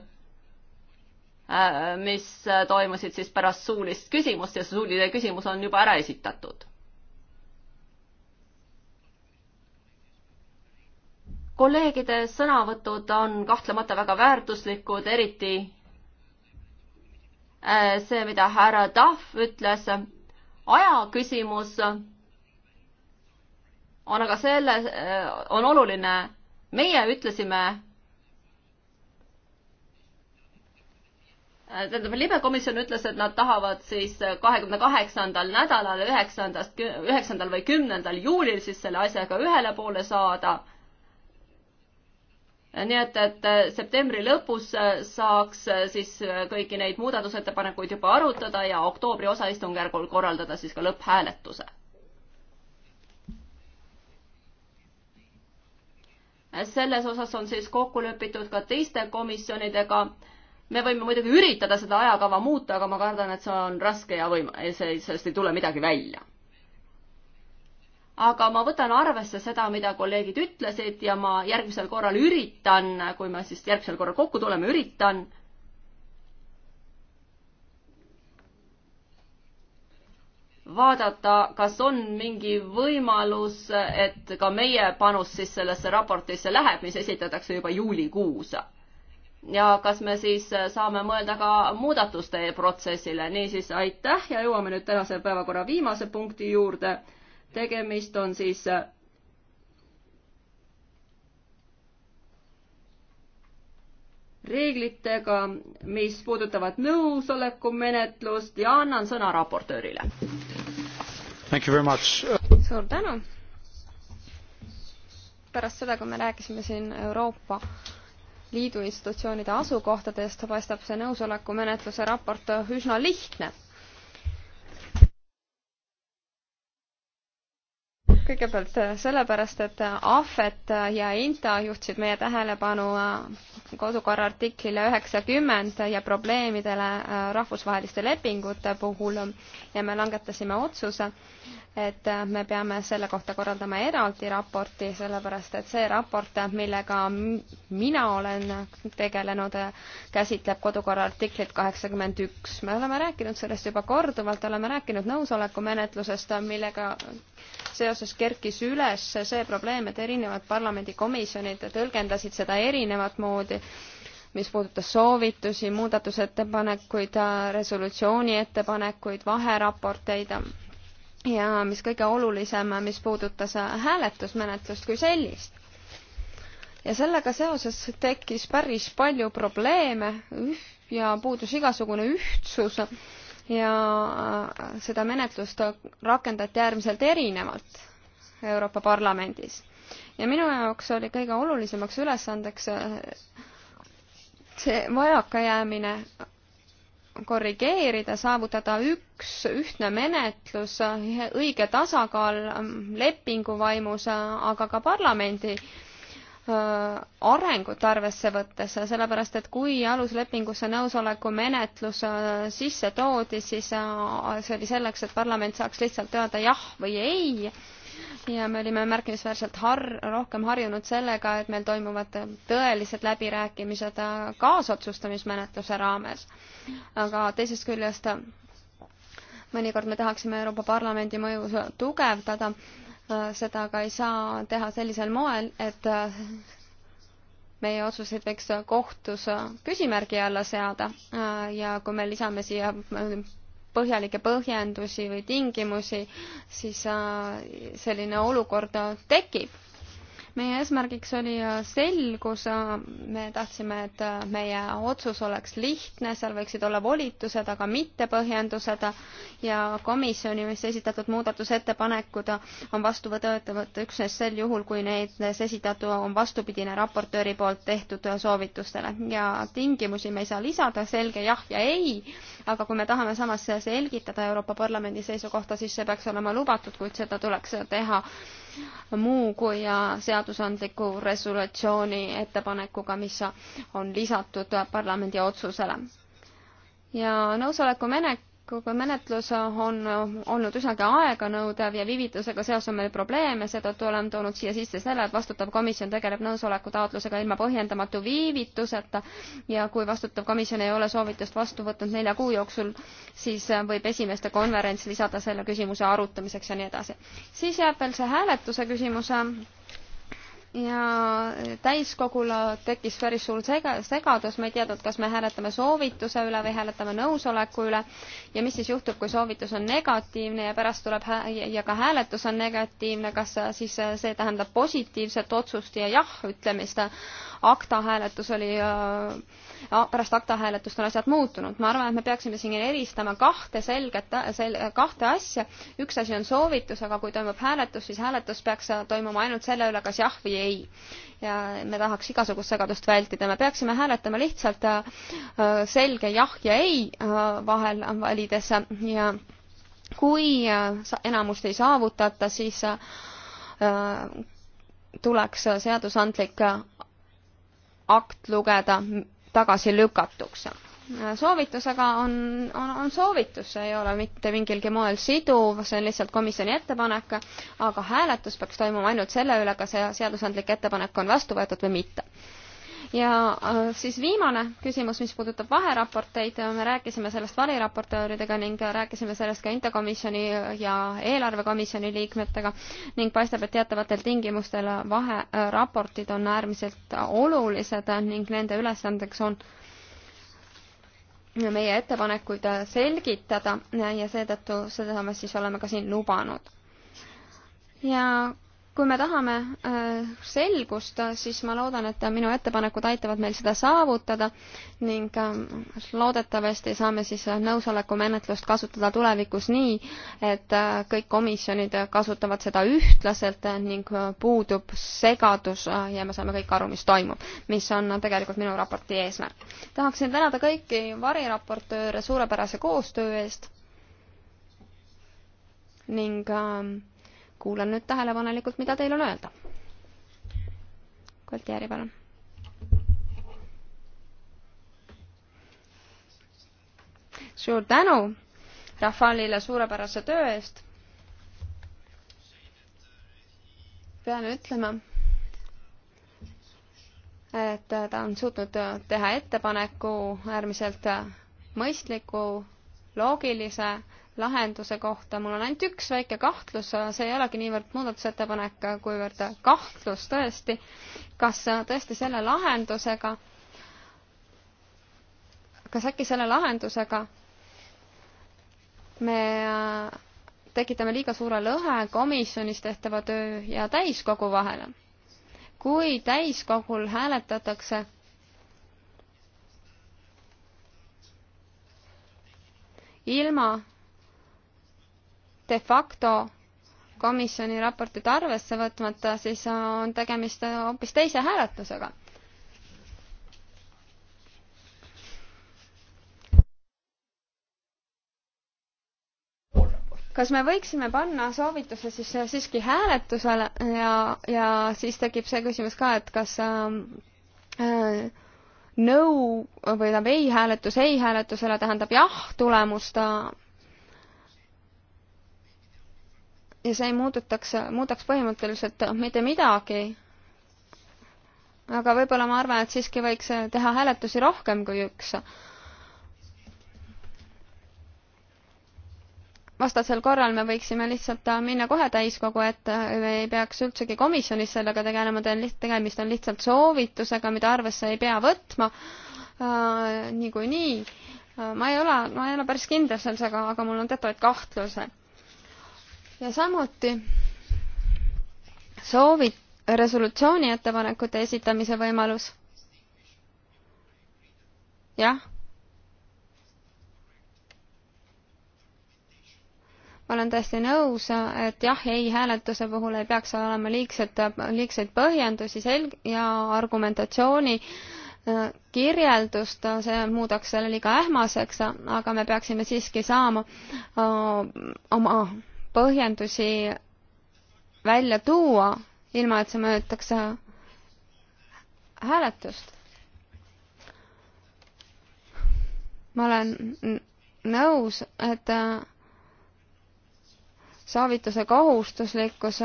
mis toimusid siis pärast suulist küsimust ja see suuline küsimus on juba ära esitatud. kolleegide sõnavõtud on kahtlemata väga väärtuslikud, eriti äh, see, mida härra Tahv ütles, aja küsimus on aga selle, eh, on oluline, meie ütlesime, eh, tähendab, libekomisjon ütles, et nad tahavad siis eh, kahekümne kaheksandal nädalal, üheksandast, üheksandal või kümnendal juulil siis selle asjaga ühele poole saada. nii et, et septembri lõpus saaks siis kõiki neid muudatusettepanekuid juba arutada ja oktoobri osaistungjärgul korraldada siis ka lõpphääletuse selles osas on siis kokku lepitud ka teiste komisjonidega. me võime muidugi üritada seda ajakava muuta, aga ma kardan, et see on raske ja võim-, sellest ei tule midagi välja. aga ma võtan arvesse seda, mida kolleegid ütlesid ja ma järgmisel korral üritan, kui me siis järgmisel korral kokku tuleme, üritan vaadata, kas on mingi võimalus, et ka meie panus siis sellesse raportisse läheb, mis esitatakse juba juulikuus. ja kas me siis saame mõelda ka muudatuste protsessile, niisiis aitäh ja jõuame nüüd tänase päevakorra viimase punkti juurde. tegemist on siis reeglitega, mis puudutavad nõusolekumenetlust ja annan sõna raportöörile. suur tänu. pärast seda, kui me rääkisime siin Euroopa Liidu institutsioonide asukohtadest, paistab see nõusolekumenetluse raport üsna lihtne kõigepealt äh, sellepärast, et äh, Ahvet äh, ja Inta juhtisid meie tähelepanu kodukorra artiklile üheksakümmend ja probleemidele rahvusvaheliste lepingute puhul ja me langetasime otsuse, et me peame selle kohta korraldama eraldi raporti, sellepärast et see raport, millega mina olen tegelenud, käsitleb kodukorra artiklit kaheksakümmend üks. me oleme rääkinud sellest juba korduvalt, oleme rääkinud nõusoleku menetlusest, millega seoses just kerkis üles see probleem, et erinevad parlamendikomisjonid tõlgendasid seda erinevat moodi, mis puudutas soovitusi, muudatusettepanekuid, resolutsiooni ettepanekuid, vaheraporteid ja mis kõige olulisem, mis puudutas hääletusmenetlust kui sellist ja sellega seoses tekkis päris palju probleeme ja puudus igasugune ühtsus ja seda menetlust rakendati äärmiselt erinevalt. Euroopa Parlamendis. ja minu jaoks oli kõige olulisemaks ülesandeks äh, see vajakajäämine korrigeerida, saavutada üks ühtne menetlus, õige tasakaal äh, lepingu vaimus, äh, aga ka parlamendi arengut arvesse võttes, sellepärast et kui aluslepingusse nõusoleku menetlus sisse toodi, siis see oli selleks, et parlament saaks lihtsalt öelda jah või ei ja me olime märkimisväärselt har-, rohkem harjunud sellega, et meil toimuvad tõelised läbirääkimised äh, kaasotsustamismenetluse raames. aga teisest küljest mõnikord me tahaksime Euroopa Parlamendi mõju tugevdada, äh, seda aga ei saa teha sellisel moel, et äh, meie otsuseid võiks kohtus küsimärgi alla seada ja kui me lisame siia põhjalikke põhjendusi või tingimusi, siis äh, selline olukord tekib meie eesmärgiks oli äh, selgus, äh, me tahtsime, et äh, meie otsus oleks lihtne, seal võiksid olla volitused, aga mitte põhjendused ja komisjonis esitatud muudatusettepanekud on vastuvõetavad üksnes sel juhul, kui nendes esitatu on vastupidine raportööri poolt tehtud soovitustele ja tingimusi me ei saa lisada, selge jah ja ei, aga kui me tahame samas selgitada Euroopa Parlamendi seisukohta, siis see peaks olema lubatud, kuid seda tuleks teha muu kui äh, seadusandliku resolutsiooni ettepanekuga, mis on lisatud äh, parlamendi otsusele. ja nõusoleku menek-, kogu menetlus on olnud üsnagi aeganõudev ja viivitusega seoses on meil probleeme, seetõttu oleme toonud siia sisse selle, et vastutav komisjon tegeleb nõusoleku taotlusega ilma põhjendamatu viivituseta ja kui vastutav komisjon ei ole soovitust vastu võtnud nelja kuu jooksul, siis võib esimeste konverents lisada selle küsimuse arutamiseks ja nii edasi. siis jääb veel see hääletuse küsimus ja täiskogul tekkis päris suur sega-, segadus, me ei teadnud, kas me hääletame soovituse üle või hääletame nõusoleku üle ja mis siis juhtub, kui soovitus on negatiivne ja pärast tuleb hää- ja ka hääletus on negatiivne, kas siis see tähendab positiivset otsust ja jah ütlemist. akta hääletus oli äh, pärast akta hääletust on asjad muutunud. ma arvan, et me peaksime siin eristama kahte selget, sel-, kahte asja. üks asi on soovitus, aga kui toimub hääletus, siis hääletus peaks toimuma ainult selle üle, kas jah või ei. ja me tahaks igasugust segadust vältida. me peaksime hääletama lihtsalt äh, selge jah ja ei äh, vahel valides ja kui äh, enamust ei saavutata, siis tuleks seadusandlik akt lugeda tagasi lükatuks. soovitus aga on, on, on soovitus, see ei ole mitte mingilgi moel siduv, see on lihtsalt komisjoni ettepanek, aga hääletus peaks toimuma ainult selle üle, kas see seadusandlik ettepanek on vastu võetud või mitte ja äh, siis viimane küsimus, mis puudutab vaheraporteid, me rääkisime sellest variraportööridega ning rääkisime sellest ka Intekomisjoni ja eelarvekomisjoni liikmetega ning paistab, et teatavatel tingimustel vaheraportid on äärmiselt olulised ning nende ülesandeks on meie ettepanekuid selgitada ja seetõttu seda me siis oleme ka siin lubanud. ja kui me tahame äh, selgust, äh, siis ma loodan, et minu ettepanekud aitavad meil seda saavutada ning äh, loodetavasti saame siis nõusolekumenetlust kasutada tulevikus nii, et kõik komisjonid kasutavad seda ühtlaselt ning puudub segadus ja me saame kõik aru, mis toimub, mis on tegelikult minu raporti eesmärk. tahaksin tänada kõiki variraportööre suurepärase koostöö eest ning äh, kuulan nüüd tähelepanelikult, mida teil on öelda. Koltjääri, palun. suur tänu Rafalile suurepärase töö eest. pean ütlema, et ta on suutnud teha ettepaneku äärmiselt mõistliku, loogilise lahenduse kohta, mul on ainult üks väike kahtlus, see ei olegi niivõrd muudatusettepanek, kuivõrd kahtlus tõesti, kas tõesti selle lahendusega, kas äkki selle lahendusega me äh, tekitame liiga suure lõhe komisjonis tehtava töö ja täiskogu vahele. kui täiskogul hääletatakse ilma de facto komisjoni raportit arvesse võtmata, siis on tegemist hoopis teise hääletusega. kas me võiksime panna soovituse siis siiski hääletusele ja, ja siis tekib see küsimus ka, et kas äh, nõu no, või tähendab ei hääletus ei hääletusele tähendab jah tulemust äh, ja see muudetaks, muudaks põhimõtteliselt mitte midagi. aga võib-olla ma arvan, et siiski võiks teha hääletusi rohkem kui üks. vastasel korral me võiksime lihtsalt minna kohe täiskogu ette, me ei peaks üldsegi komisjonis sellega tegelema, tegemist on lihtsalt soovitusega, mida arvesse ei pea võtma äh, niikuinii. Nii. Äh, ma ei ole, ma ei ole päris kindel selles, aga, aga mul on teatavaid kahtlusi ja samuti soovid resolutsiooni ettepanekute esitamise võimalus. jah. ma olen täiesti nõus, et jah ja ei hääletuse puhul ei peaks olema liigset, liigseid põhjendusi sel- ja argumentatsiooni äh, kirjeldust, see muudaks selle liiga ähmaseks, aga me peaksime siiski saama äh, oma põhjendusi välja tuua, ilma et see mõjutaks hääletust. ma olen nõus, et saavituse kohustuslikkus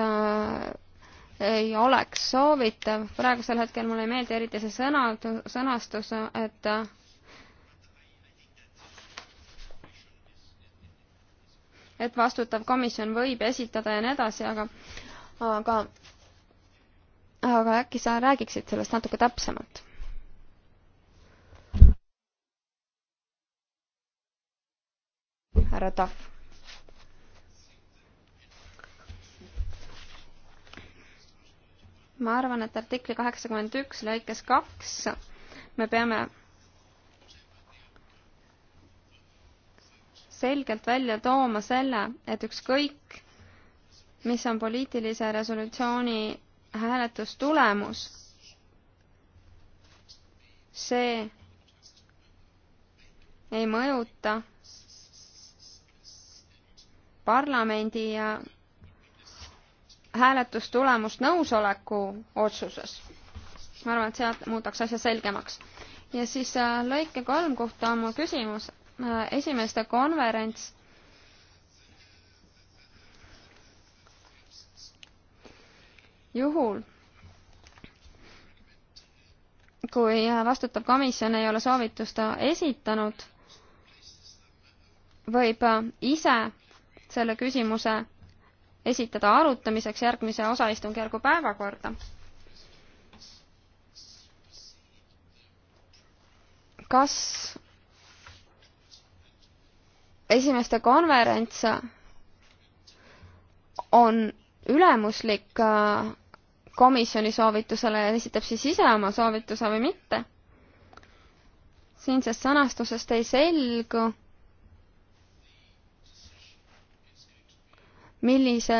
ei oleks soovitav, praegusel hetkel mulle ei meeldi eriti see sõna, sõnastus, et et vastutav komisjon võib esitada ja nii edasi, aga, aga, aga äkki sa räägiksid sellest natuke täpsemalt? härra Tahv. ma arvan, et artikli kaheksakümmend üks lõikes kaks me peame selgelt välja tooma selle, et ükskõik, mis on poliitilise resolutsiooni hääletustulemus, see ei mõjuta parlamendi ja hääletustulemust nõusoleku otsuses. ma arvan, et see muudaks asja selgemaks. ja siis äh, lõike kolm kohta on mul küsimus Äh, esimeste konverents juhul, kui äh, vastutav komisjon ei ole soovitust äh, esitanud, võib ise selle küsimuse esitada arutamiseks järgmise osaistungjärgu päevakorda. kas esimeste konverents on ülemuslik äh, komisjoni soovitusele ja esitab siis ise oma soovituse või mitte. siinsest sõnastusest ei selgu, millise,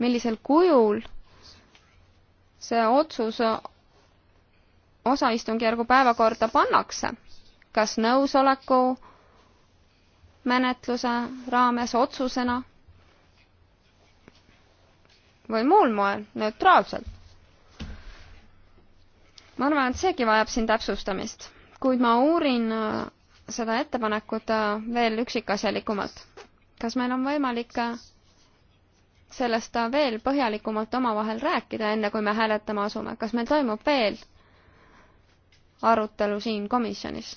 millisel kujul see otsus osaistungjärgu päevakorda pannakse, kas nõusoleku menetluse raames otsusena või muul moel neutraalselt. ma arvan, et seegi vajab siin täpsustamist, kuid ma uurin äh, seda ettepanekut äh, veel üksikasjalikumalt. kas meil on võimalik äh, sellest veel põhjalikumalt omavahel rääkida, enne kui me hääletama asume, kas meil toimub veel arutelu siin komisjonis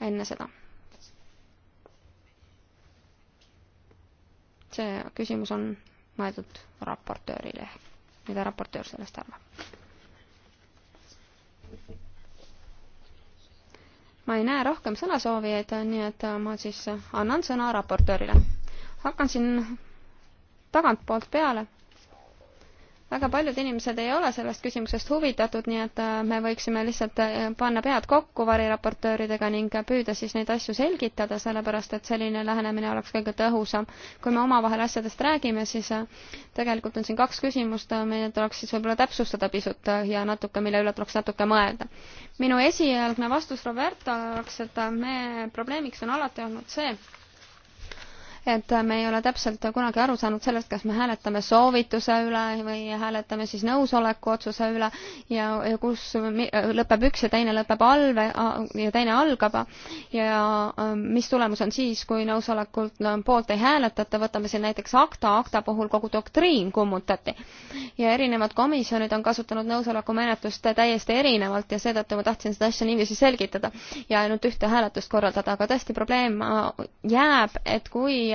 enne seda? see küsimus on mõeldud raportöörile, mida raportöör sellest arvab. ma ei näe rohkem sõnasoovijaid, nii et ma siis annan sõna raportöörile. hakkan siin tagantpoolt peale väga paljud inimesed ei ole sellest küsimusest huvitatud, nii et äh, me võiksime lihtsalt äh, panna pead kokku variraportööridega ning püüda siis neid asju selgitada, sellepärast et selline lähenemine oleks kõige tõhusam. kui me omavahel asjadest räägime, siis äh, tegelikult on siin kaks küsimust, mida tuleks siis võib-olla täpsustada pisut ja natuke, mille üle tuleks natuke mõelda. minu esialgne vastus Roberto oleks, et me, probleemiks on alati olnud see, et me ei ole täpselt kunagi aru saanud sellest, kas me hääletame soovituse üle või hääletame siis nõusoleku otsuse üle ja, ja kus lõpeb üks ja teine lõpeb allve ja teine algab ja mis tulemus on siis, kui nõusolekult no, poolt ei hääletata, võtame siin näiteks akta, akta puhul kogu doktriin kummutati. ja erinevad komisjonid on kasutanud nõusolekumenetlust täiesti erinevalt ja seetõttu ma tahtsin seda asja niiviisi selgitada ja ainult ühte hääletust korraldada, aga tõesti probleem jääb, et kui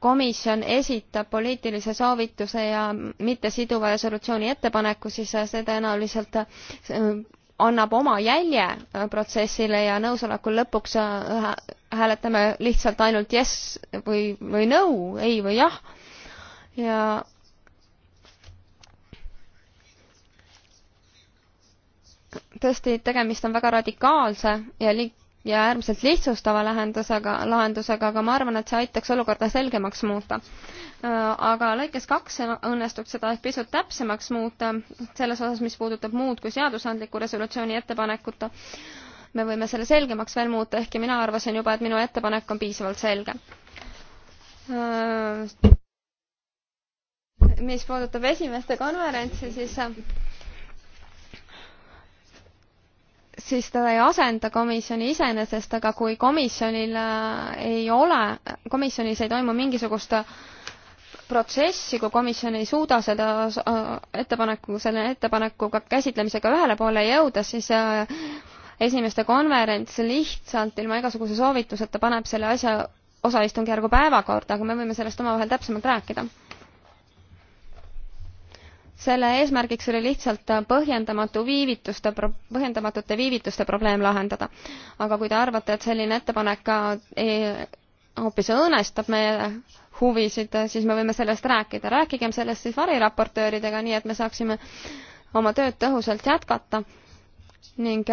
komisjon esitab poliitilise soovituse ja mittesiduva resolutsiooni ettepaneku, siis äh, see tõenäoliselt äh, annab oma jälje äh, protsessile ja nõusolekul lõpuks hääletame lihtsalt ainult jess või, või no, ei või jah. ja tõesti, tegemist on väga radikaalse ja liik-, ja äärmiselt lihtsustava lahendusega, lahendusega, aga ma arvan, et see aitaks olukorda selgemaks muuta. Äh, aga lõikes kaks õnnestuks seda ehk pisut täpsemaks muuta, selles osas, mis puudutab muud kui seadusandliku resolutsiooni ettepanekut, me võime selle selgemaks veel muuta, ehkki mina arvasin juba, et minu ettepanek on piisavalt selge. Äh, mis puudutab esimeste konverentsi, siis äh, siis ta ei asenda komisjoni iseenesest, aga kui komisjonil äh, ei ole, komisjonis ei toimu mingisugust protsessi, kui komisjon ei suuda seda äh, ettepaneku, selle ettepanekuga käsitlemisega ühele poole jõuda, siis äh, esimeste konverents lihtsalt ilma igasuguse soovituseta paneb selle asja osaistungjärgu päevakorda, aga me võime sellest omavahel täpsemalt rääkida selle eesmärgiks oli lihtsalt põhjendamatu viivituste, põhjendamatute viivituste probleem lahendada. aga kui te arvate, et selline ettepanek ka ei, hoopis õõnestab meie huvisid, siis me võime sellest rääkida. rääkigem sellest siis variraportööridega, nii et me saaksime oma tööd tõhusalt jätkata ning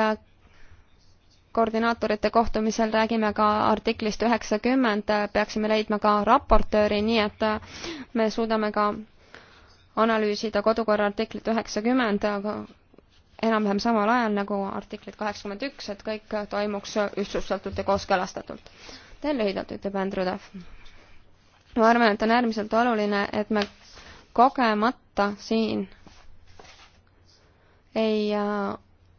koordinaatorite kohtumisel räägime ka artiklist üheksakümmend, peaksime leidma ka raportööri, nii et me suudame ka analüüsida kodukorra artiklit üheksakümmend, aga enam-vähem samal ajal nagu artiklit kaheksakümmend üks, et kõik toimuks ühtsustatult ja kooskõlastatult. teen lühidalt, ütleb Andrew Duff. ma arvan, et on äärmiselt oluline, et me kogemata siin ei äh,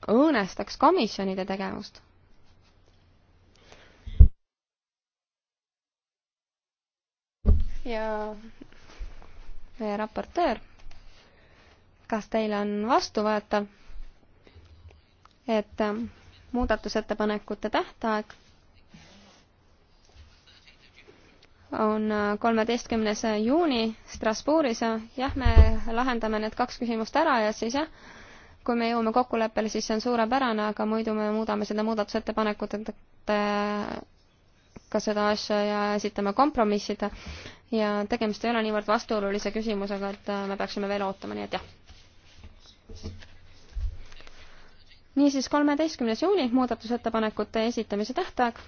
õõnestaks komisjonide tegevust. ja meie raportöör, kas teile on vastuvõetav, et ähm, muudatusettepanekute tähtaeg on äh, kolmeteistkümnes juuni Strasbourgis, jah, me lahendame need kaks küsimust ära ja siis jah, kui me jõuame kokkuleppele, siis see on suurepärane, aga muidu me muudame seda muudatusettepanekute ka seda asja ja esitame kompromissid ja tegemist ei ole niivõrd vastuolulise küsimusega, et äh, me peaksime veel ootama, nii et jah. niisiis, kolmeteistkümnes juuni muudatusettepanekute esitamise tähtaeg.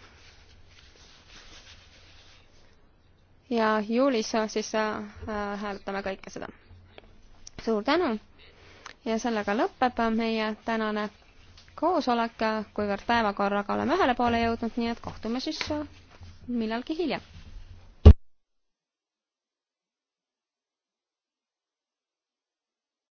ja juulis siis äh, äh, hääletame kõike seda. suur tänu ja sellega lõpeb meie tänane koosolek, kuivõrd päevakorraga oleme ühele poole jõudnud, nii et kohtume siis millalgi hiljem.